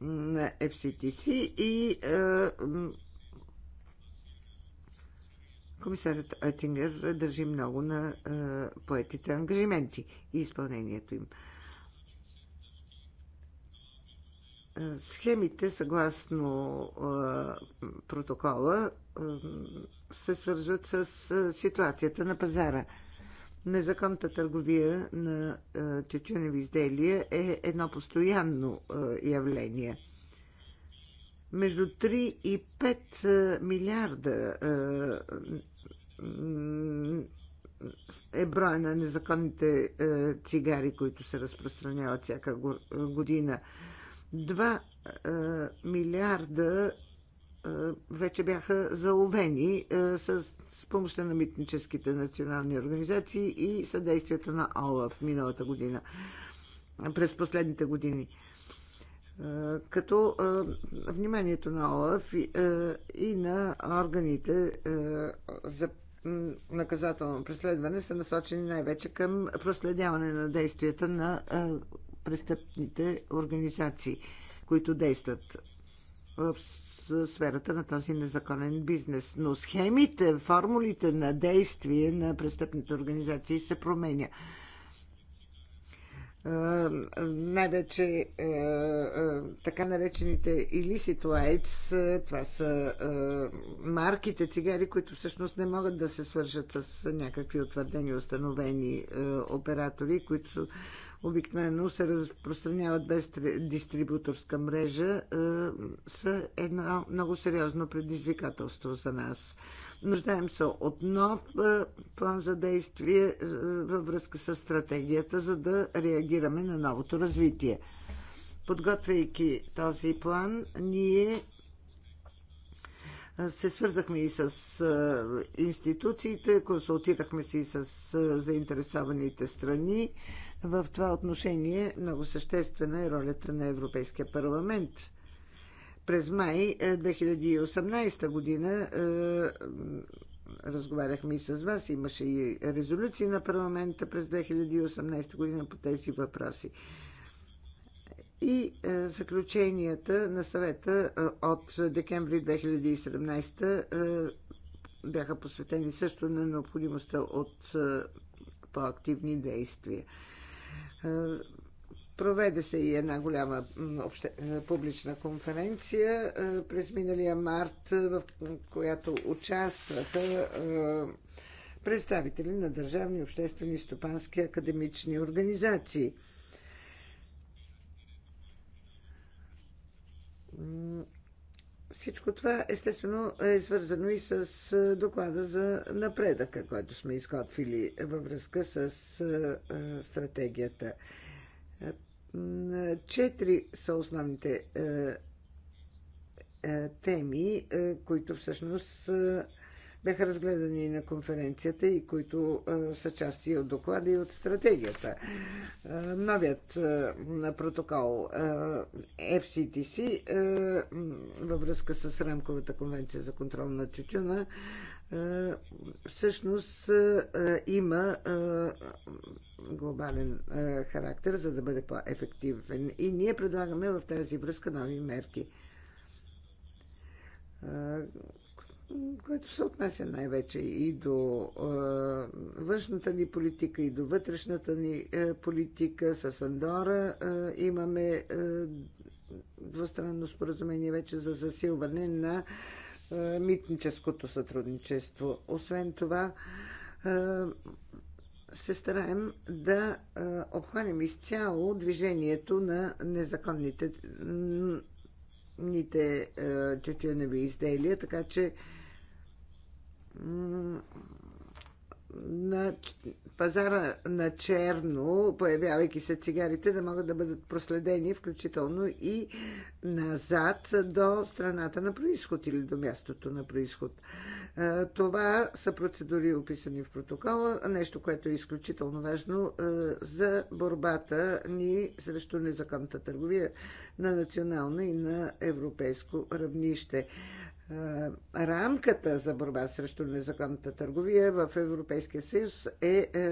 на FCTC и е, комисарят Оттингер държи много на е, поетите ангажименти и изпълнението им. Е, схемите, съгласно е, протокола, се свързват с ситуацията на пазара. Незаконната търговия на тютюневи изделия е едно постоянно явление. Между 3 и 5 милиарда е броя на незаконните цигари, които се разпространяват всяка година. 2 милиарда вече бяха заловени с, с помощта на митническите национални организации и съдействието на ОЛАФ миналата година, през последните години. Като вниманието на ОЛАФ и, и на органите за наказателно преследване са насочени най-вече към проследяване на действията на престъпните организации, които действат в сферата на този незаконен бизнес. Но схемите, формулите на действие на престъпните организации се променя. Е, е, най-вече е, така наречените illicit lights, това са марките цигари, които всъщност не могат да се свържат с някакви утвърдени, установени оператори, които обикновено се разпространяват без дистрибуторска мрежа, е, са едно много сериозно предизвикателство за нас. Нуждаем се от нов е, план за действие е, във връзка с стратегията, за да реагираме на новото развитие. Подготвяйки този план, ние се свързахме и с институциите, консултирахме се и с заинтересованите страни в това отношение много съществена е ролята на Европейския парламент. През май 2018 е, година е, разговаряхме и с вас, имаше и резолюции на парламента през 2018 година по тези въпроси. И е, заключенията на съвета от декември 2017 бяха посветени също на необходимостта от по-активни действия. Е, проведе се и една голяма обще, е, публична конференция е, през миналия март, в която участваха представители на държавни, обществени, стопански, академични организации. Всичко това естествено е свързано и с доклада за напредъка, който сме изготвили във връзка с стратегията. Четири са основните теми, които всъщност бяха разгледани на конференцията и които са части от доклада и от стратегията. Новият протокол FCTC във връзка с рамковата конвенция за контрол на тютюна всъщност има глобален характер, за да бъде по-ефективен. И ние предлагаме в тази връзка нови мерки което се отнася най-вече и до е, външната ни политика, и до вътрешната ни е, политика. С Андора е, имаме е, двустранно споразумение вече за засилване на е, митническото сътрудничество. Освен това, е, се стараем да е, обхванем изцяло движението на незаконните ните е, тютюневи изделия, така че на пазара на черно, появявайки се цигарите, да могат да бъдат проследени, включително и назад до страната на происход или до мястото на происход. Това са процедури описани в протокола, нещо, което е изключително важно за борбата ни срещу незаконната търговия на национално и на европейско равнище. Е, рамката за борба срещу незаконната търговия в Европейския съюз е, е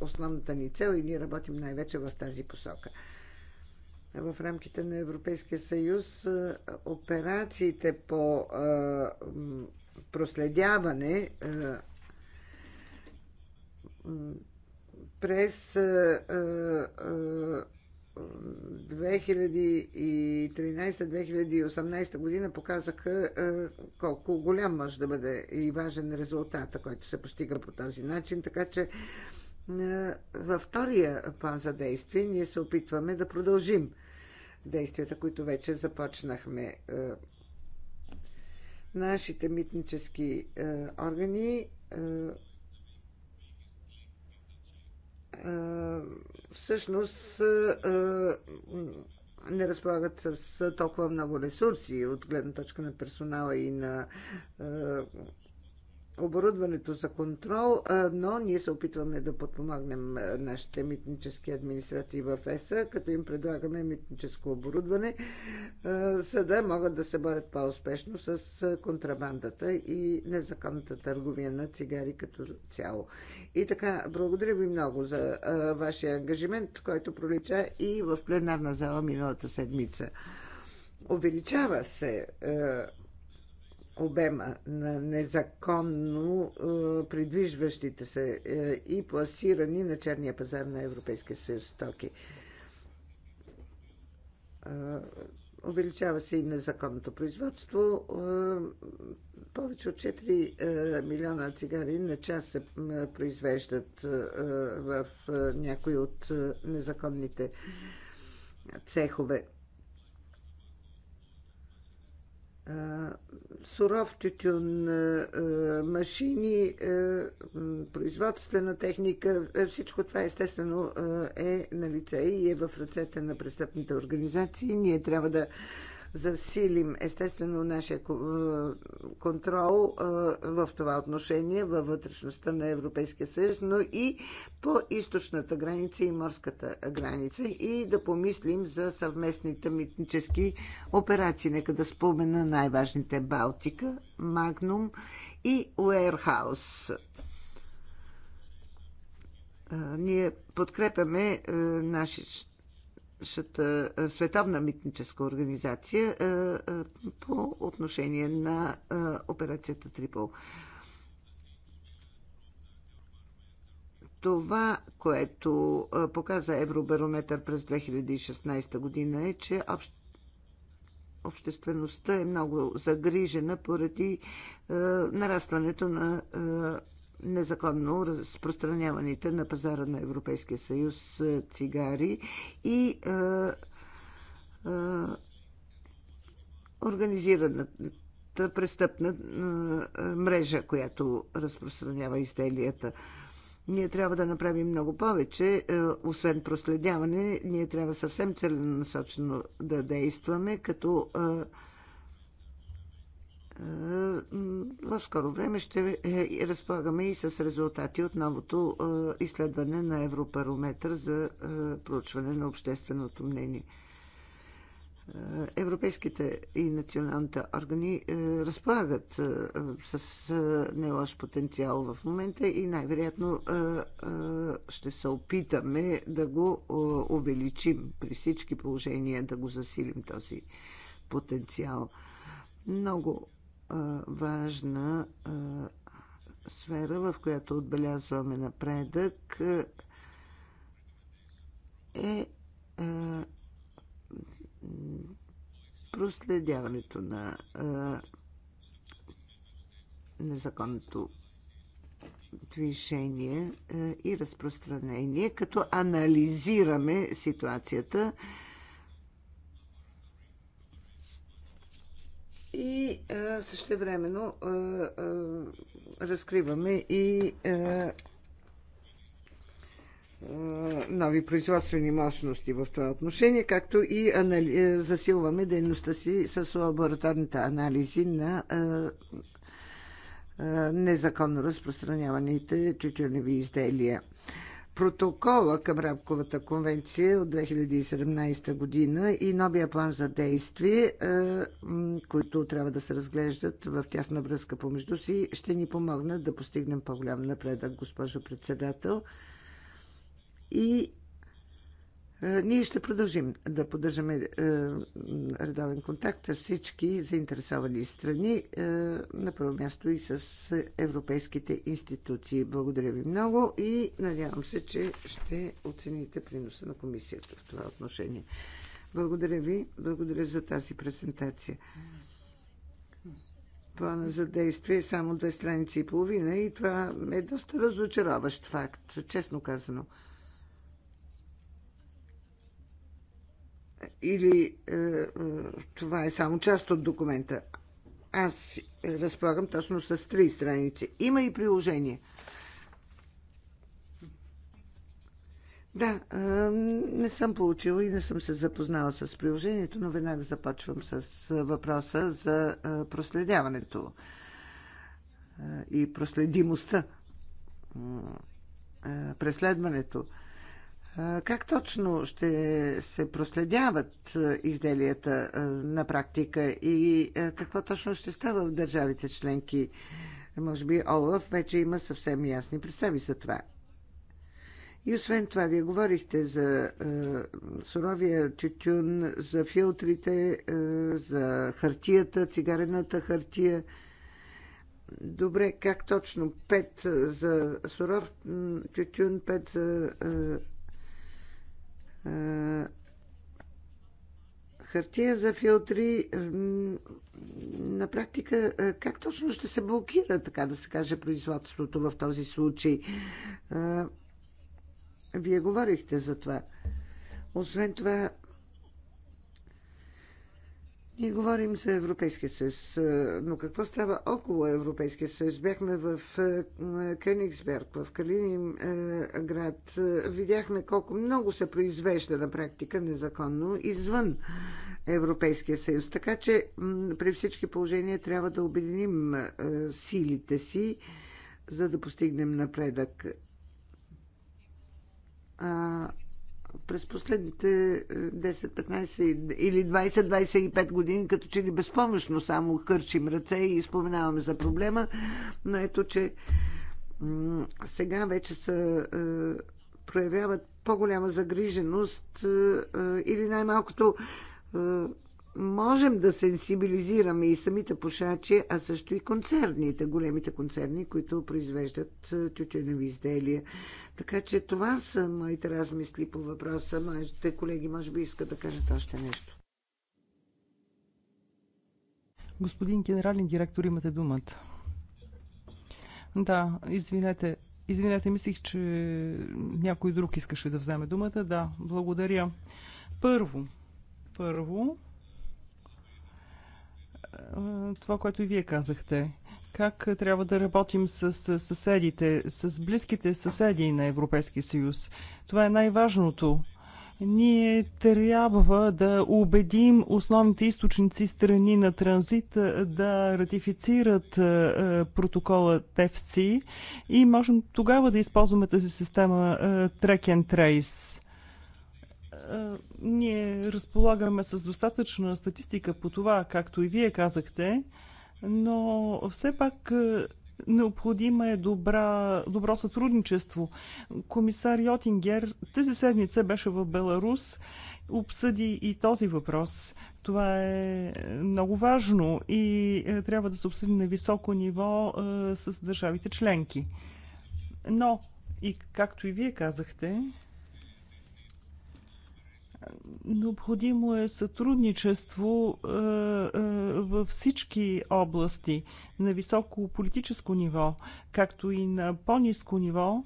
основната ни цел и ние работим най-вече в тази посока. В рамките на Европейския съюз е, операциите по проследяване през 2013-2018 година показаха е, колко голям може да бъде и важен резултата, който се постига по този начин. Така че е, във втория план за действие ние се опитваме да продължим действията, които вече започнахме. Е, нашите митнически органи всъщност не разполагат с толкова много ресурси от гледна точка на персонала и на оборудването за контрол, но ние се опитваме да подпомагнем нашите митнически администрации в ЕСА, като им предлагаме митническо оборудване, за да могат да се борят по-успешно с контрабандата и незаконната търговия на цигари като цяло. И така, благодаря ви много за вашия ангажимент, който пролича и в пленарна зала миналата седмица. Увеличава се обема на незаконно е, придвижващите се е, и пласирани на черния пазар на Европейския съюз стоки. Е, увеличава се и незаконното производство. Повече от 4 милиона цигари на час се произвеждат в някои от незаконните цехове. суров тютюн, машини, производствена техника, всичко това естествено е на лице и е в ръцете на престъпните организации. Ние трябва да засилим естествено нашия е, контрол е, в това отношение във вътрешността на Европейския съюз, но и по източната граница и морската граница и да помислим за съвместните митнически операции. Нека да спомена най-важните Балтика, Магнум и Уерхаус е, ние подкрепяме нашите нашата световна митническа организация по отношение на операцията Трипол. Това, което показа Евробарометър през 2016 година е, че общ... обществеността е много загрижена поради е, нарастването на незаконно разпространяваните на пазара на Европейския съюз е, цигари и е, е, организираната престъпна е, мрежа, която разпространява изделията. Ние трябва да направим много повече. Е, освен проследяване, ние трябва съвсем целенасочено да действаме, като е, е, в скоро време ще е, разполагаме и с резултати от новото е, изследване на Европарометър за проучване на общественото мнение. Европейските и националните органи разполагат с нелош потенциал в момента и най-вероятно ще се опитаме да го увеличим при всички положения, да го засилим този потенциал. Много важна сфера, в която отбелязваме напредък, е проследяването на незаконното движение и разпространение, като анализираме ситуацията и а, времено разкриваме и а, нови производствени мощности в това отношение, както и анали... засилваме дейността си с лабораторните анализи на а, а, незаконно разпространяваните тютюневи изделия протокола към рамковата конвенция от 2017 година и новия план за действие, е, които трябва да се разглеждат в тясна връзка помежду си, ще ни помогнат да постигнем по-голям напредък, госпожо председател. И е, ние ще продължим да поддържаме е, редовен контакт с всички заинтересовани страни, е, на първо място и с европейските институции. Благодаря ви много и надявам се, че ще оцените приноса на комисията в това отношение. Благодаря ви, благодаря за тази презентация. Плана за действие е само две страници и половина и това е доста разочароващ факт, честно казано. или е, това е само част от документа. Аз е, разполагам точно с три страници. Има и приложение. Да, е, не съм получила и не съм се запознала с приложението, но веднага започвам с е, въпроса за е, проследяването и проследимостта, преследването. Как точно ще се проследяват изделията на практика и какво точно ще става в държавите членки? Може би Олаф вече има съвсем ясни представи за това. И освен това, вие говорихте за е, суровия тютюн, за филтрите, е, за хартията, цигарената хартия. Добре, как точно? Пет за суров тютюн, пет за е, е, хартия за филтри, на практика е, как точно ще се блокира, така да се каже, производството в този случай? Е, вие говорихте за това. Освен това, ние говорим за Европейския съюз, е, но какво става около Европейския съюз? Бяхме в е, Кенигсберг, в Калининград. Е, видяхме колко много се произвежда на практика незаконно извън Европейския съюз. Така че при всички положения трябва да обединим силите си, за да постигнем напредък през последните 10-15 е, или 20-25 години, като че ли безпомощно само хърчим ръце и споменаваме за проблема, но ето, че сега вече са е, проявяват по-голяма загриженост е, или най-малкото можем да сенсибилизираме и самите пушачи, а също и концерните, големите концерни, които произвеждат тютюневи изделия. Така че това са моите размисли по въпроса. Моите колеги може би искат да кажат още нещо. Господин генерален директор, имате думата. Да, извинете. Извинете, мислих, че някой друг искаше да вземе думата. Да, благодаря. Първо, първо, това, което и вие казахте. Как трябва да работим с, с съседите, с близките съседи на Европейския съюз? Това е най-важното. Ние трябва да убедим основните източници страни на транзит да ратифицират протокола ТФЦ и можем тогава да използваме тази система Track and Trace. Е, ние разполагаме с достатъчна статистика по това, както и вие казахте, но все пак е, необходимо е добра, добро сътрудничество. Комисар Йотингер тази седмица беше в Беларус, обсъди и този въпрос. Това е много важно и е, трябва да се обсъди на високо ниво с държавите членки. Но, и както и вие казахте, Необходимо е сътрудничество е, е, във всички области, на високо политическо ниво, както и на по-низко ниво.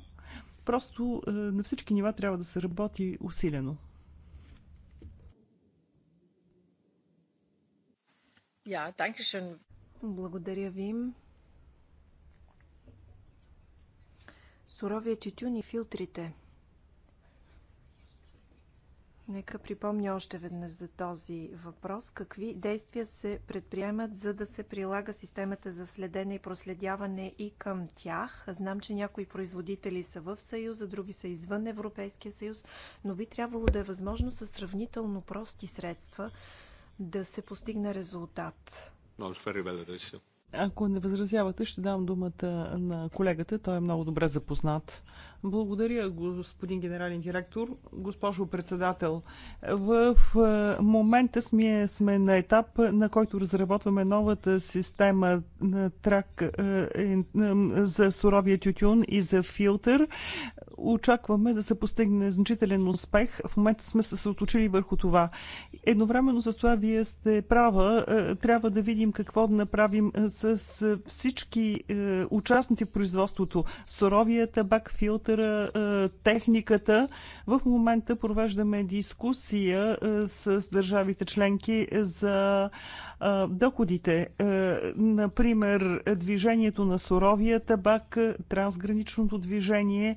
Просто е, на всички нива трябва да се работи усилено. Yeah, Благодаря ви. Суровият тютюн и филтрите – Нека припомня още веднъж за този въпрос. Какви действия се предприемат, за да се прилага системата за следене и проследяване и към тях? Знам, че някои производители са в Съюза, други са извън Европейския съюз, но би трябвало да е възможно с сравнително прости средства да се постигне резултат. Много ако не възразявате, ще дам думата на колегата. Той е много добре запознат. Благодаря, господин генерален директор. Госпожо председател, в е, момента сме, сме на етап, на който разработваме новата система на трак е, е, за суровия тютюн и за филтър очакваме да се постигне значителен успех. В момента сме се съоточили върху това. Едновременно с това вие сте права. Е, трябва да видим какво да направим е, с е, всички участници в производството. Суровия табак, филтъра, техниката. В момента провеждаме дискусия с държавите членки за доходите, например, движението на суровия табак, трансграничното движение,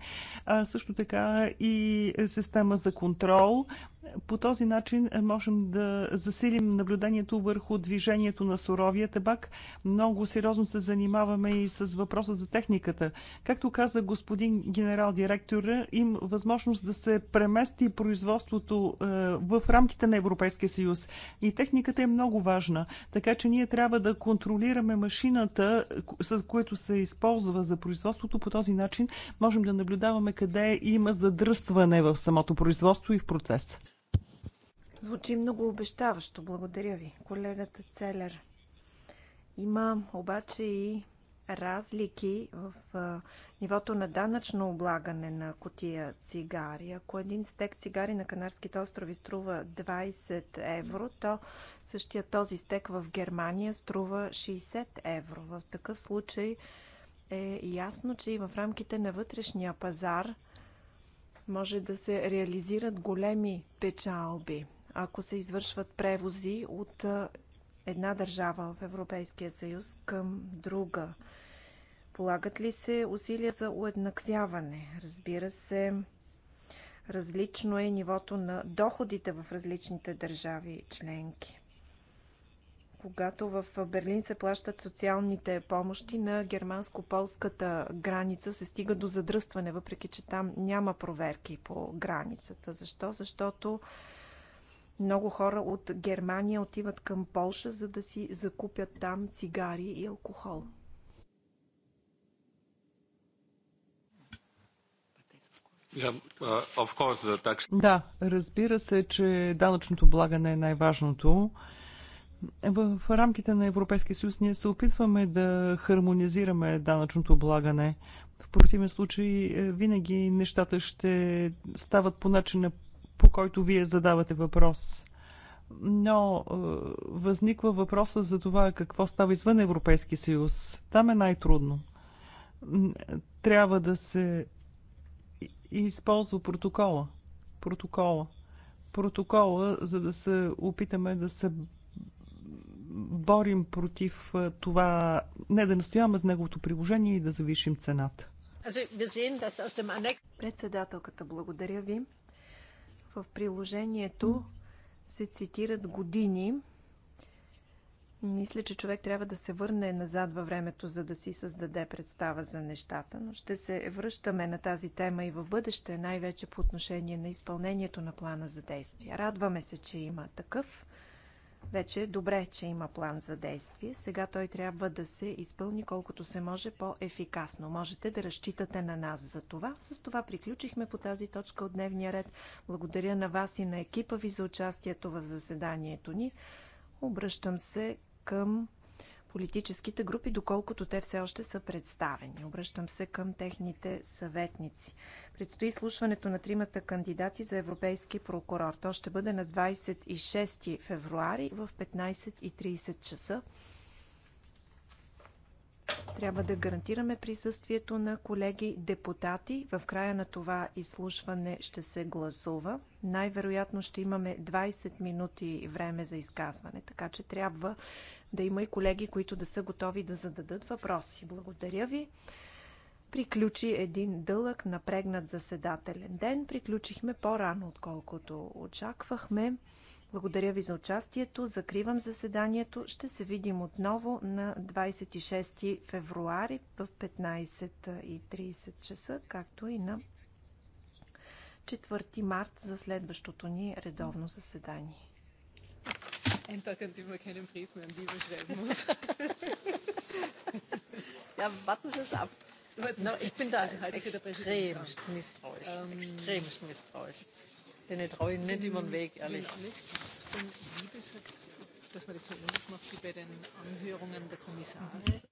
също така и система за контрол, по този начин е, можем да засилим наблюдението върху движението на суровия табак. Много сериозно се занимаваме и с въпроса за техниката. Както каза господин генерал директор, им възможност да се премести производството е, в рамките на Европейския съюз. И техниката е много важна. Така че ние трябва да контролираме машината, с което се използва за производството. По този начин можем да наблюдаваме къде има задръстване в самото производство и в процес. Звучи много обещаващо. Благодаря ви, колегата Целер. Има обаче и разлики в а, нивото на данъчно облагане на котия цигари. Ако един стек цигари на Канарските острови струва 20 евро, то същия този стек в Германия струва 60 евро. В такъв случай е ясно, че и в рамките на вътрешния пазар може да се реализират големи печалби ако се извършват превози от една държава в Европейския съюз към друга. Полагат ли се усилия за уеднаквяване? Разбира се, различно е нивото на доходите в различните държави членки. Когато в Берлин се плащат социалните помощи на германско-полската граница, се стига до задръстване, въпреки че там няма проверки по границата. Защо? Защото много хора от Германия отиват към Полша, за да си закупят там цигари и алкохол. Uh, да, разбира се, че данъчното облагане е най-важното. В рамките на Европейския съюз ние се опитваме да хармонизираме данъчното облагане. В противен случай е, винаги нещата ще стават по начина по който вие задавате въпрос. Но е, възниква въпроса за това какво става извън Европейски съюз. Там е най-трудно. Трябва да се използва протокола. Протокола. Протокола, за да се опитаме да се борим против е, това, не да настояваме с неговото приложение и да завишим цената. Председателката, благодаря ви. В приложението се цитират години. Мисля, че човек трябва да се върне назад във времето, за да си създаде представа за нещата, но ще се връщаме на тази тема и в бъдеще, най-вече по отношение на изпълнението на плана за действие. Радваме се, че има такъв. Вече е добре, че има план за действие. Сега той трябва да се изпълни колкото се може по-ефикасно. Можете да разчитате на нас за това. С това приключихме по тази точка от дневния ред. Благодаря на вас и на екипа ви за участието в заседанието ни. Обръщам се към политическите групи, доколкото те все още са представени. Обръщам се към техните съветници. Предстои слушването на тримата кандидати за европейски прокурор. То ще бъде на 26 февруари в 15.30 часа. Трябва да гарантираме присъствието на колеги депутати. В края на това изслушване ще се гласува. Най-вероятно ще имаме 20 минути време за изказване, така че трябва да има и колеги, които да са готови да зададат въпроси. Благодаря ви. Приключи един дълъг, напрегнат заседателен ден. Приключихме по-рано, отколкото очаквахме. Благодаря ви за участието. Закривам заседанието. Ще се видим отново на 26 февруари в 15.30 часа, както и на 4 март за следващото ни редовно заседание. Ein Tag, an dem man keinen Brief mehr an Liebe schreiben muss. ja, warten Sie es ab. No, ich bin da also extremst misstrauisch. Ähm, extremst misstrauisch. ich traue Ihnen nicht über den Weg, ehrlich. Liebe sagt, dass man das so ähnlich macht wie bei den Anhörungen der Kommissare